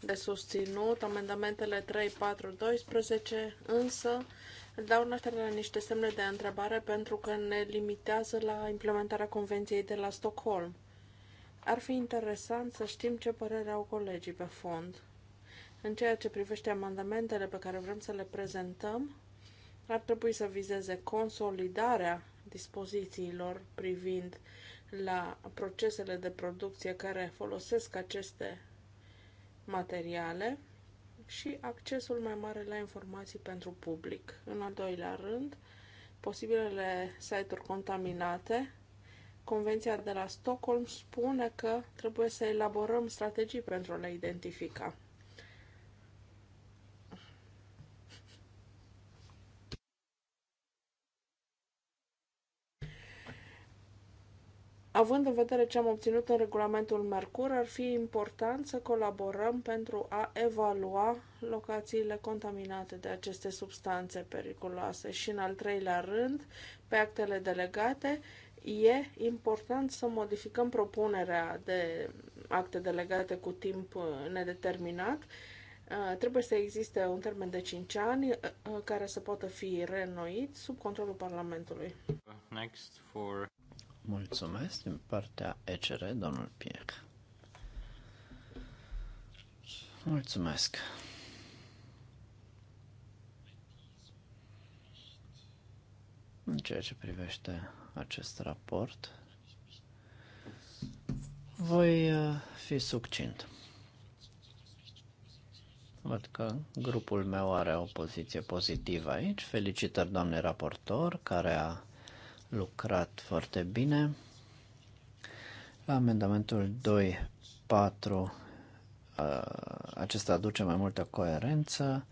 de susținut, amendamentele 3, 4, 12, însă dau naștere la niște semne de întrebare pentru că ne limitează la implementarea Convenției de la Stockholm. Ar fi interesant să știm ce părere au colegii pe fond. În ceea ce privește amendamentele pe care vrem să le prezentăm, ar trebui să vizeze consolidarea dispozițiilor privind la procesele de producție care folosesc aceste materiale și accesul mai mare la informații pentru public. În al doilea rând, posibilele site-uri contaminate. Convenția de la Stockholm spune că trebuie să elaborăm strategii pentru a le identifica. Având în vedere ce am obținut în regulamentul Mercur, ar fi important să colaborăm pentru a evalua locațiile contaminate de aceste substanțe periculoase. Și în al treilea rând, pe actele delegate, e important să modificăm propunerea de acte delegate cu timp uh, nedeterminat. Uh, trebuie să existe un termen de 5 ani uh, care să poată fi reînnoit sub controlul Parlamentului. Next for... Mulțumesc din partea ECR, domnul Pierre. Mulțumesc. În ceea ce privește acest raport, voi uh, fi succint. Văd că grupul meu are o poziție pozitivă aici. Felicitări, doamne raportor, care a lucrat foarte bine. La amendamentul 2, 4, acesta aduce mai multă coerență.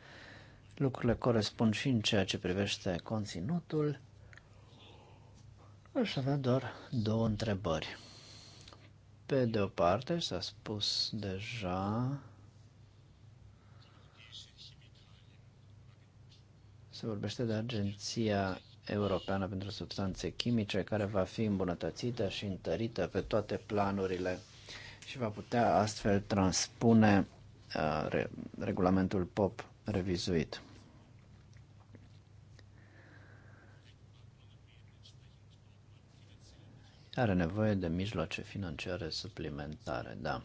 Lucrurile corespund și în ceea ce privește conținutul. Aș avea doar două întrebări. Pe de o parte, s-a spus deja se vorbește de Agenția Europeană pentru Substanțe Chimice, care va fi îmbunătățită și întărită pe toate planurile și va putea astfel transpune uh, regulamentul POP revizuit. Are nevoie de mijloace financiare suplimentare, da.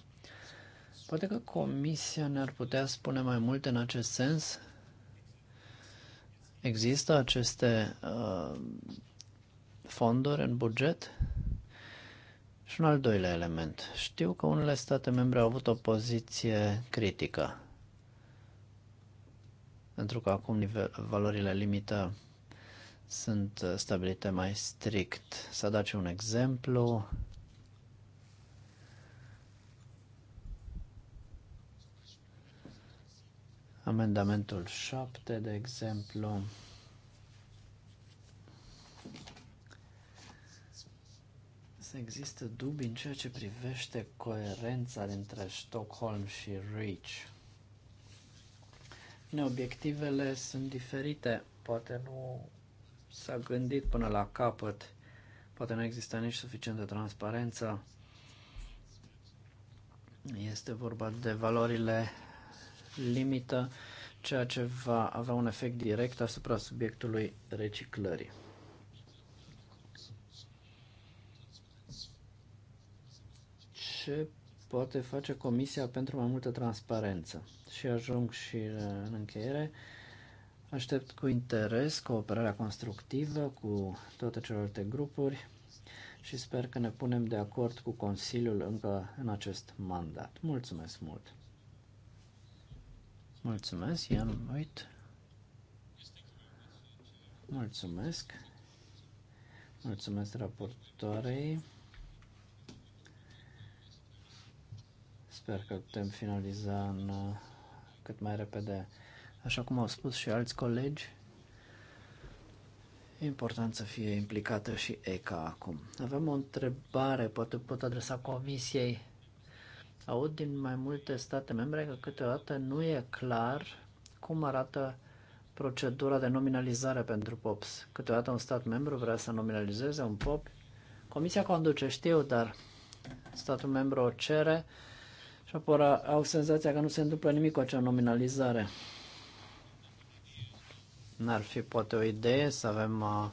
Poate că Comisia ne-ar putea spune mai multe în acest sens? Există aceste uh, fonduri în buget? Și un al doilea element. Știu că unele state membre au avut o poziție critică, pentru că acum nivel, valorile limită sunt uh, stabilite mai strict. Să dați un exemplu. Amendamentul 7, de exemplu, să există dubii în ceea ce privește coerența dintre Stockholm și REACH. Bine, obiectivele sunt diferite. Poate nu s-a gândit până la capăt. Poate nu există nici suficientă transparență. Este vorba de valorile limită, ceea ce va avea un efect direct asupra subiectului reciclării. Ce poate face Comisia pentru mai multă transparență? Și ajung și uh, în încheiere. Aștept cu interes cooperarea constructivă cu toate celelalte grupuri și sper că ne punem de acord cu Consiliul încă în acest mandat. Mulțumesc mult! Mulțumesc, Ian uit. Mulțumesc. Mulțumesc raportoarei. Sper că putem finaliza în uh, cât mai repede. Așa cum au spus și alți colegi, e important să fie implicată și ECA acum. Avem o întrebare, poate pot adresa comisiei Aud din mai multe state membre că câteodată nu e clar cum arată procedura de nominalizare pentru POPs. Câteodată un stat membru vrea să nominalizeze un POP. Comisia conduce, știu, dar statul membru o cere și apoi au senzația că nu se întâmplă nimic cu acea nominalizare. N-ar fi poate o idee să avem a, uh,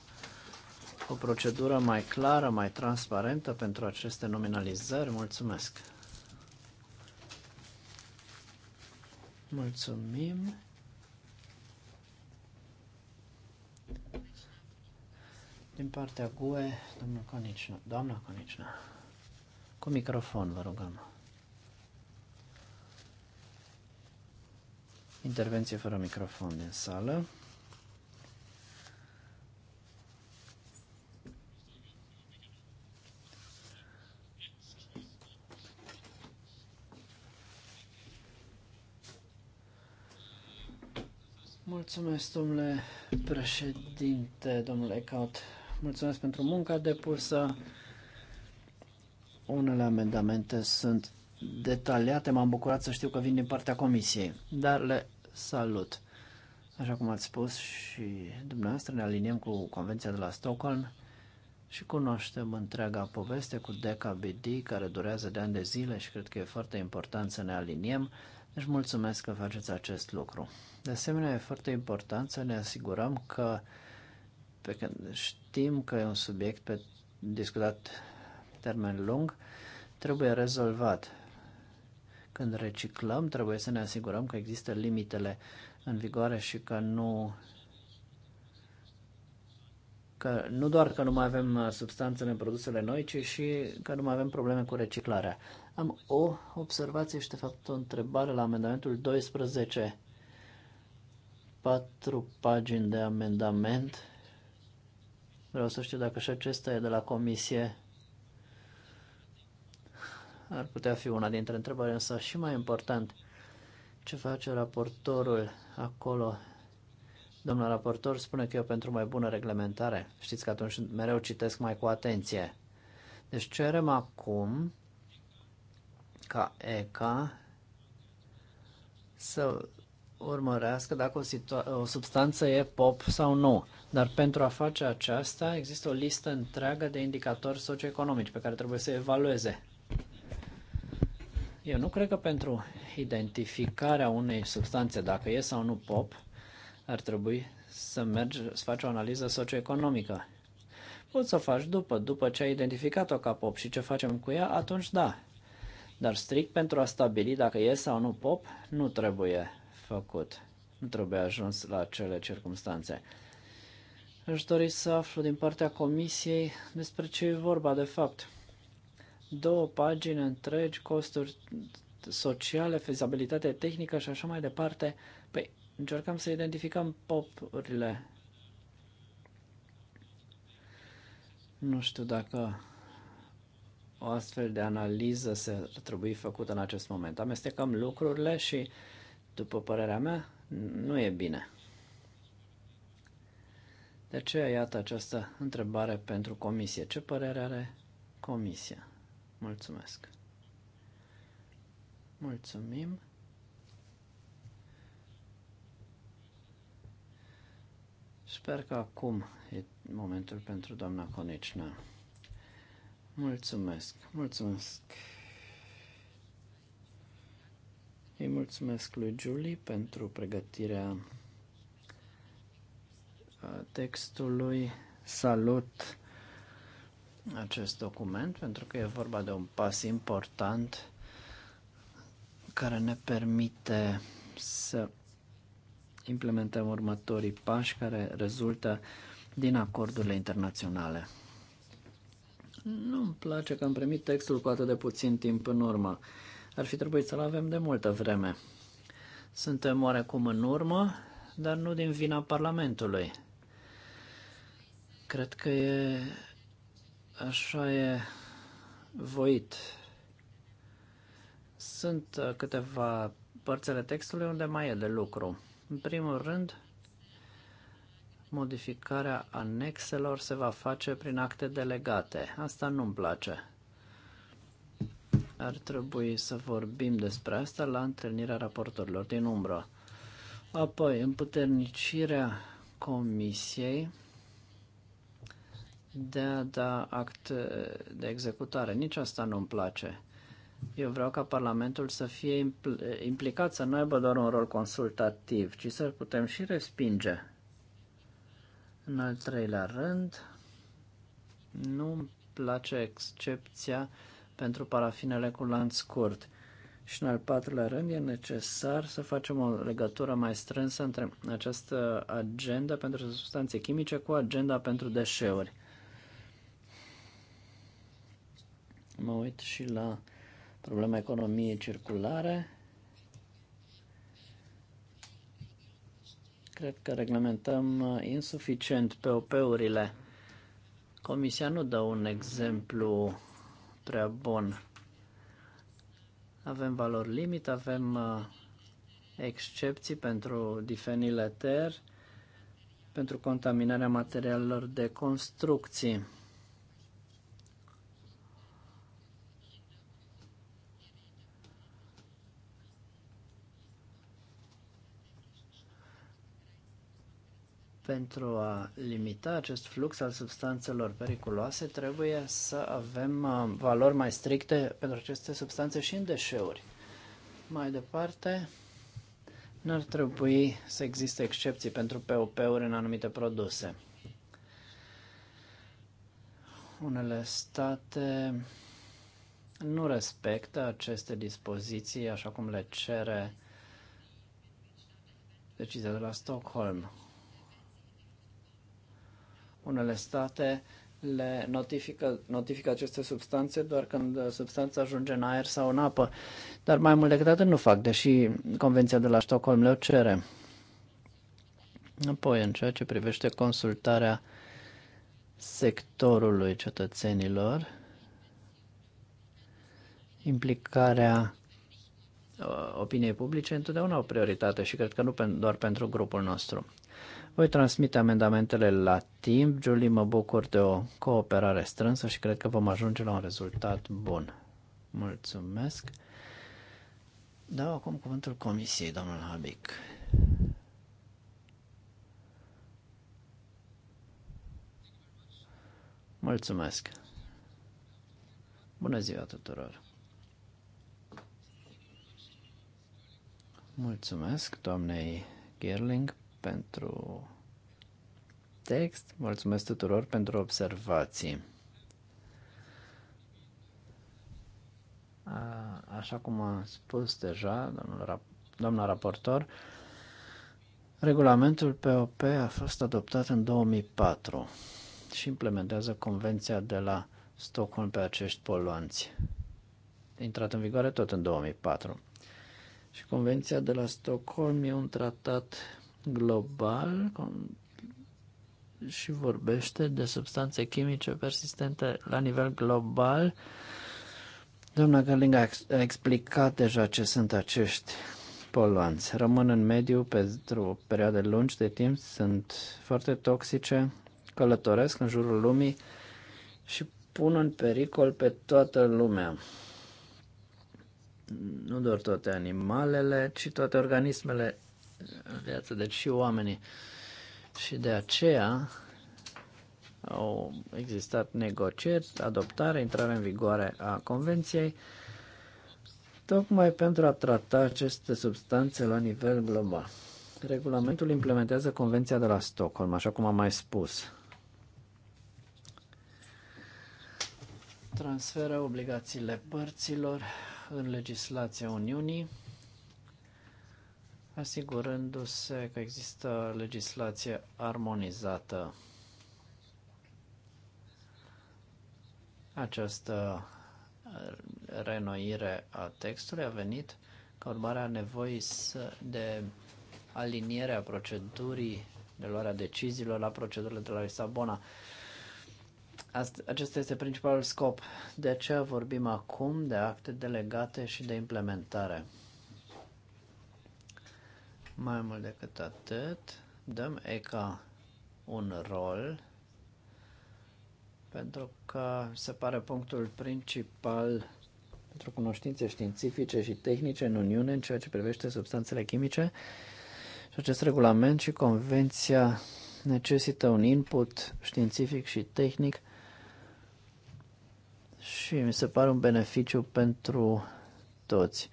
o procedură mai clară, mai transparentă pentru aceste nominalizări? Mulțumesc! Mulțumim. Din partea GUE, doamna Conicna, doamna Conicna, cu microfon vă rugăm. Intervenție fără microfon din sală. Mulțumesc, domnule președinte, domnule Caut. Mulțumesc pentru munca depusă. Unele amendamente sunt detaliate. M-am bucurat să știu că vin din partea comisiei, dar le salut. Așa cum ați spus și dumneavoastră, ne aliniem cu Convenția de la Stockholm și cunoaștem întreaga poveste cu DKBD care durează de ani de zile și cred că e foarte important să ne aliniem își mulțumesc că faceți acest lucru. De asemenea, e foarte important să ne asigurăm că pe când știm că e un subiect pe discutat termen lung, trebuie rezolvat. Când reciclăm, trebuie să ne asigurăm că există limitele în vigoare și că nu că nu doar că nu mai avem uh, substanțele în produsele noi, ci și că nu mai avem probleme cu reciclarea. Am o observație și, de fapt, o întrebare la amendamentul 12. Patru pagini de amendament. Vreau să știu dacă și acesta e de la comisie. Ar putea fi una dintre întrebări, însă și mai important, ce face raportorul acolo? Domnul raportor spune că eu pentru mai bună reglementare. Știți că atunci mereu citesc mai cu atenție. Deci cerem acum ca ECA să urmărească dacă o, o substanță e POP sau nu. Dar pentru a face aceasta există o listă întreagă de indicatori socioeconomici pe care trebuie să evalueze. Eu nu cred că pentru identificarea unei substanțe, dacă e sau nu POP, ar trebui să mergi să faci o analiză socioeconomică. Poți să o faci după, după ce ai identificat-o ca POP și ce facem cu ea, atunci da, dar strict pentru a stabili dacă e sau nu pop, nu trebuie făcut. Nu trebuie ajuns la acele circumstanțe. Aș dori să aflu din partea comisiei despre ce e vorba de fapt. Două pagini întregi, costuri sociale, fezabilitate tehnică și așa mai departe. Păi, încercăm să identificăm popurile. Nu știu dacă o astfel de analiză se ar trebui făcută în acest moment. Amestecăm lucrurile și, după părerea mea, nu e bine. De aceea, iată această întrebare pentru comisie. Ce părere are comisia? Mulțumesc. Mulțumim. Sper că acum e momentul pentru doamna Conecna. Mulțumesc, mulțumesc. Îi mulțumesc lui Julie pentru pregătirea textului. Salut acest document pentru că e vorba de un pas important care ne permite să implementăm următorii pași care rezultă din acordurile internaționale. Nu-mi place că am primit textul cu atât de puțin timp în urmă. Ar fi trebuit să-l avem de multă vreme. Suntem oarecum în urmă, dar nu din vina Parlamentului. Cred că e... așa e voit. Sunt uh, câteva părțile textului unde mai e de lucru. În primul rând, modificarea anexelor se va face prin acte delegate. Asta nu-mi place. Ar trebui să vorbim despre asta la întâlnirea raportorilor din umbră. Apoi, împuternicirea comisiei de a da act de executare. Nici asta nu-mi place. Eu vreau ca Parlamentul să fie implicat, să nu aibă doar un rol consultativ, ci să putem și respinge în al treilea rând, nu îmi place excepția pentru parafinele cu lanț scurt. Și în al patrulea rând, e necesar să facem o legătură mai strânsă între această agenda pentru substanțe chimice cu agenda pentru deșeuri. Mă uit și la problema economiei circulare. Cred că reglementăm uh, insuficient POP-urile. Comisia nu dă un exemplu prea bun. Avem valori limit, avem uh, excepții pentru difenile ter, pentru contaminarea materialelor de construcții. Pentru a limita acest flux al substanțelor periculoase, trebuie să avem uh, valori mai stricte pentru aceste substanțe și în deșeuri. Mai departe, n-ar trebui să existe excepții pentru POP-uri în anumite produse. Unele state nu respectă aceste dispoziții așa cum le cere decizia de la Stockholm. Unele state le notifică, notifică aceste substanțe doar când substanța ajunge în aer sau în apă. Dar mai mult decât atât nu fac, deși Convenția de la Stockholm le cere. Apoi, în ceea ce privește consultarea sectorului cetățenilor, implicarea uh, opiniei publice întotdeauna o prioritate și cred că nu doar pentru grupul nostru. Voi transmite amendamentele la timp. Julie, mă bucur de o cooperare strânsă și cred că vom ajunge la un rezultat bun. Mulțumesc. Dau acum cuvântul comisiei, domnul Habic. Mulțumesc. Bună ziua tuturor. Mulțumesc doamnei Gerling pentru text, mulțumesc tuturor pentru observații. Așa cum a spus deja domnul, doamna raportor, regulamentul POP a fost adoptat în 2004 și implementează convenția de la Stockholm pe acești poluanți, intrat în vigoare tot în 2004. Și convenția de la Stockholm e un tratat global și vorbește de substanțe chimice persistente la nivel global. Doamna Galinga a explicat deja ce sunt acești poluanți. Rămân în mediu pentru perioade lungi de timp, sunt foarte toxice, călătoresc în jurul lumii și pun în pericol pe toată lumea. Nu doar toate animalele, ci toate organismele viață, deci și oamenii. Și de aceea au existat negocieri, adoptare, intrare în vigoare a convenției, tocmai pentru a trata aceste substanțe la nivel global. Regulamentul implementează Convenția de la Stockholm, așa cum am mai spus. Transferă obligațiile părților în legislația Uniunii asigurându-se că există legislație armonizată. Această renoire a textului a venit ca urmare a nevoii de aliniere a procedurii de luarea deciziilor la procedurile de la Lisabona. Acesta este principalul scop. De aceea vorbim acum de acte delegate și de implementare. Mai mult decât atât, dăm ECA un rol pentru că se pare punctul principal pentru cunoștințe științifice și tehnice în Uniune în ceea ce privește substanțele chimice și acest regulament și convenția necesită un input științific și tehnic și mi se pare un beneficiu pentru toți.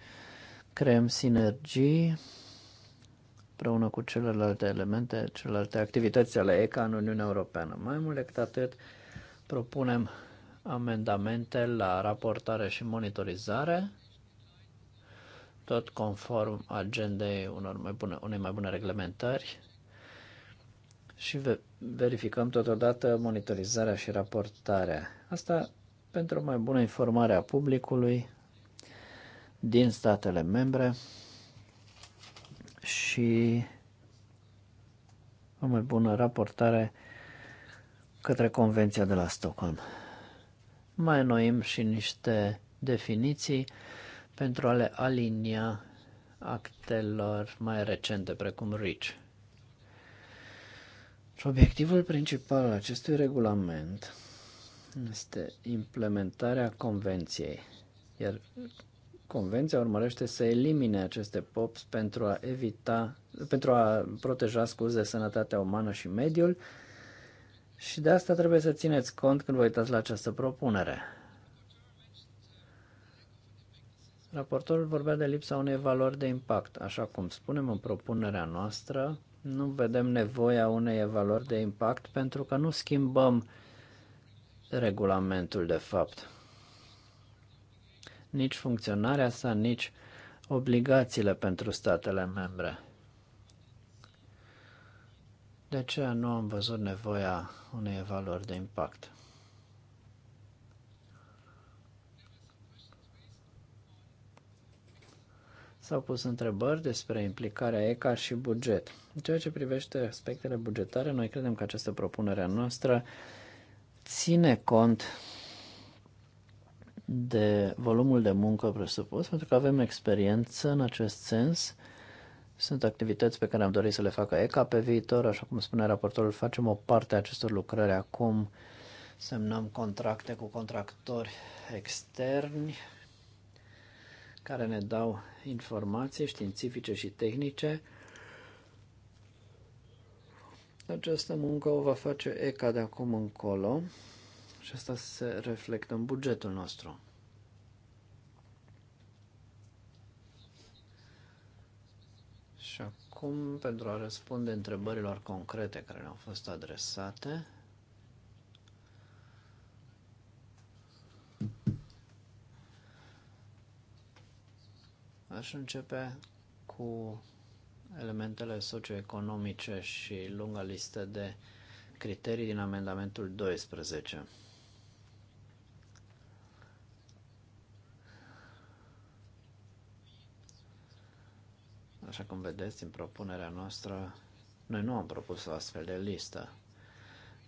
Creăm sinergii împreună cu celelalte elemente, celelalte activități ale ECA în Uniunea Europeană. Mai mult decât atât, propunem amendamente la raportare și monitorizare, tot conform agendei unor mai bune, unei mai bune reglementări și verificăm totodată monitorizarea și raportarea. Asta pentru o mai bună informare a publicului din statele membre și o mai bună raportare către Convenția de la Stockholm. Mai noim și niște definiții pentru a le alinia actelor mai recente, precum RICH. Obiectivul principal al acestui regulament este implementarea convenției, iar Convenția urmărește să elimine aceste POPs pentru a evita, pentru a proteja, scuze, sănătatea umană și mediul și de asta trebuie să țineți cont când vă uitați la această propunere. Raportorul vorbea de lipsa unei valori de impact. Așa cum spunem în propunerea noastră, nu vedem nevoia unei valori de impact pentru că nu schimbăm regulamentul de fapt nici funcționarea sa, nici obligațiile pentru statele membre. De aceea nu am văzut nevoia unei evaluări de impact. S-au pus întrebări despre implicarea ECA și buget. În ceea ce privește aspectele bugetare, noi credem că această propunere a noastră ține cont de volumul de muncă presupus, pentru că avem experiență în acest sens. Sunt activități pe care am dorit să le facă ECA pe viitor, așa cum spune raportorul, facem o parte a acestor lucrări acum, semnăm contracte cu contractori externi care ne dau informații științifice și tehnice. Această muncă o va face ECA de acum încolo. Și asta se reflectă în bugetul nostru. Și acum, pentru a răspunde întrebărilor concrete care ne-au fost adresate, aș începe cu elementele socioeconomice și lunga listă de criterii din amendamentul 12. Așa cum vedeți, în propunerea noastră, noi nu am propus o astfel de listă.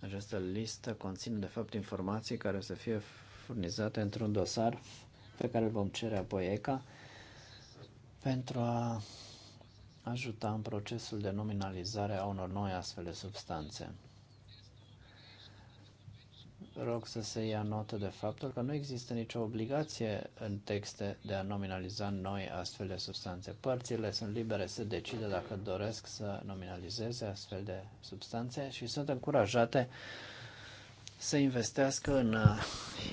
Această listă conține, de fapt, informații care să fie furnizate într-un dosar pe care îl vom cere apoi ECA pentru a ajuta în procesul de nominalizare a unor noi astfel de substanțe rog să se ia notă de faptul că nu există nicio obligație în texte de a nominaliza noi astfel de substanțe. Părțile sunt libere să decide dacă doresc să nominalizeze astfel de substanțe și sunt încurajate să investească în uh,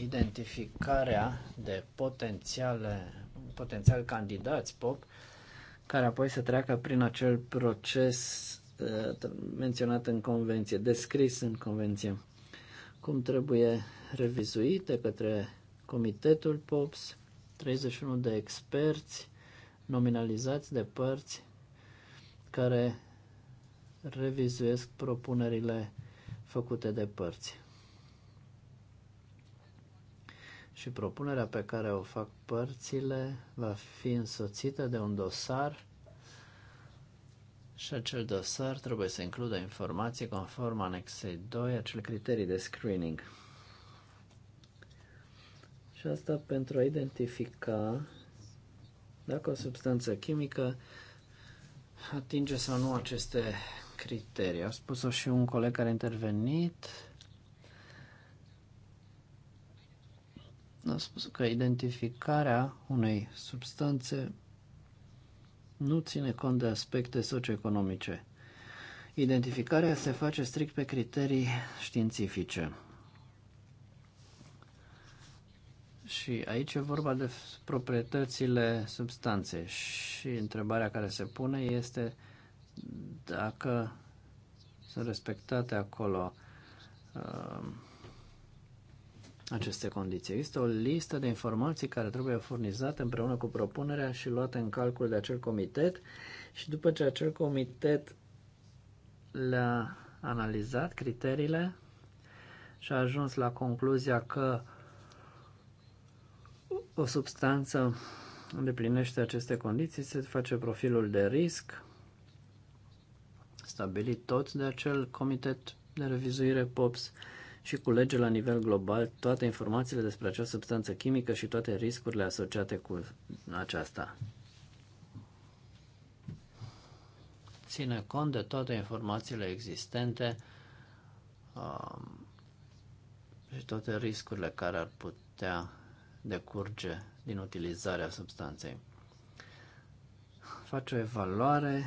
identificarea de potențiale, potențial candidați POP care apoi să treacă prin acel proces uh, menționat în convenție, descris în convenție cum trebuie revizuite către Comitetul POPS, 31 de experți nominalizați de părți care revizuiesc propunerile făcute de părți. Și propunerea pe care o fac părțile va fi însoțită de un dosar și acel dosar trebuie să includă informații conform anexei 2, acele criterii de screening. Și asta pentru a identifica dacă o substanță chimică atinge sau nu aceste criterii. A spus-o și un coleg care a intervenit. A spus că identificarea unei substanțe nu ține cont de aspecte socioeconomice. Identificarea se face strict pe criterii științifice. Și aici e vorba de proprietățile substanței și întrebarea care se pune este dacă sunt respectate acolo uh, aceste condiții. Există o listă de informații care trebuie furnizate împreună cu propunerea și luate în calcul de acel comitet și după ce acel comitet le-a analizat criteriile și a ajuns la concluzia că o substanță îndeplinește aceste condiții, se face profilul de risc stabilit tot de acel comitet de revizuire POPS și culege la nivel global toate informațiile despre acea substanță chimică și toate riscurile asociate cu aceasta. Ține cont de toate informațiile existente um, și toate riscurile care ar putea decurge din utilizarea substanței. Face o evaluare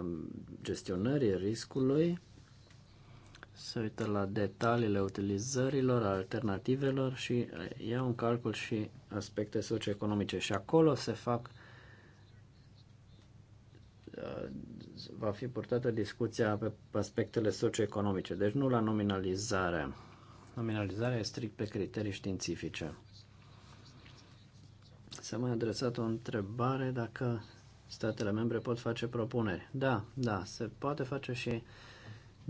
um, gestionării riscului se uită la detaliile utilizărilor, alternativelor și eh, iau în calcul și aspecte socioeconomice. Și acolo se fac eh, va fi purtată discuția pe aspectele socioeconomice, deci nu la nominalizare. Nominalizarea e strict pe criterii științifice. S-a mai adresat o întrebare dacă statele membre pot face propuneri. Da, da, se poate face și uh,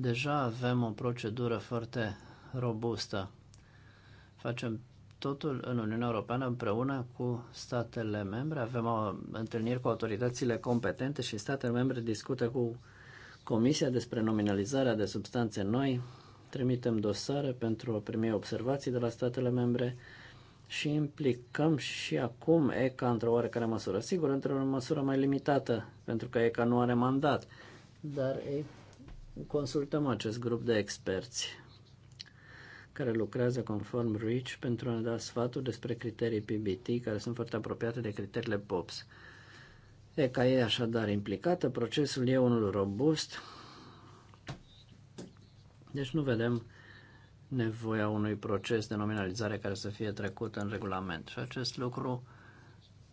deja avem o procedură foarte robustă. Facem totul în Uniunea Europeană împreună cu statele membre. Avem o întâlniri cu autoritățile competente și statele membre discută cu Comisia despre nominalizarea de substanțe noi. Trimitem dosare pentru a primi observații de la statele membre și implicăm și acum ECA într-o oarecare măsură. Sigur, într-o măsură mai limitată, pentru că ECA nu are mandat, dar ei consultăm acest grup de experți care lucrează conform REACH pentru a ne da sfatul despre criterii PBT care sunt foarte apropiate de criteriile POPS. ECA e așadar implicată, procesul e unul robust, deci nu vedem nevoia unui proces de nominalizare care să fie trecut în regulament. Și acest lucru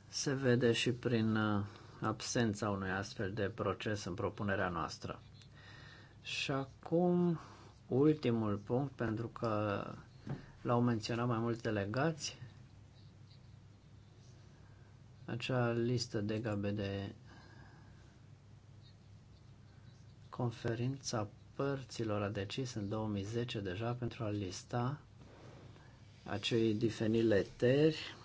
se vede și prin uh, absența unui astfel de proces în propunerea noastră. Și acum, ultimul punct, pentru că l-au menționat mai mulți delegați, acea listă de gabe de conferința părților a decis în 2010 deja pentru a lista acei diferi leteri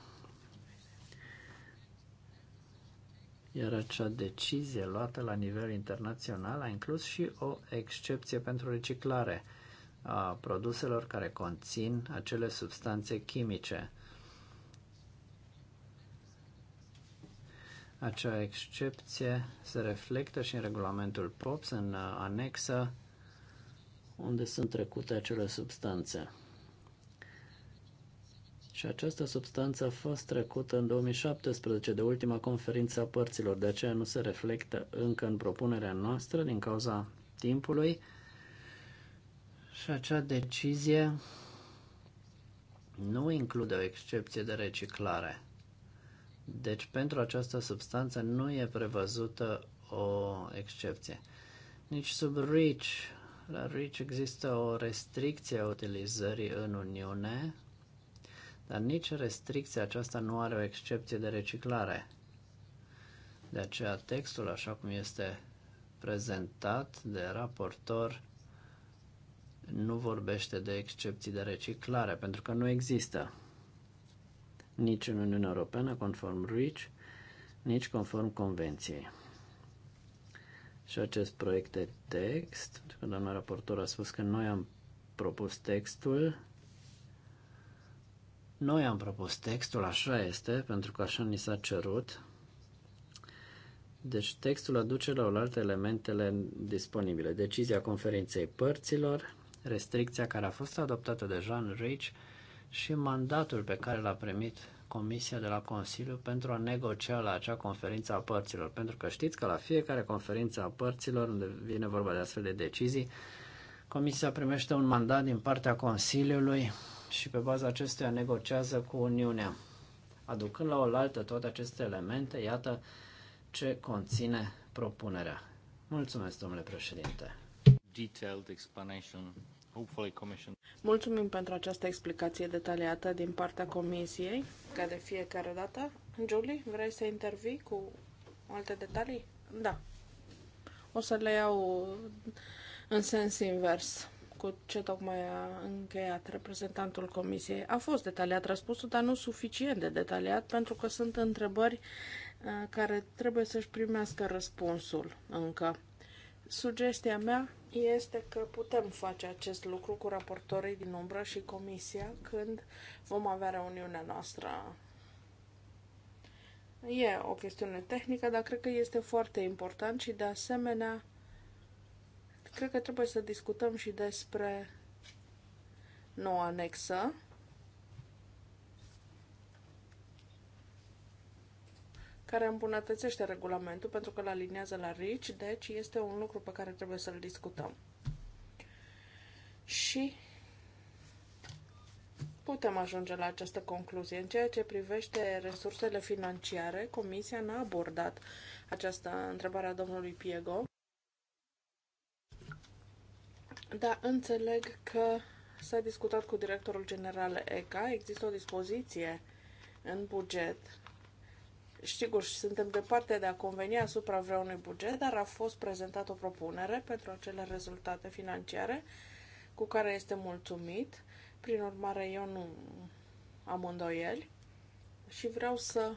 iar acea decizie luată la nivel internațional a inclus și o excepție pentru reciclare a produselor care conțin acele substanțe chimice. Acea excepție se reflectă și în regulamentul POPS, în anexă, unde sunt trecute acele substanțe. Și această substanță a fost trecută în 2017 de ultima conferință a părților, de aceea nu se reflectă încă în propunerea noastră din cauza timpului. Și acea decizie nu include o excepție de reciclare. Deci pentru această substanță nu e prevăzută o excepție. Nici sub REACH. La REACH există o restricție a utilizării în Uniune dar nici restricția aceasta nu are o excepție de reciclare. De aceea textul, așa cum este prezentat de raportor, nu vorbește de excepții de reciclare, pentru că nu există nici în Uniunea Europeană, conform RICH, nici conform Convenției. Și acest proiect de text, pentru că doamna raportor a spus că noi am propus textul, noi am propus textul, așa este, pentru că așa ni s-a cerut. Deci textul aduce la oaltă elementele disponibile. Decizia conferinței părților, restricția care a fost adoptată de Jean RICH și mandatul pe care l-a primit Comisia de la Consiliu pentru a negocia la acea conferință a părților. Pentru că știți că la fiecare conferință a părților, unde vine vorba de astfel de decizii, Comisia primește un mandat din partea Consiliului și pe baza acestuia negociază cu Uniunea. Aducând la oaltă toate aceste elemente, iată ce conține propunerea. Mulțumesc, domnule președinte. Detailed explanation. Hopefully commission. Mulțumim pentru această explicație detaliată din partea Comisiei, ca de fiecare dată. Julie, vrei să intervii cu alte detalii? Da. O să le iau în sens invers cu ce tocmai a încheiat reprezentantul comisiei. A fost detaliat răspunsul, dar nu suficient de detaliat, pentru că sunt întrebări uh, care trebuie să-și primească răspunsul încă. Sugestia mea este că putem face acest lucru cu raportorii din umbră și comisia când vom avea reuniunea noastră. E o chestiune tehnică, dar cred că este foarte important și de asemenea Cred că trebuie să discutăm și despre noua anexă. care îmbunătățește regulamentul pentru că îl aliniază la RICI, deci este un lucru pe care trebuie să-l discutăm. Și putem ajunge la această concluzie. În ceea ce privește resursele financiare, Comisia n-a abordat această întrebare a domnului Piego. Dar înțeleg că s-a discutat cu directorul general ECA, există o dispoziție în buget. Sigur, suntem departe de a conveni asupra vreunui buget, dar a fost prezentată o propunere pentru acele rezultate financiare cu care este mulțumit. Prin urmare, eu nu am îndoieli și vreau să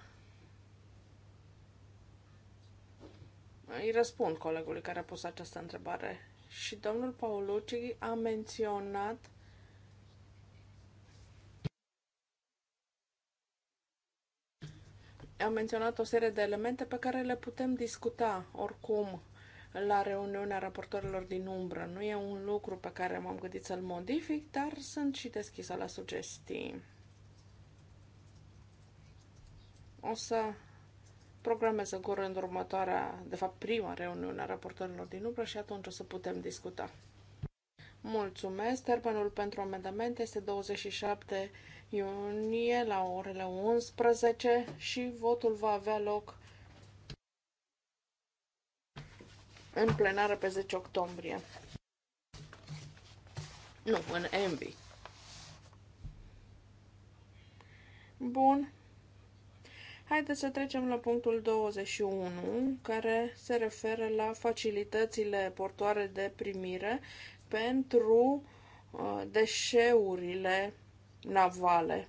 îi răspund colegului care a pus această întrebare și domnul Paulucci a menționat a menționat o serie de elemente pe care le putem discuta oricum la reuniunea raportorilor din umbră. Nu e un lucru pe care m-am gândit să-l modific, dar sunt și deschisă la sugestii. O să programează Gore în următoarea, de fapt prima reuniune a raportorilor din umbră și atunci o să putem discuta. Mulțumesc. Termenul pentru amendamente este 27 iunie la orele 11 și votul va avea loc în plenară pe 10 octombrie. Nu, în Envy. Bun. Haideți să trecem la punctul 21, care se referă la facilitățile portoare de primire pentru uh, deșeurile navale.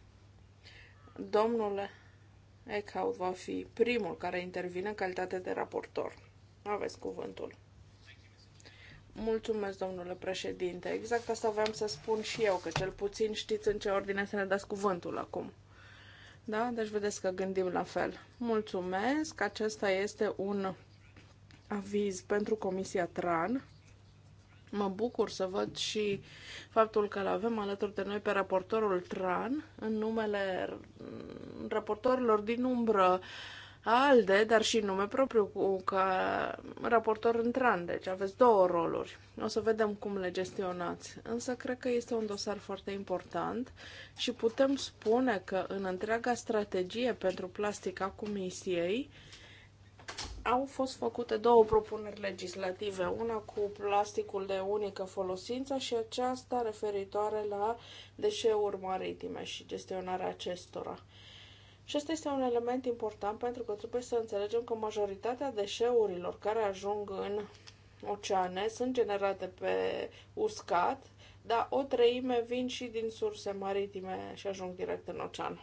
Domnule Eckhout va fi primul care intervine în calitate de raportor. Aveți cuvântul. Mulțumesc, domnule președinte. Exact asta voiam să spun și eu, că cel puțin știți în ce ordine să ne dați cuvântul acum. Da? Deci vedeți că gândim la fel. Mulțumesc! Acesta este un aviz pentru Comisia TRAN. Mă bucur să văd și faptul că l-avem alături de noi pe raportorul TRAN în numele mm, raportorilor din umbră uh, ALDE, dar și nume propriu cu ca raportor în tran, deci aveți două roluri. O să vedem cum le gestionați. Însă cred că este un dosar foarte important și putem spune că în întreaga strategie pentru plastic Comisiei au fost făcute două propuneri legislative, una cu plasticul de unică folosință și aceasta referitoare la deșeuri maritime și gestionarea acestora. Și ăsta este un element important pentru că trebuie să înțelegem că majoritatea deșeurilor care ajung în oceane sunt generate pe uscat, dar o treime vin și din surse maritime și ajung direct în ocean.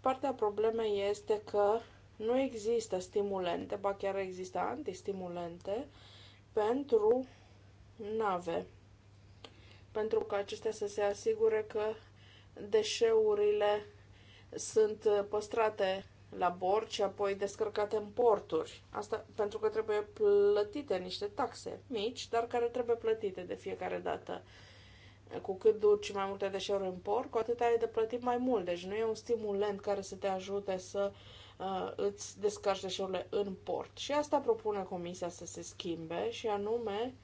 Partea problemei este că nu există stimulente, ba chiar există antistimulente pentru nave. Pentru că acestea să se asigure că deșeurile sunt uh, păstrate la bord și apoi descărcate în porturi. Asta pentru că trebuie plătite niște taxe mici, dar care trebuie plătite de fiecare dată. Cu cât duci mai multe deșeuri în port, cu atât ai de plătit mai mult. Deci nu e un stimulent care să te ajute să uh, îți descarci deșeurile în port. Și asta propune Comisia să se schimbe și anume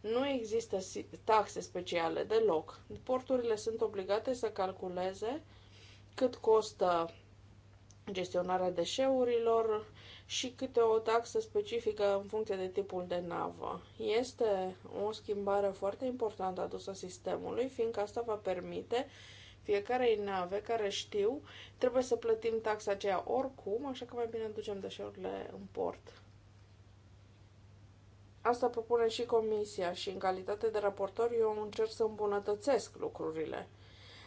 nu există taxe speciale deloc. Porturile sunt obligate să calculeze uh, cât costă gestionarea deșeurilor și câte o taxă specifică în funcție de tipul de navă. Este o schimbare foarte importantă adusă sistemului, fiindcă asta va permite fiecarei nave care știu trebuie să plătim taxa aceea oricum, așa că mai bine ducem deșeurile în port. Asta propune și comisia și în calitate de raportor eu încerc să îmbunătățesc lucrurile.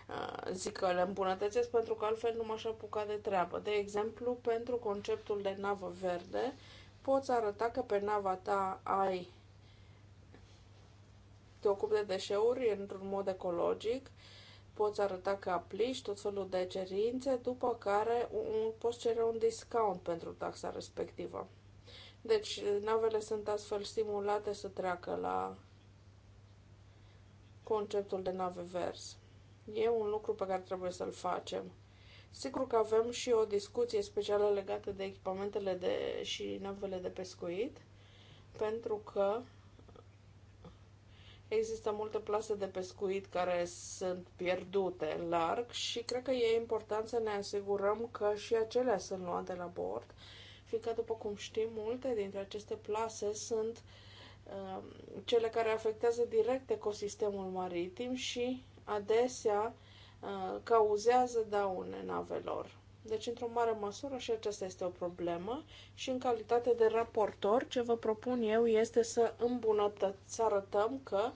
Uh, zic că le îmbunătățesc pentru că altfel nu m-aș apuca de treabă. De exemplu, pentru conceptul de navă verde, poți arăta că pe nava ta ai te ocupi de deșeuri într-un mod ecologic, poți arăta că aplici tot felul de cerințe, după care un, poți cere un discount pentru taxa respectivă. Deci, navele sunt astfel stimulate să treacă la conceptul de nave verzi. E un lucru pe care trebuie să-l facem. Sigur că avem și o discuție specială legată de echipamentele de, și navele de pescuit, pentru că există multe plase de pescuit care sunt pierdute în larg și cred că e important să ne asigurăm că și acelea sunt luate la bord, fiindcă, după cum știm, multe dintre aceste plase sunt uh, cele care afectează direct ecosistemul maritim și adesea uh, cauzează daune navelor. Deci, într-o mare măsură, și aceasta este o problemă și în calitate de raportor, ce vă propun eu este să îmbunătățim, să arătăm că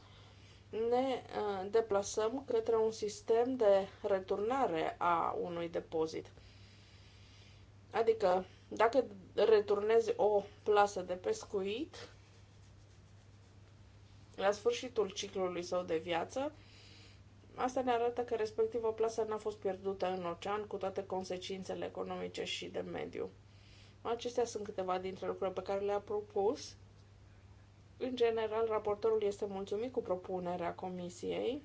ne uh, deplasăm către un sistem de returnare a unui depozit. Adică, dacă returnezi o plasă de pescuit, la sfârșitul ciclului său de viață, Asta ne arată că respectiva plasă n-a fost pierdută în ocean cu toate consecințele economice și de mediu. Acestea sunt câteva dintre lucrurile pe care le-a propus. În general, raportorul este mulțumit cu propunerea comisiei.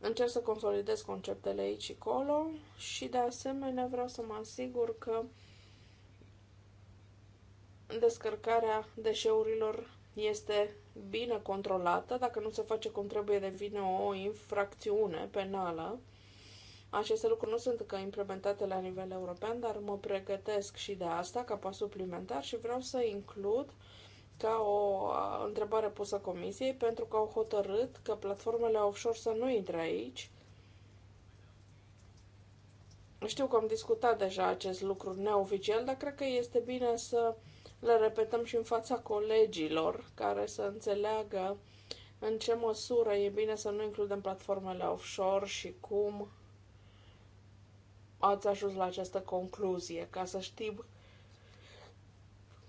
Încerc să consolidez conceptele aici și acolo și de asemenea vreau să mă asigur că descărcarea deșeurilor este bine controlată, dacă nu se face cum trebuie, devine o infracțiune penală. Aceste lucruri nu sunt încă implementate la nivel european, dar mă pregătesc și de asta ca pas suplimentar și vreau să includ ca o întrebare pusă comisiei pentru că au hotărât că platformele offshore să nu intre aici. Știu că am discutat deja acest lucru neoficial, dar cred că este bine să le repetăm și în fața colegilor care să înțeleagă în ce măsură e bine să nu includem platformele offshore și cum ați ajuns la această concluzie, ca să știm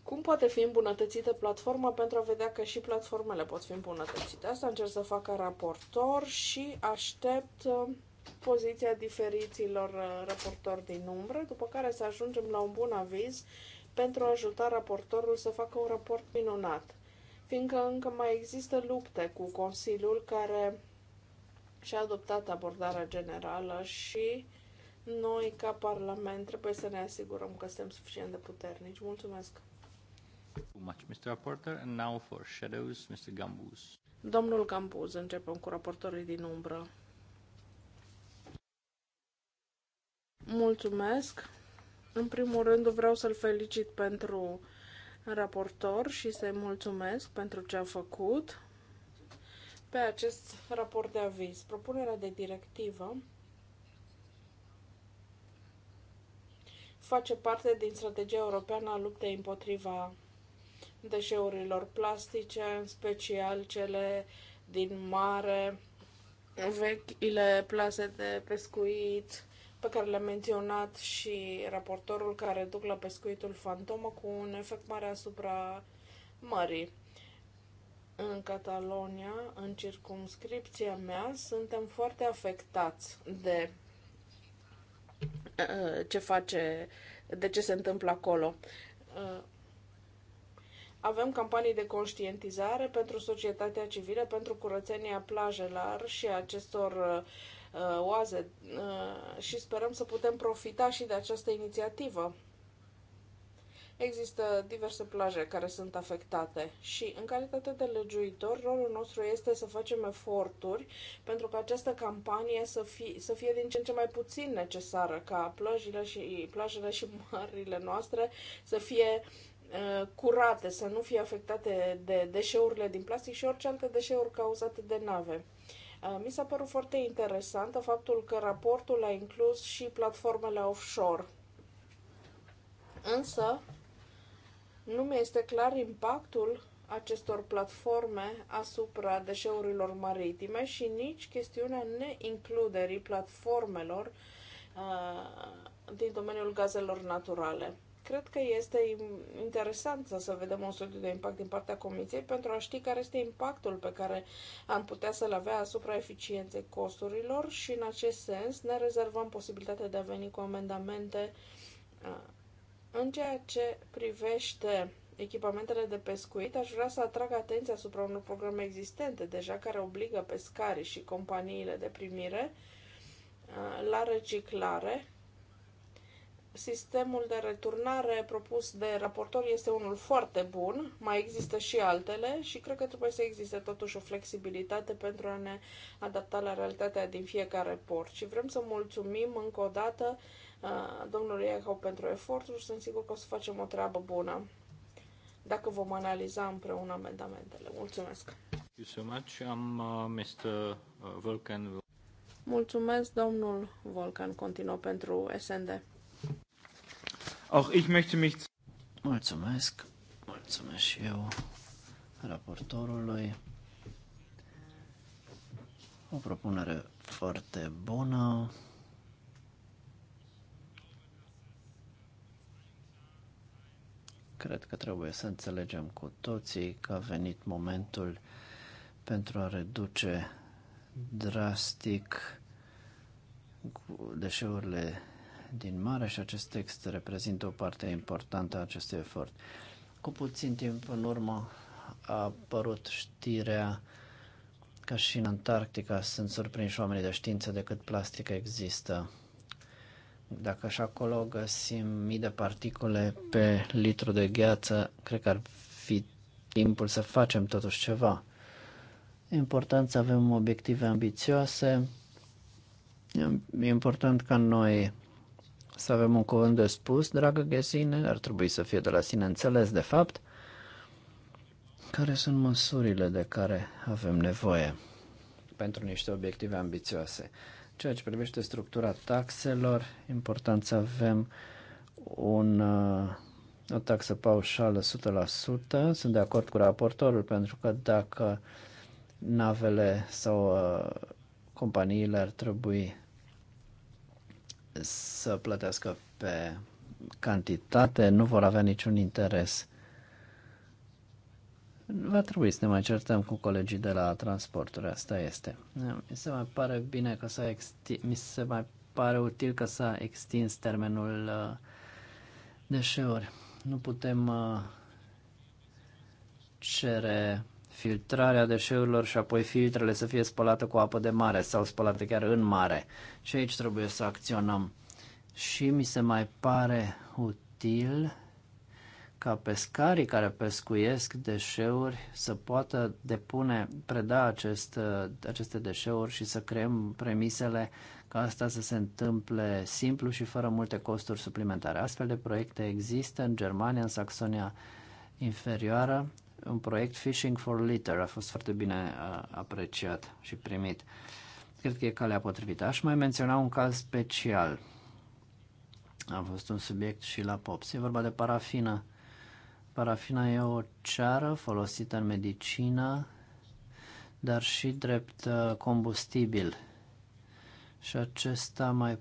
cum poate fi îmbunătățită platforma pentru a vedea că și platformele pot fi îmbunătățite. Asta încerc să fac ca raportor și aștept uh, poziția diferiților uh, raportori din umbră, după care să ajungem la un bun aviz pentru a ajuta raportorul să facă un raport minunat, fiindcă încă mai există lupte cu Consiliul care și-a adoptat abordarea generală și noi, ca Parlament, trebuie să ne asigurăm că suntem suficient de puternici. Mulțumesc! Much, Mr. Reporter, and now for shadows, Mr. Gambus. Domnul Gambuz, începem cu raportorii din umbră. Mulțumesc! În primul rând vreau să-l felicit pentru raportor și să-i mulțumesc pentru ce a făcut pe acest raport de aviz. Propunerea de directivă face parte din strategia europeană a luptei împotriva deșeurilor plastice, în special cele din mare, vechile plase de pescuit, pe care le-a menționat și raportorul care duc la pescuitul fantomă cu un efect mare asupra mării. În Catalonia, în circumscripția mea, suntem foarte afectați de uh, ce face, de ce se întâmplă acolo. Uh, avem campanii de conștientizare pentru societatea civilă, pentru curățenia plajelor și acestor uh, Uh, oaze uh, și sperăm să putem profita și de această inițiativă. Există diverse plaje care sunt afectate și, în calitate de legiuitor, rolul nostru este să facem eforturi pentru ca această campanie să, fi, să fie din ce în ce mai puțin necesară, ca plajele și, plajele și mările noastre să fie uh, curate, să nu fie afectate de deșeurile din plastic și orice alte deșeuri cauzate de nave. Uh, mi s-a părut foarte interesantă faptul că raportul a inclus și platformele offshore. Însă, nu mi este clar impactul acestor platforme asupra deșeurilor maritime și nici chestiunea neincluderii platformelor uh, din domeniul gazelor naturale. Cred că este interesant să vedem un studiu de impact din partea Comisiei pentru a ști care este impactul pe care am putea să-l avea asupra eficienței costurilor și în acest sens ne rezervăm posibilitatea de a veni cu amendamente uh, în ceea ce privește echipamentele de pescuit, aș vrea să atrag atenția asupra unor programe existente deja care obligă pescarii și companiile de primire uh, la reciclare Sistemul de returnare propus de raportor este unul foarte bun, mai există și altele și cred că trebuie să existe totuși o flexibilitate pentru a ne adapta la realitatea din fiecare port. Și vrem să mulțumim încă o dată uh, domnului Ehau pentru efortul și sunt sigur că o să facem o treabă bună dacă vom analiza împreună amendamentele. Mulțumesc! Uh, uh, Mulțumesc, domnul Volcan, continuă pentru SND. Auch ich möchte mich... Mulțumesc, mulțumesc și eu raportorului. O propunere foarte bună. Cred că trebuie să înțelegem cu toții că a venit momentul pentru a reduce drastic deșeurile din mare și acest text reprezintă o parte importantă a acestui efort. Cu puțin timp în urmă a apărut știrea că și în Antarctica sunt surprinși oamenii de știință de cât plastică există. Dacă și acolo găsim mii de particule pe litru de gheață, cred că ar fi timpul să facem totuși ceva. E important să avem obiective ambițioase. E important ca noi să avem un cuvânt de spus, dragă gesine, ar trebui să fie de la sine înțeles, de fapt, care sunt măsurile de care avem nevoie pentru niște obiective ambițioase. Ceea ce privește structura taxelor, important să avem un, uh, o taxă paușală 100%. Sunt de acord cu raportorul pentru că dacă navele sau uh, companiile ar trebui să plătească pe cantitate, nu vor avea niciun interes. Va trebui să ne mai certăm cu colegii de la transporturi, asta este. Mi se mai pare bine că s-a mi se mai pare util că s-a extins termenul uh, deșeuri. Nu putem uh, cere filtrarea deșeurilor și apoi filtrele să fie spălate cu apă de mare sau spălate chiar în mare. Și aici trebuie să acționăm. Și mi se mai pare util ca pescarii care pescuiesc deșeuri să poată depune, preda acest, aceste deșeuri și să creăm premisele ca asta să se întâmple simplu și fără multe costuri suplimentare. Astfel de proiecte există în Germania, în Saxonia Inferioară un proiect Fishing for Litter a fost foarte bine apreciat și primit. Cred că e calea potrivită. Aș mai menționa un caz special. A fost un subiect și la POPS. E vorba de parafină. Parafina e o ceară folosită în medicină, dar și drept uh, combustibil. Și acesta mai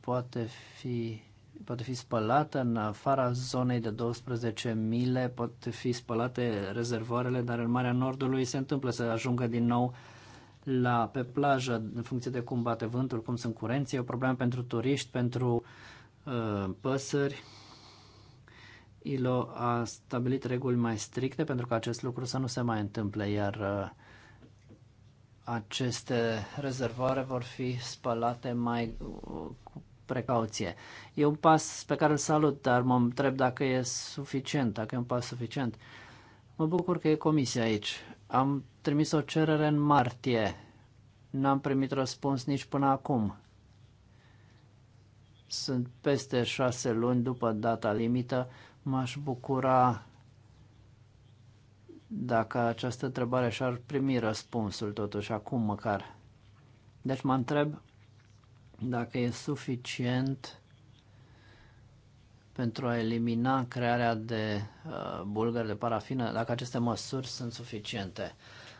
poate fi poate fi spălată în afara zonei de 12 mile, pot fi spălate rezervoarele, dar în Marea Nordului se întâmplă să ajungă din nou la, pe plajă, în funcție de cum bate vântul, cum sunt curenții, e o problemă pentru turiști, pentru uh, păsări. ILO a stabilit reguli mai stricte pentru că acest lucru să nu se mai întâmple, iar uh, aceste rezervoare vor fi spălate mai uh, precauție. E un pas pe care îl salut, dar mă întreb dacă e suficient, dacă e un pas suficient. Mă bucur că e comisia aici. Am trimis o cerere în martie. N-am primit răspuns nici până acum. Sunt peste șase luni după data limită. M-aș bucura dacă această întrebare și-ar primi răspunsul totuși acum măcar. Deci mă întreb dacă e suficient pentru a elimina crearea de uh, bulgări de parafină, dacă aceste măsuri sunt suficiente.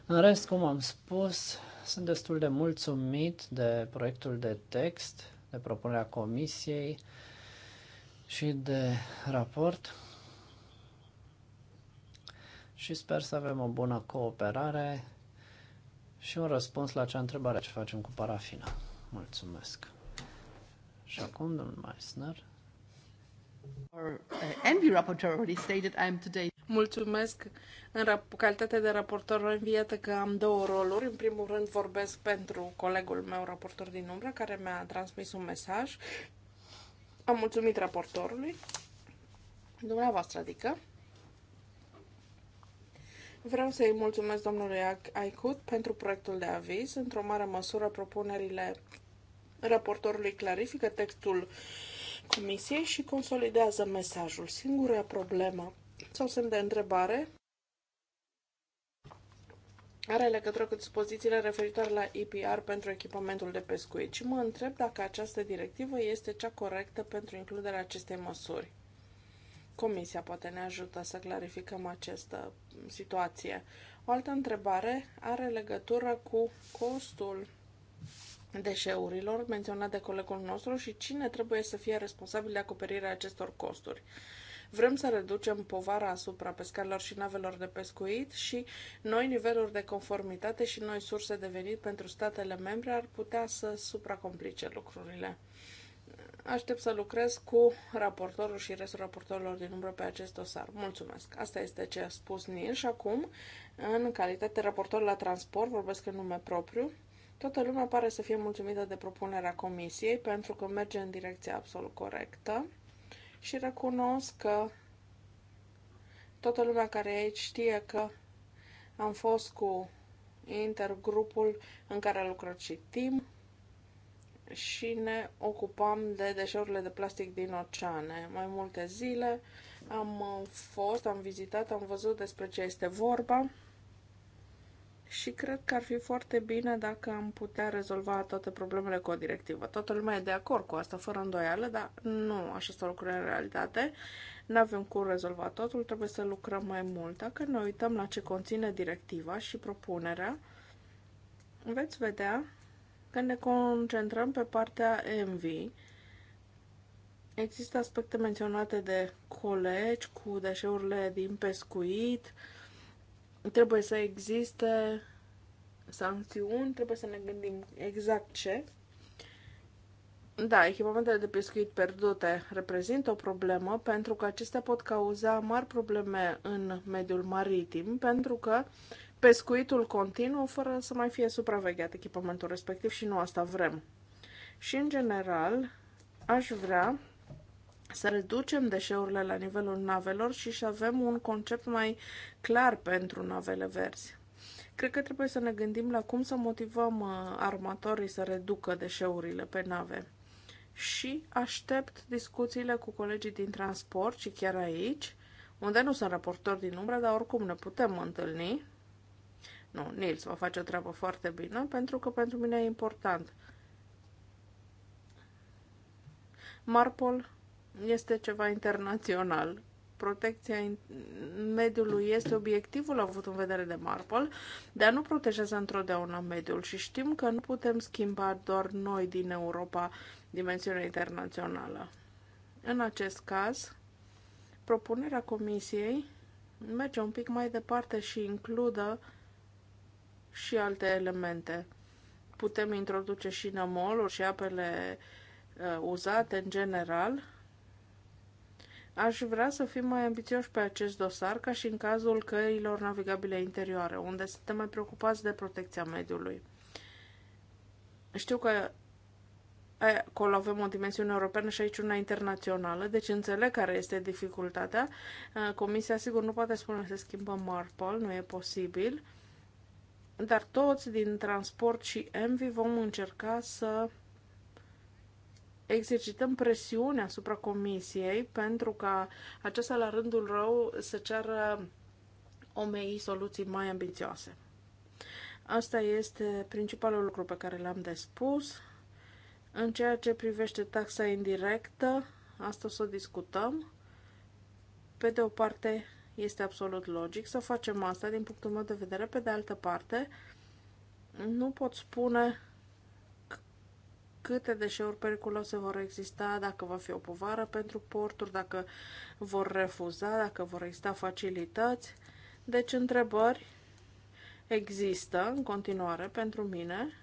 În rest, cum am spus, sunt destul de mulțumit de proiectul de text, de propunerea comisiei și de raport și sper să avem o bună cooperare și un răspuns la acea întrebare ce facem cu parafina. Mulțumesc. Și acum, domnul Meissner. Our uh, envy rapporteur already stated I am today. Mulțumesc în rap- calitate de raportor înviată că am două roluri. În primul rând vorbesc pentru colegul meu, raportor din umbră, care mi-a transmis un mesaj. Am mulțumit raportorului, dumneavoastră adică. Vreau să-i mulțumesc domnului Aicut pentru proiectul de aviz. Într-o mare măsură, propunerile raportorului clarifică textul comisiei și consolidează mesajul. Singura problemă sau semn de întrebare are legătură cu dispozițiile referitoare la EPR pentru echipamentul de pescuit și mă întreb dacă această directivă este cea corectă pentru includerea acestei măsuri. Comisia poate ne ajuta să clarificăm această situație. O altă întrebare are legătură cu costul deșeurilor menționat de colegul nostru și cine trebuie să fie responsabil de acoperirea acestor costuri. Vrem să reducem povara asupra pescarilor și navelor de pescuit și noi niveluri de conformitate și noi surse de venit pentru statele membre ar putea să supracomplice lucrurile. Aștept să lucrez cu raportorul și restul raportorilor din umbră pe acest dosar. Mulțumesc! Asta este ce a spus Nil și acum, în calitate de raportor la transport, vorbesc în nume propriu, Toată lumea pare să fie mulțumită de propunerea comisiei pentru că merge în direcția absolut corectă și recunosc că toată lumea care e aici știe că am fost cu intergrupul în care a lucrat și Tim și ne ocupam de deșeurile de plastic din oceane. Mai multe zile am fost, am vizitat, am văzut despre ce este vorba și cred că ar fi foarte bine dacă am putea rezolva toate problemele cu o directivă. Toată lumea e de acord cu asta, fără îndoială, dar nu așa stau lucrurile în realitate. Nu avem cum rezolva totul, trebuie să lucrăm mai mult. Dacă ne uităm la ce conține directiva și propunerea, veți vedea că ne concentrăm pe partea MV. Există aspecte menționate de colegi cu deșeurile din pescuit, Trebuie să existe sancțiuni, trebuie să ne gândim exact ce. Da, echipamentele de pescuit pierdute reprezintă o problemă pentru că acestea pot cauza mari probleme în mediul maritim, pentru că pescuitul continuă fără să mai fie supravegheat echipamentul respectiv și nu asta vrem. Și în general, aș vrea să reducem deșeurile la nivelul navelor și să avem un concept mai clar pentru navele verzi. Cred că trebuie să ne gândim la cum să motivăm uh, armatorii să reducă deșeurile pe nave. Și aștept discuțiile cu colegii din transport și chiar aici, unde nu sunt raportori din umbră, dar oricum ne putem întâlni. Nu, Nils va face o treabă foarte bine, pentru că pentru mine e important. Marpol este ceva internațional. Protecția mediului este obiectivul avut în vedere de Marple, dar nu protejează întotdeauna mediul și știm că nu putem schimba doar noi din Europa dimensiunea internațională. În acest caz, propunerea Comisiei merge un pic mai departe și includă și alte elemente. Putem introduce și nămolul și apele uh, uzate în general, Aș vrea să fim mai ambițioși pe acest dosar, ca și în cazul căilor navigabile interioare, unde suntem mai preocupați de protecția mediului. Știu că acolo avem o dimensiune europeană și aici una internațională, deci înțeleg care este dificultatea. Comisia, sigur, nu poate spune să schimbăm Marpol, nu e posibil, dar toți din transport și Envi vom încerca să exercităm presiune asupra Comisiei pentru ca acesta la rândul rău să ceară OMI soluții mai ambițioase. Asta este principalul lucru pe care l-am de spus. În ceea ce privește taxa indirectă, asta o să discutăm. Pe de o parte, este absolut logic să facem asta din punctul meu de vedere, pe de altă parte, nu pot spune câte deșeuri periculoase vor exista, dacă va fi o povară pentru porturi, dacă vor refuza, dacă vor exista facilități. Deci întrebări există în continuare pentru mine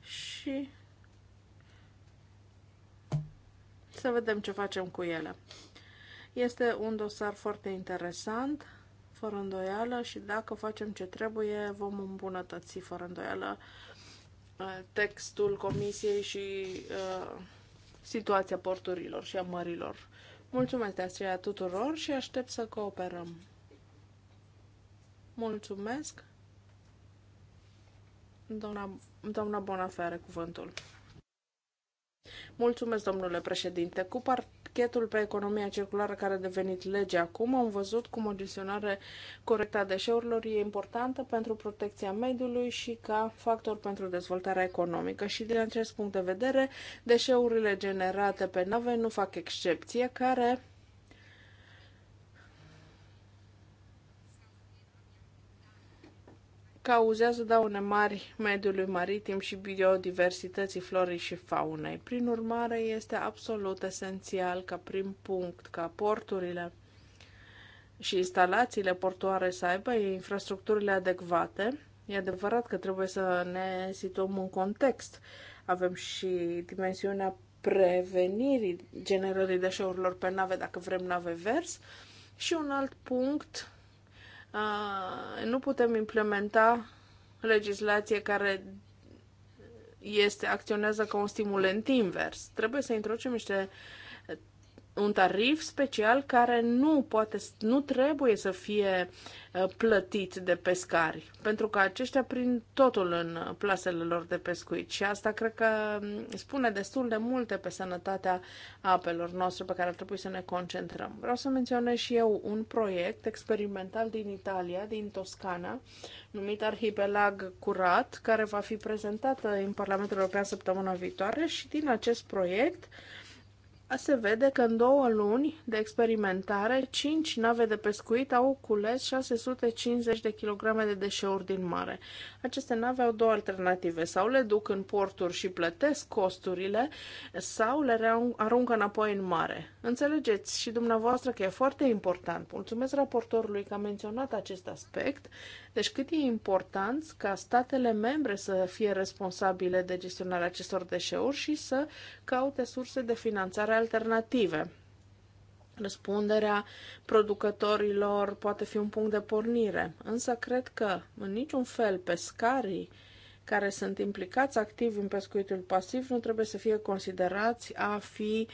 și să vedem ce facem cu ele. Este un dosar foarte interesant, fără îndoială, și dacă facem ce trebuie, vom îmbunătăți fără îndoială Uh, textul Comisiei și uh, situația porturilor și a mărilor. Mulțumesc de aceea tuturor și aștept să cooperăm. Mulțumesc. Doamna, doamna are cuvântul. Mulțumesc, domnule președinte. Cu parchetul pe economia circulară care a devenit lege acum, am văzut cum o gestionare corectă a deșeurilor e importantă pentru protecția mediului și ca factor pentru dezvoltarea economică. Și din acest punct de vedere, deșeurile generate pe nave nu fac excepție, care cauzează daune mari mediului maritim și biodiversității florii și faunei. Prin urmare, este absolut esențial ca prim punct ca porturile și instalațiile portoare să aibă infrastructurile adecvate. E adevărat că trebuie să ne situăm în context. Avem și dimensiunea prevenirii generării deșeurilor pe nave dacă vrem nave vers. Și un alt punct nu putem implementa legislație care este, acționează ca un stimulent invers. Trebuie să introducem niște un tarif special care nu, poate, nu trebuie să fie uh, plătit de pescari, pentru că aceștia prin totul în uh, plasele lor de pescuit și asta cred că mm, spune destul de multe pe sănătatea apelor noastre pe care ar trebui să ne concentrăm. Vreau să menționez și eu un proiect experimental din Italia, din Toscana, numit Arhipelag Curat, care va fi prezentat uh, în Parlamentul European săptămâna viitoare și din acest proiect uh, se vede că în două luni de experimentare, cinci nave de pescuit au cules 650 de kilograme de deșeuri din mare. Aceste nave au două alternative. Sau le duc în porturi și plătesc costurile, sau le aruncă înapoi în mare. Înțelegeți și dumneavoastră că e foarte important. Mulțumesc raportorului că a menționat acest aspect. Deci cât e important ca statele membre să fie responsabile de gestionarea acestor deșeuri și să caute surse de finanțare alternative. Răspunderea producătorilor poate fi un punct de pornire, însă cred că în niciun fel pescarii care sunt implicați activ în pescuitul pasiv nu trebuie să fie considerați a fi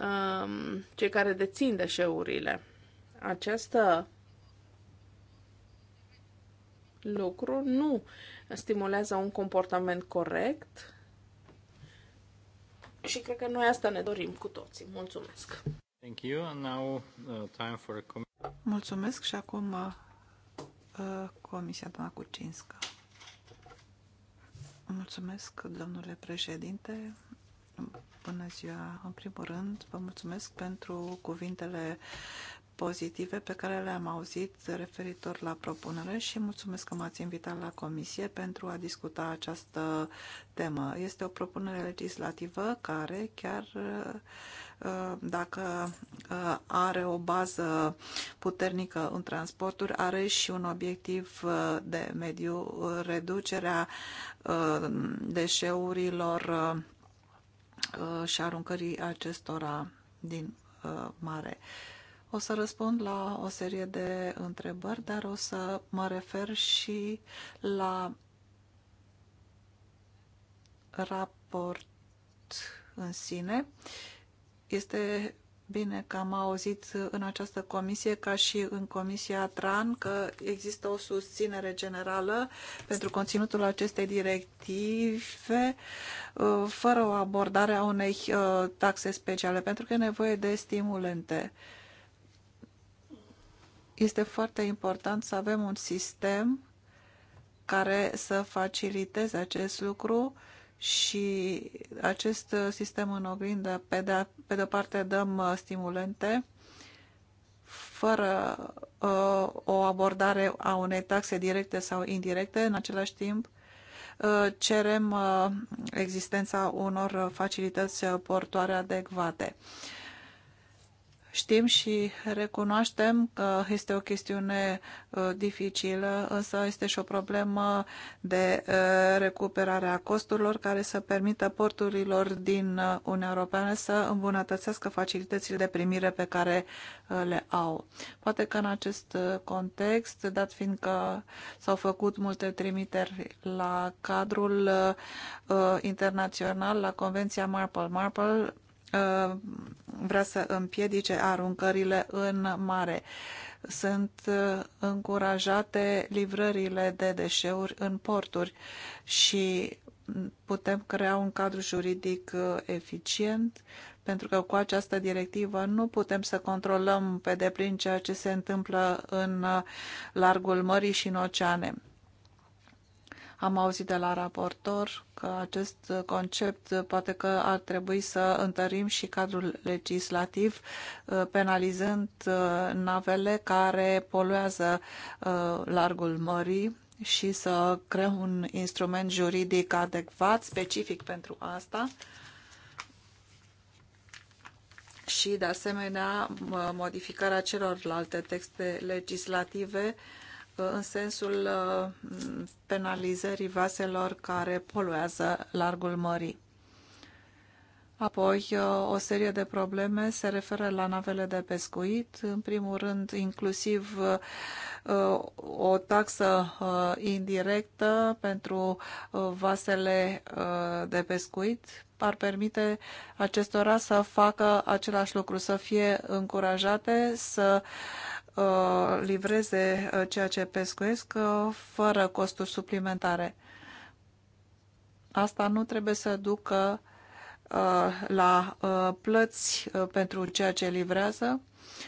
um, cei care dețin deșeurile. Această lucru nu stimulează un comportament corect și cred că noi asta ne dorim cu toții. Mulțumesc! Thank you. And now, uh, time for a Mulțumesc și acum uh, Comisia doamna Cucinscă. Mulțumesc, domnule președinte. Bună ziua! În primul rând, vă mulțumesc pentru cuvintele pozitive pe care le-am auzit referitor la propunere și mulțumesc că m-ați invitat la comisie pentru a discuta această temă. Este o propunere legislativă care chiar uh, dacă uh, are o bază puternică în transporturi, are și un obiectiv uh, de mediu, reducerea deșeurilor și aruncării acestora din mare. Uh, o să răspund la o serie de întrebări, dar o să mă refer și la raport în sine. Este bine că am auzit în această comisie, ca și în comisia TRAN, că există o susținere generală pentru conținutul acestei directive, uh, fără o abordare a unei uh, taxe speciale, pentru că e nevoie de stimulente este foarte important să avem un sistem care să faciliteze acest lucru și acest sistem în oglindă, pe de, pe de parte dăm uh, stimulente fără uh, o abordare a unei taxe directe sau indirecte, în același timp uh, cerem uh, existența unor facilități uh, portoare adecvate. Uh, Știm și recunoaștem că este o chestiune uh, dificilă, însă este și o problemă de uh, recuperare a costurilor care să permită porturilor din uh, Uniunea Europeană să îmbunătățească facilitățile de primire pe care le au. Poate că în acest context, dat fiind că s-au făcut multe trimiteri la cadrul internațional, la Convenția Marple-Marple, Uh, vrea să împiedice aruncările în mare. Sunt uh, încurajate livrările de deșeuri în porturi și putem crea un cadru juridic uh, eficient, pentru că cu această directivă nu putem să controlăm pe deplin ceea ce se întâmplă în largul mării și în oceane. Am auzit de la raportor că acest concept poate că ar trebui să întărim și cadrul legislativ uh, penalizând uh, navele care poluează uh, largul mării și să creăm un instrument juridic adecvat, specific pentru asta și, de asemenea, modificarea celorlalte texte legislative uh, în sensul uh, penalizării vaselor care poluează largul mării. Apoi, uh, o serie de probleme se referă la navele de pescuit, în primul rând, inclusiv uh, o taxă indirectă pentru vasele de pescuit ar permite acestora să facă același lucru, să fie încurajate să uh, Uh, livreze uh, ceea ce pescuiesc uh, fără costuri suplimentare. Asta nu trebuie să ducă la plăți pentru ceea ce livrează,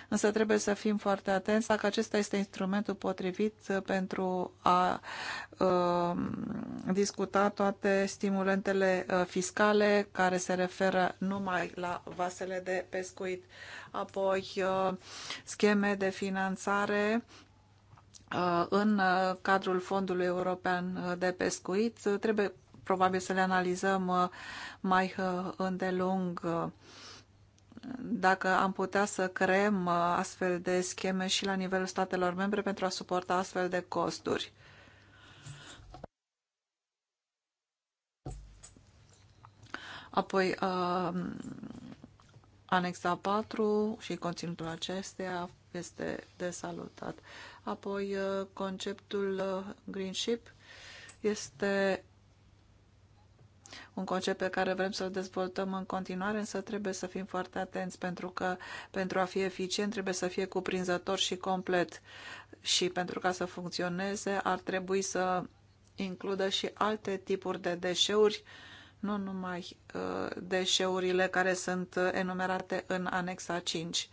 Însă trebuie să fim foarte atenți dacă acesta este instrumentul potrivit pentru a um, discuta toate stimulentele uh, fiscale care se referă numai la vasele de pescuit. Apoi, uh, scheme de finanțare uh, în cadrul Fondului European de Pescuit. Trebuie probabil să le analizăm mai îndelung dacă am putea să creăm uh, astfel de scheme și la nivelul statelor membre pentru a suporta astfel de costuri. Apoi, uh, anexa 4 și conținutul acesteia este de salutat. Apoi, uh, conceptul greenship este un concept pe care vrem să-l dezvoltăm în continuare, însă trebuie să fim foarte atenți pentru că pentru a fi eficient trebuie să fie cuprinzător și complet și pentru ca să funcționeze ar trebui să includă și alte tipuri de deșeuri nu numai uh, deșeurile care sunt enumerate în anexa 5.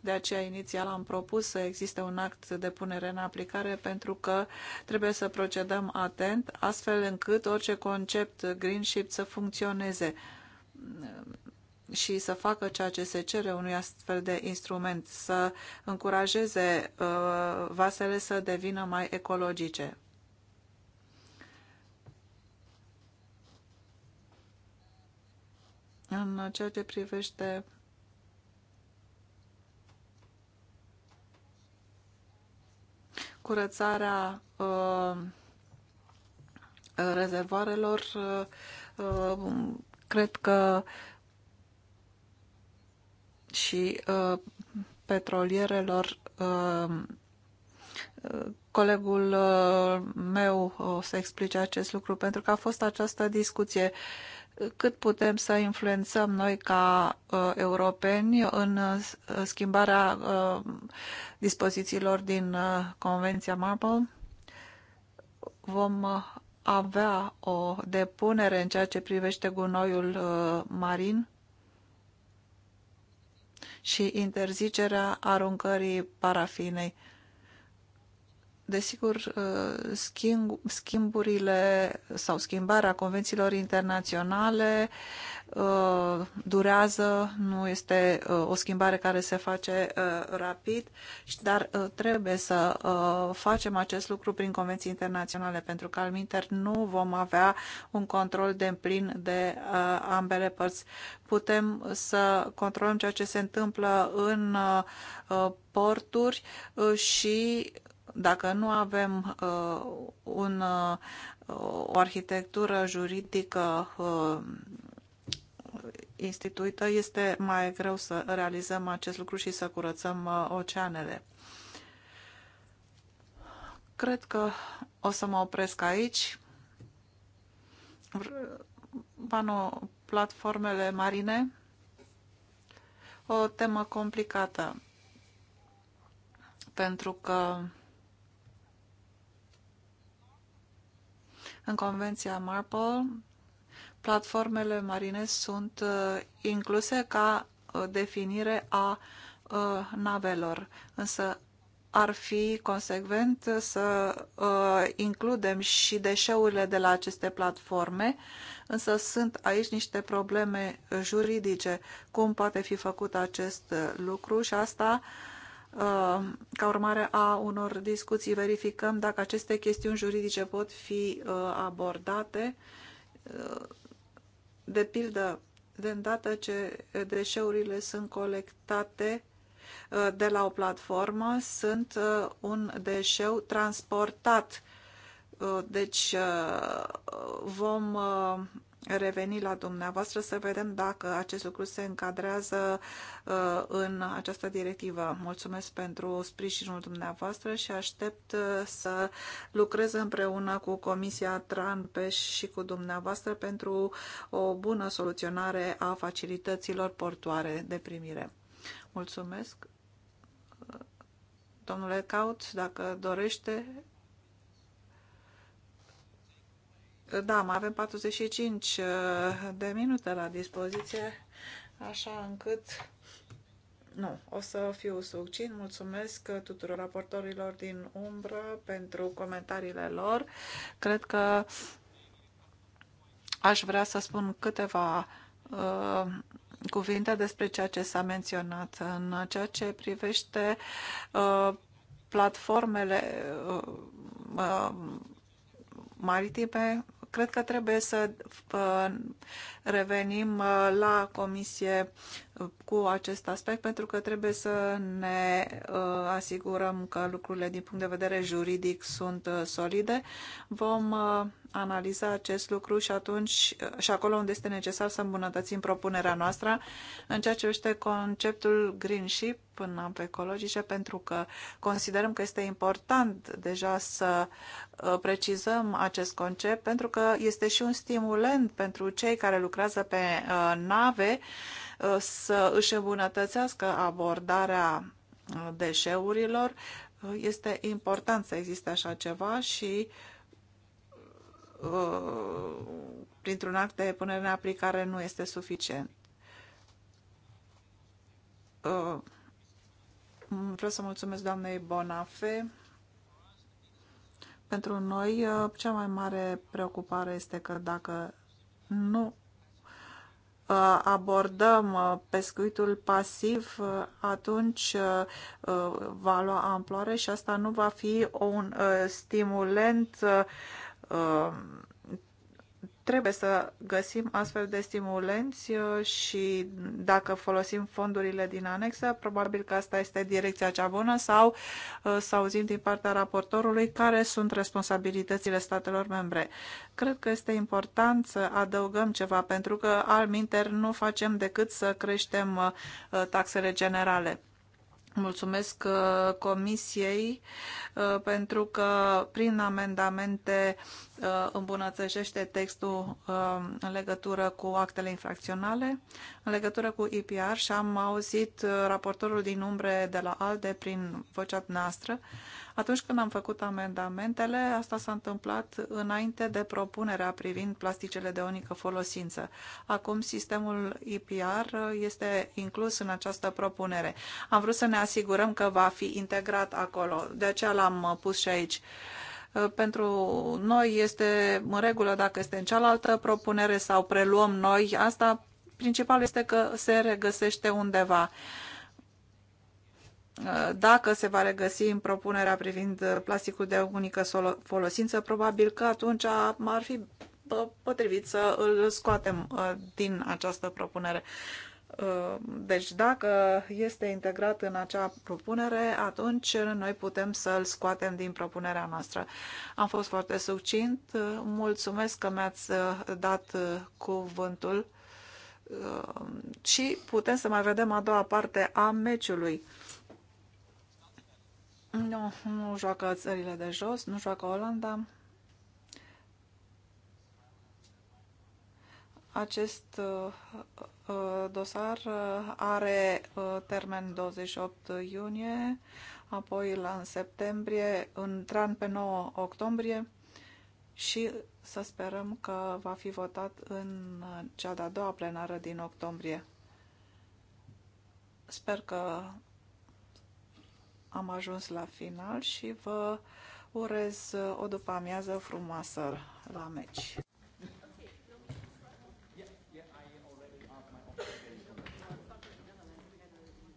De aceea, inițial am propus să existe un act de punere în aplicare pentru că trebuie să procedăm atent, astfel încât orice concept green shift să funcționeze și să facă ceea ce se cere unui astfel de instrument, să încurajeze uh, vasele să devină mai ecologice. În ceea ce privește curățarea uh, uh rezervoarelor, uh, uh, cred că și uh, petrolierelor uh, colegul meu o să explice acest lucru, pentru că a fost această discuție. Uh, cât putem să influențăm noi ca uh, europeni în uh, schimbarea uh, dispozițiilor din uh, Convenția Marble. Vom uh, avea o depunere în ceea ce privește gunoiul uh, marin și interzicerea aruncării parafinei. Uh, Desigur, uh, schimburile sau schimbarea convențiilor internaționale uh, durează, nu este uh, o schimbare care se face rapid, dar trebuie să facem acest lucru prin convenții internaționale, pentru că al minter nu vom avea un control de plin de ambele părți. Putem să controlăm ceea ce se întâmplă în porturi și dacă nu avem uh, un, uh, o arhitectură juridică uh, instituită, este mai greu să realizăm acest lucru și să curățăm uh, oceanele. Cred că o să mă opresc aici. Vano platformele marine, o temă complicată, pentru că În Convenția MARPOL, platformele marine sunt uh, incluse ca uh, definire a uh, navelor, însă ar fi consecvent să uh, includem și deșeurile de la aceste platforme, însă sunt aici niște probleme juridice. Cum poate fi făcut acest lucru și asta uh, ca urmare a unor discuții verificăm dacă aceste chestiuni juridice pot fi uh, abordate. Uh, de pildă, de îndată ce deșeurile sunt colectate uh, de la o platformă, sunt un deșeu transportat. Deci vom reveni la dumneavoastră să vedem dacă acest lucru se încadrează uh, în această directivă. Mulțumesc pentru sprijinul dumneavoastră și aștept uh, să lucrez împreună cu Comisia Tran, și cu dumneavoastră pentru o bună soluționare a facilităților portoare de primire. Mulțumesc! Uh, domnule Caut, dacă dorește, Da, mai avem 45 uh, de minute la dispoziție, așa încât... Nu, o să fiu succint. Mulțumesc tuturor raportorilor din umbră pentru comentariile lor. Cred că aș vrea să spun câteva uh, cuvinte despre ceea ce s-a menționat în ceea ce privește uh, platformele uh, uh maritime cred că trebuie să uh, revenim uh, la comisie cu acest aspect pentru că trebuie să ne uh, asigurăm că lucrurile din punct de vedere juridic sunt uh, solide. Vom uh, analiza acest lucru și atunci și acolo unde este necesar să îmbunătățim propunerea noastră în ceea ce este conceptul ship în ape ecologice pentru că considerăm că este important deja să precizăm acest concept pentru că este și un stimulent pentru cei care lucrează pe nave Uh, să își îmbunătățească abordarea uh, deșeurilor. Uh, este important să existe așa ceva și printr-un act de punere în aplicare nu este suficient. Vreau să mulțumesc doamnei Bonafe. Pentru noi, cea mai mare preocupare este că dacă nu Uh, abordăm uh, pescuitul pasiv, uh, atunci va lua amploare și asta nu va fi un stimulent Trebuie să găsim astfel de stimulenți uh, și dacă folosim fondurile din anexă, probabil că asta este direcția cea bună sau uh, să auzim din partea raportorului care sunt responsabilitățile statelor membre. Cred că este important să adăugăm ceva pentru că al minter nu facem decât să creștem uh, taxele generale. Mulțumesc uh, Comisiei uh, pentru că prin amendamente uh, îmbunătățește textul în legătură cu actele infracționale, în legătură cu IPR și am auzit raportorul din umbre de la ALDE prin vocea noastră atunci când am făcut amendamentele, asta s-a întâmplat înainte de propunerea privind plasticele de unică folosință. Acum sistemul IPR este inclus în această propunere. Am vrut să ne asigurăm că va fi integrat acolo, de aceea l-am pus și aici pentru noi este în regulă dacă este în cealaltă propunere sau preluăm noi. Asta principal este că se regăsește undeva dacă se va regăsi în propunerea privind plasticul de unică folosință, probabil că atunci ar fi potrivit să îl scoatem uh, din această propunere. Uh, deci dacă este integrat în acea propunere, atunci noi putem să îl scoatem din propunerea noastră. Am fost foarte succint. Mulțumesc că mi-ați uh, dat cuvântul și putem să mai vedem a doua parte a meciului. Nu, nu joacă țările de jos, nu joacă Olanda. Acest uh, uh, dosar uh, are termen 28 iunie, apoi la în septembrie, în tran pe 9 octombrie și să sperăm că va fi votat în cea de-a doua plenară din octombrie. Sper că am ajuns la final și vă urez o după amiază frumoasă la meci.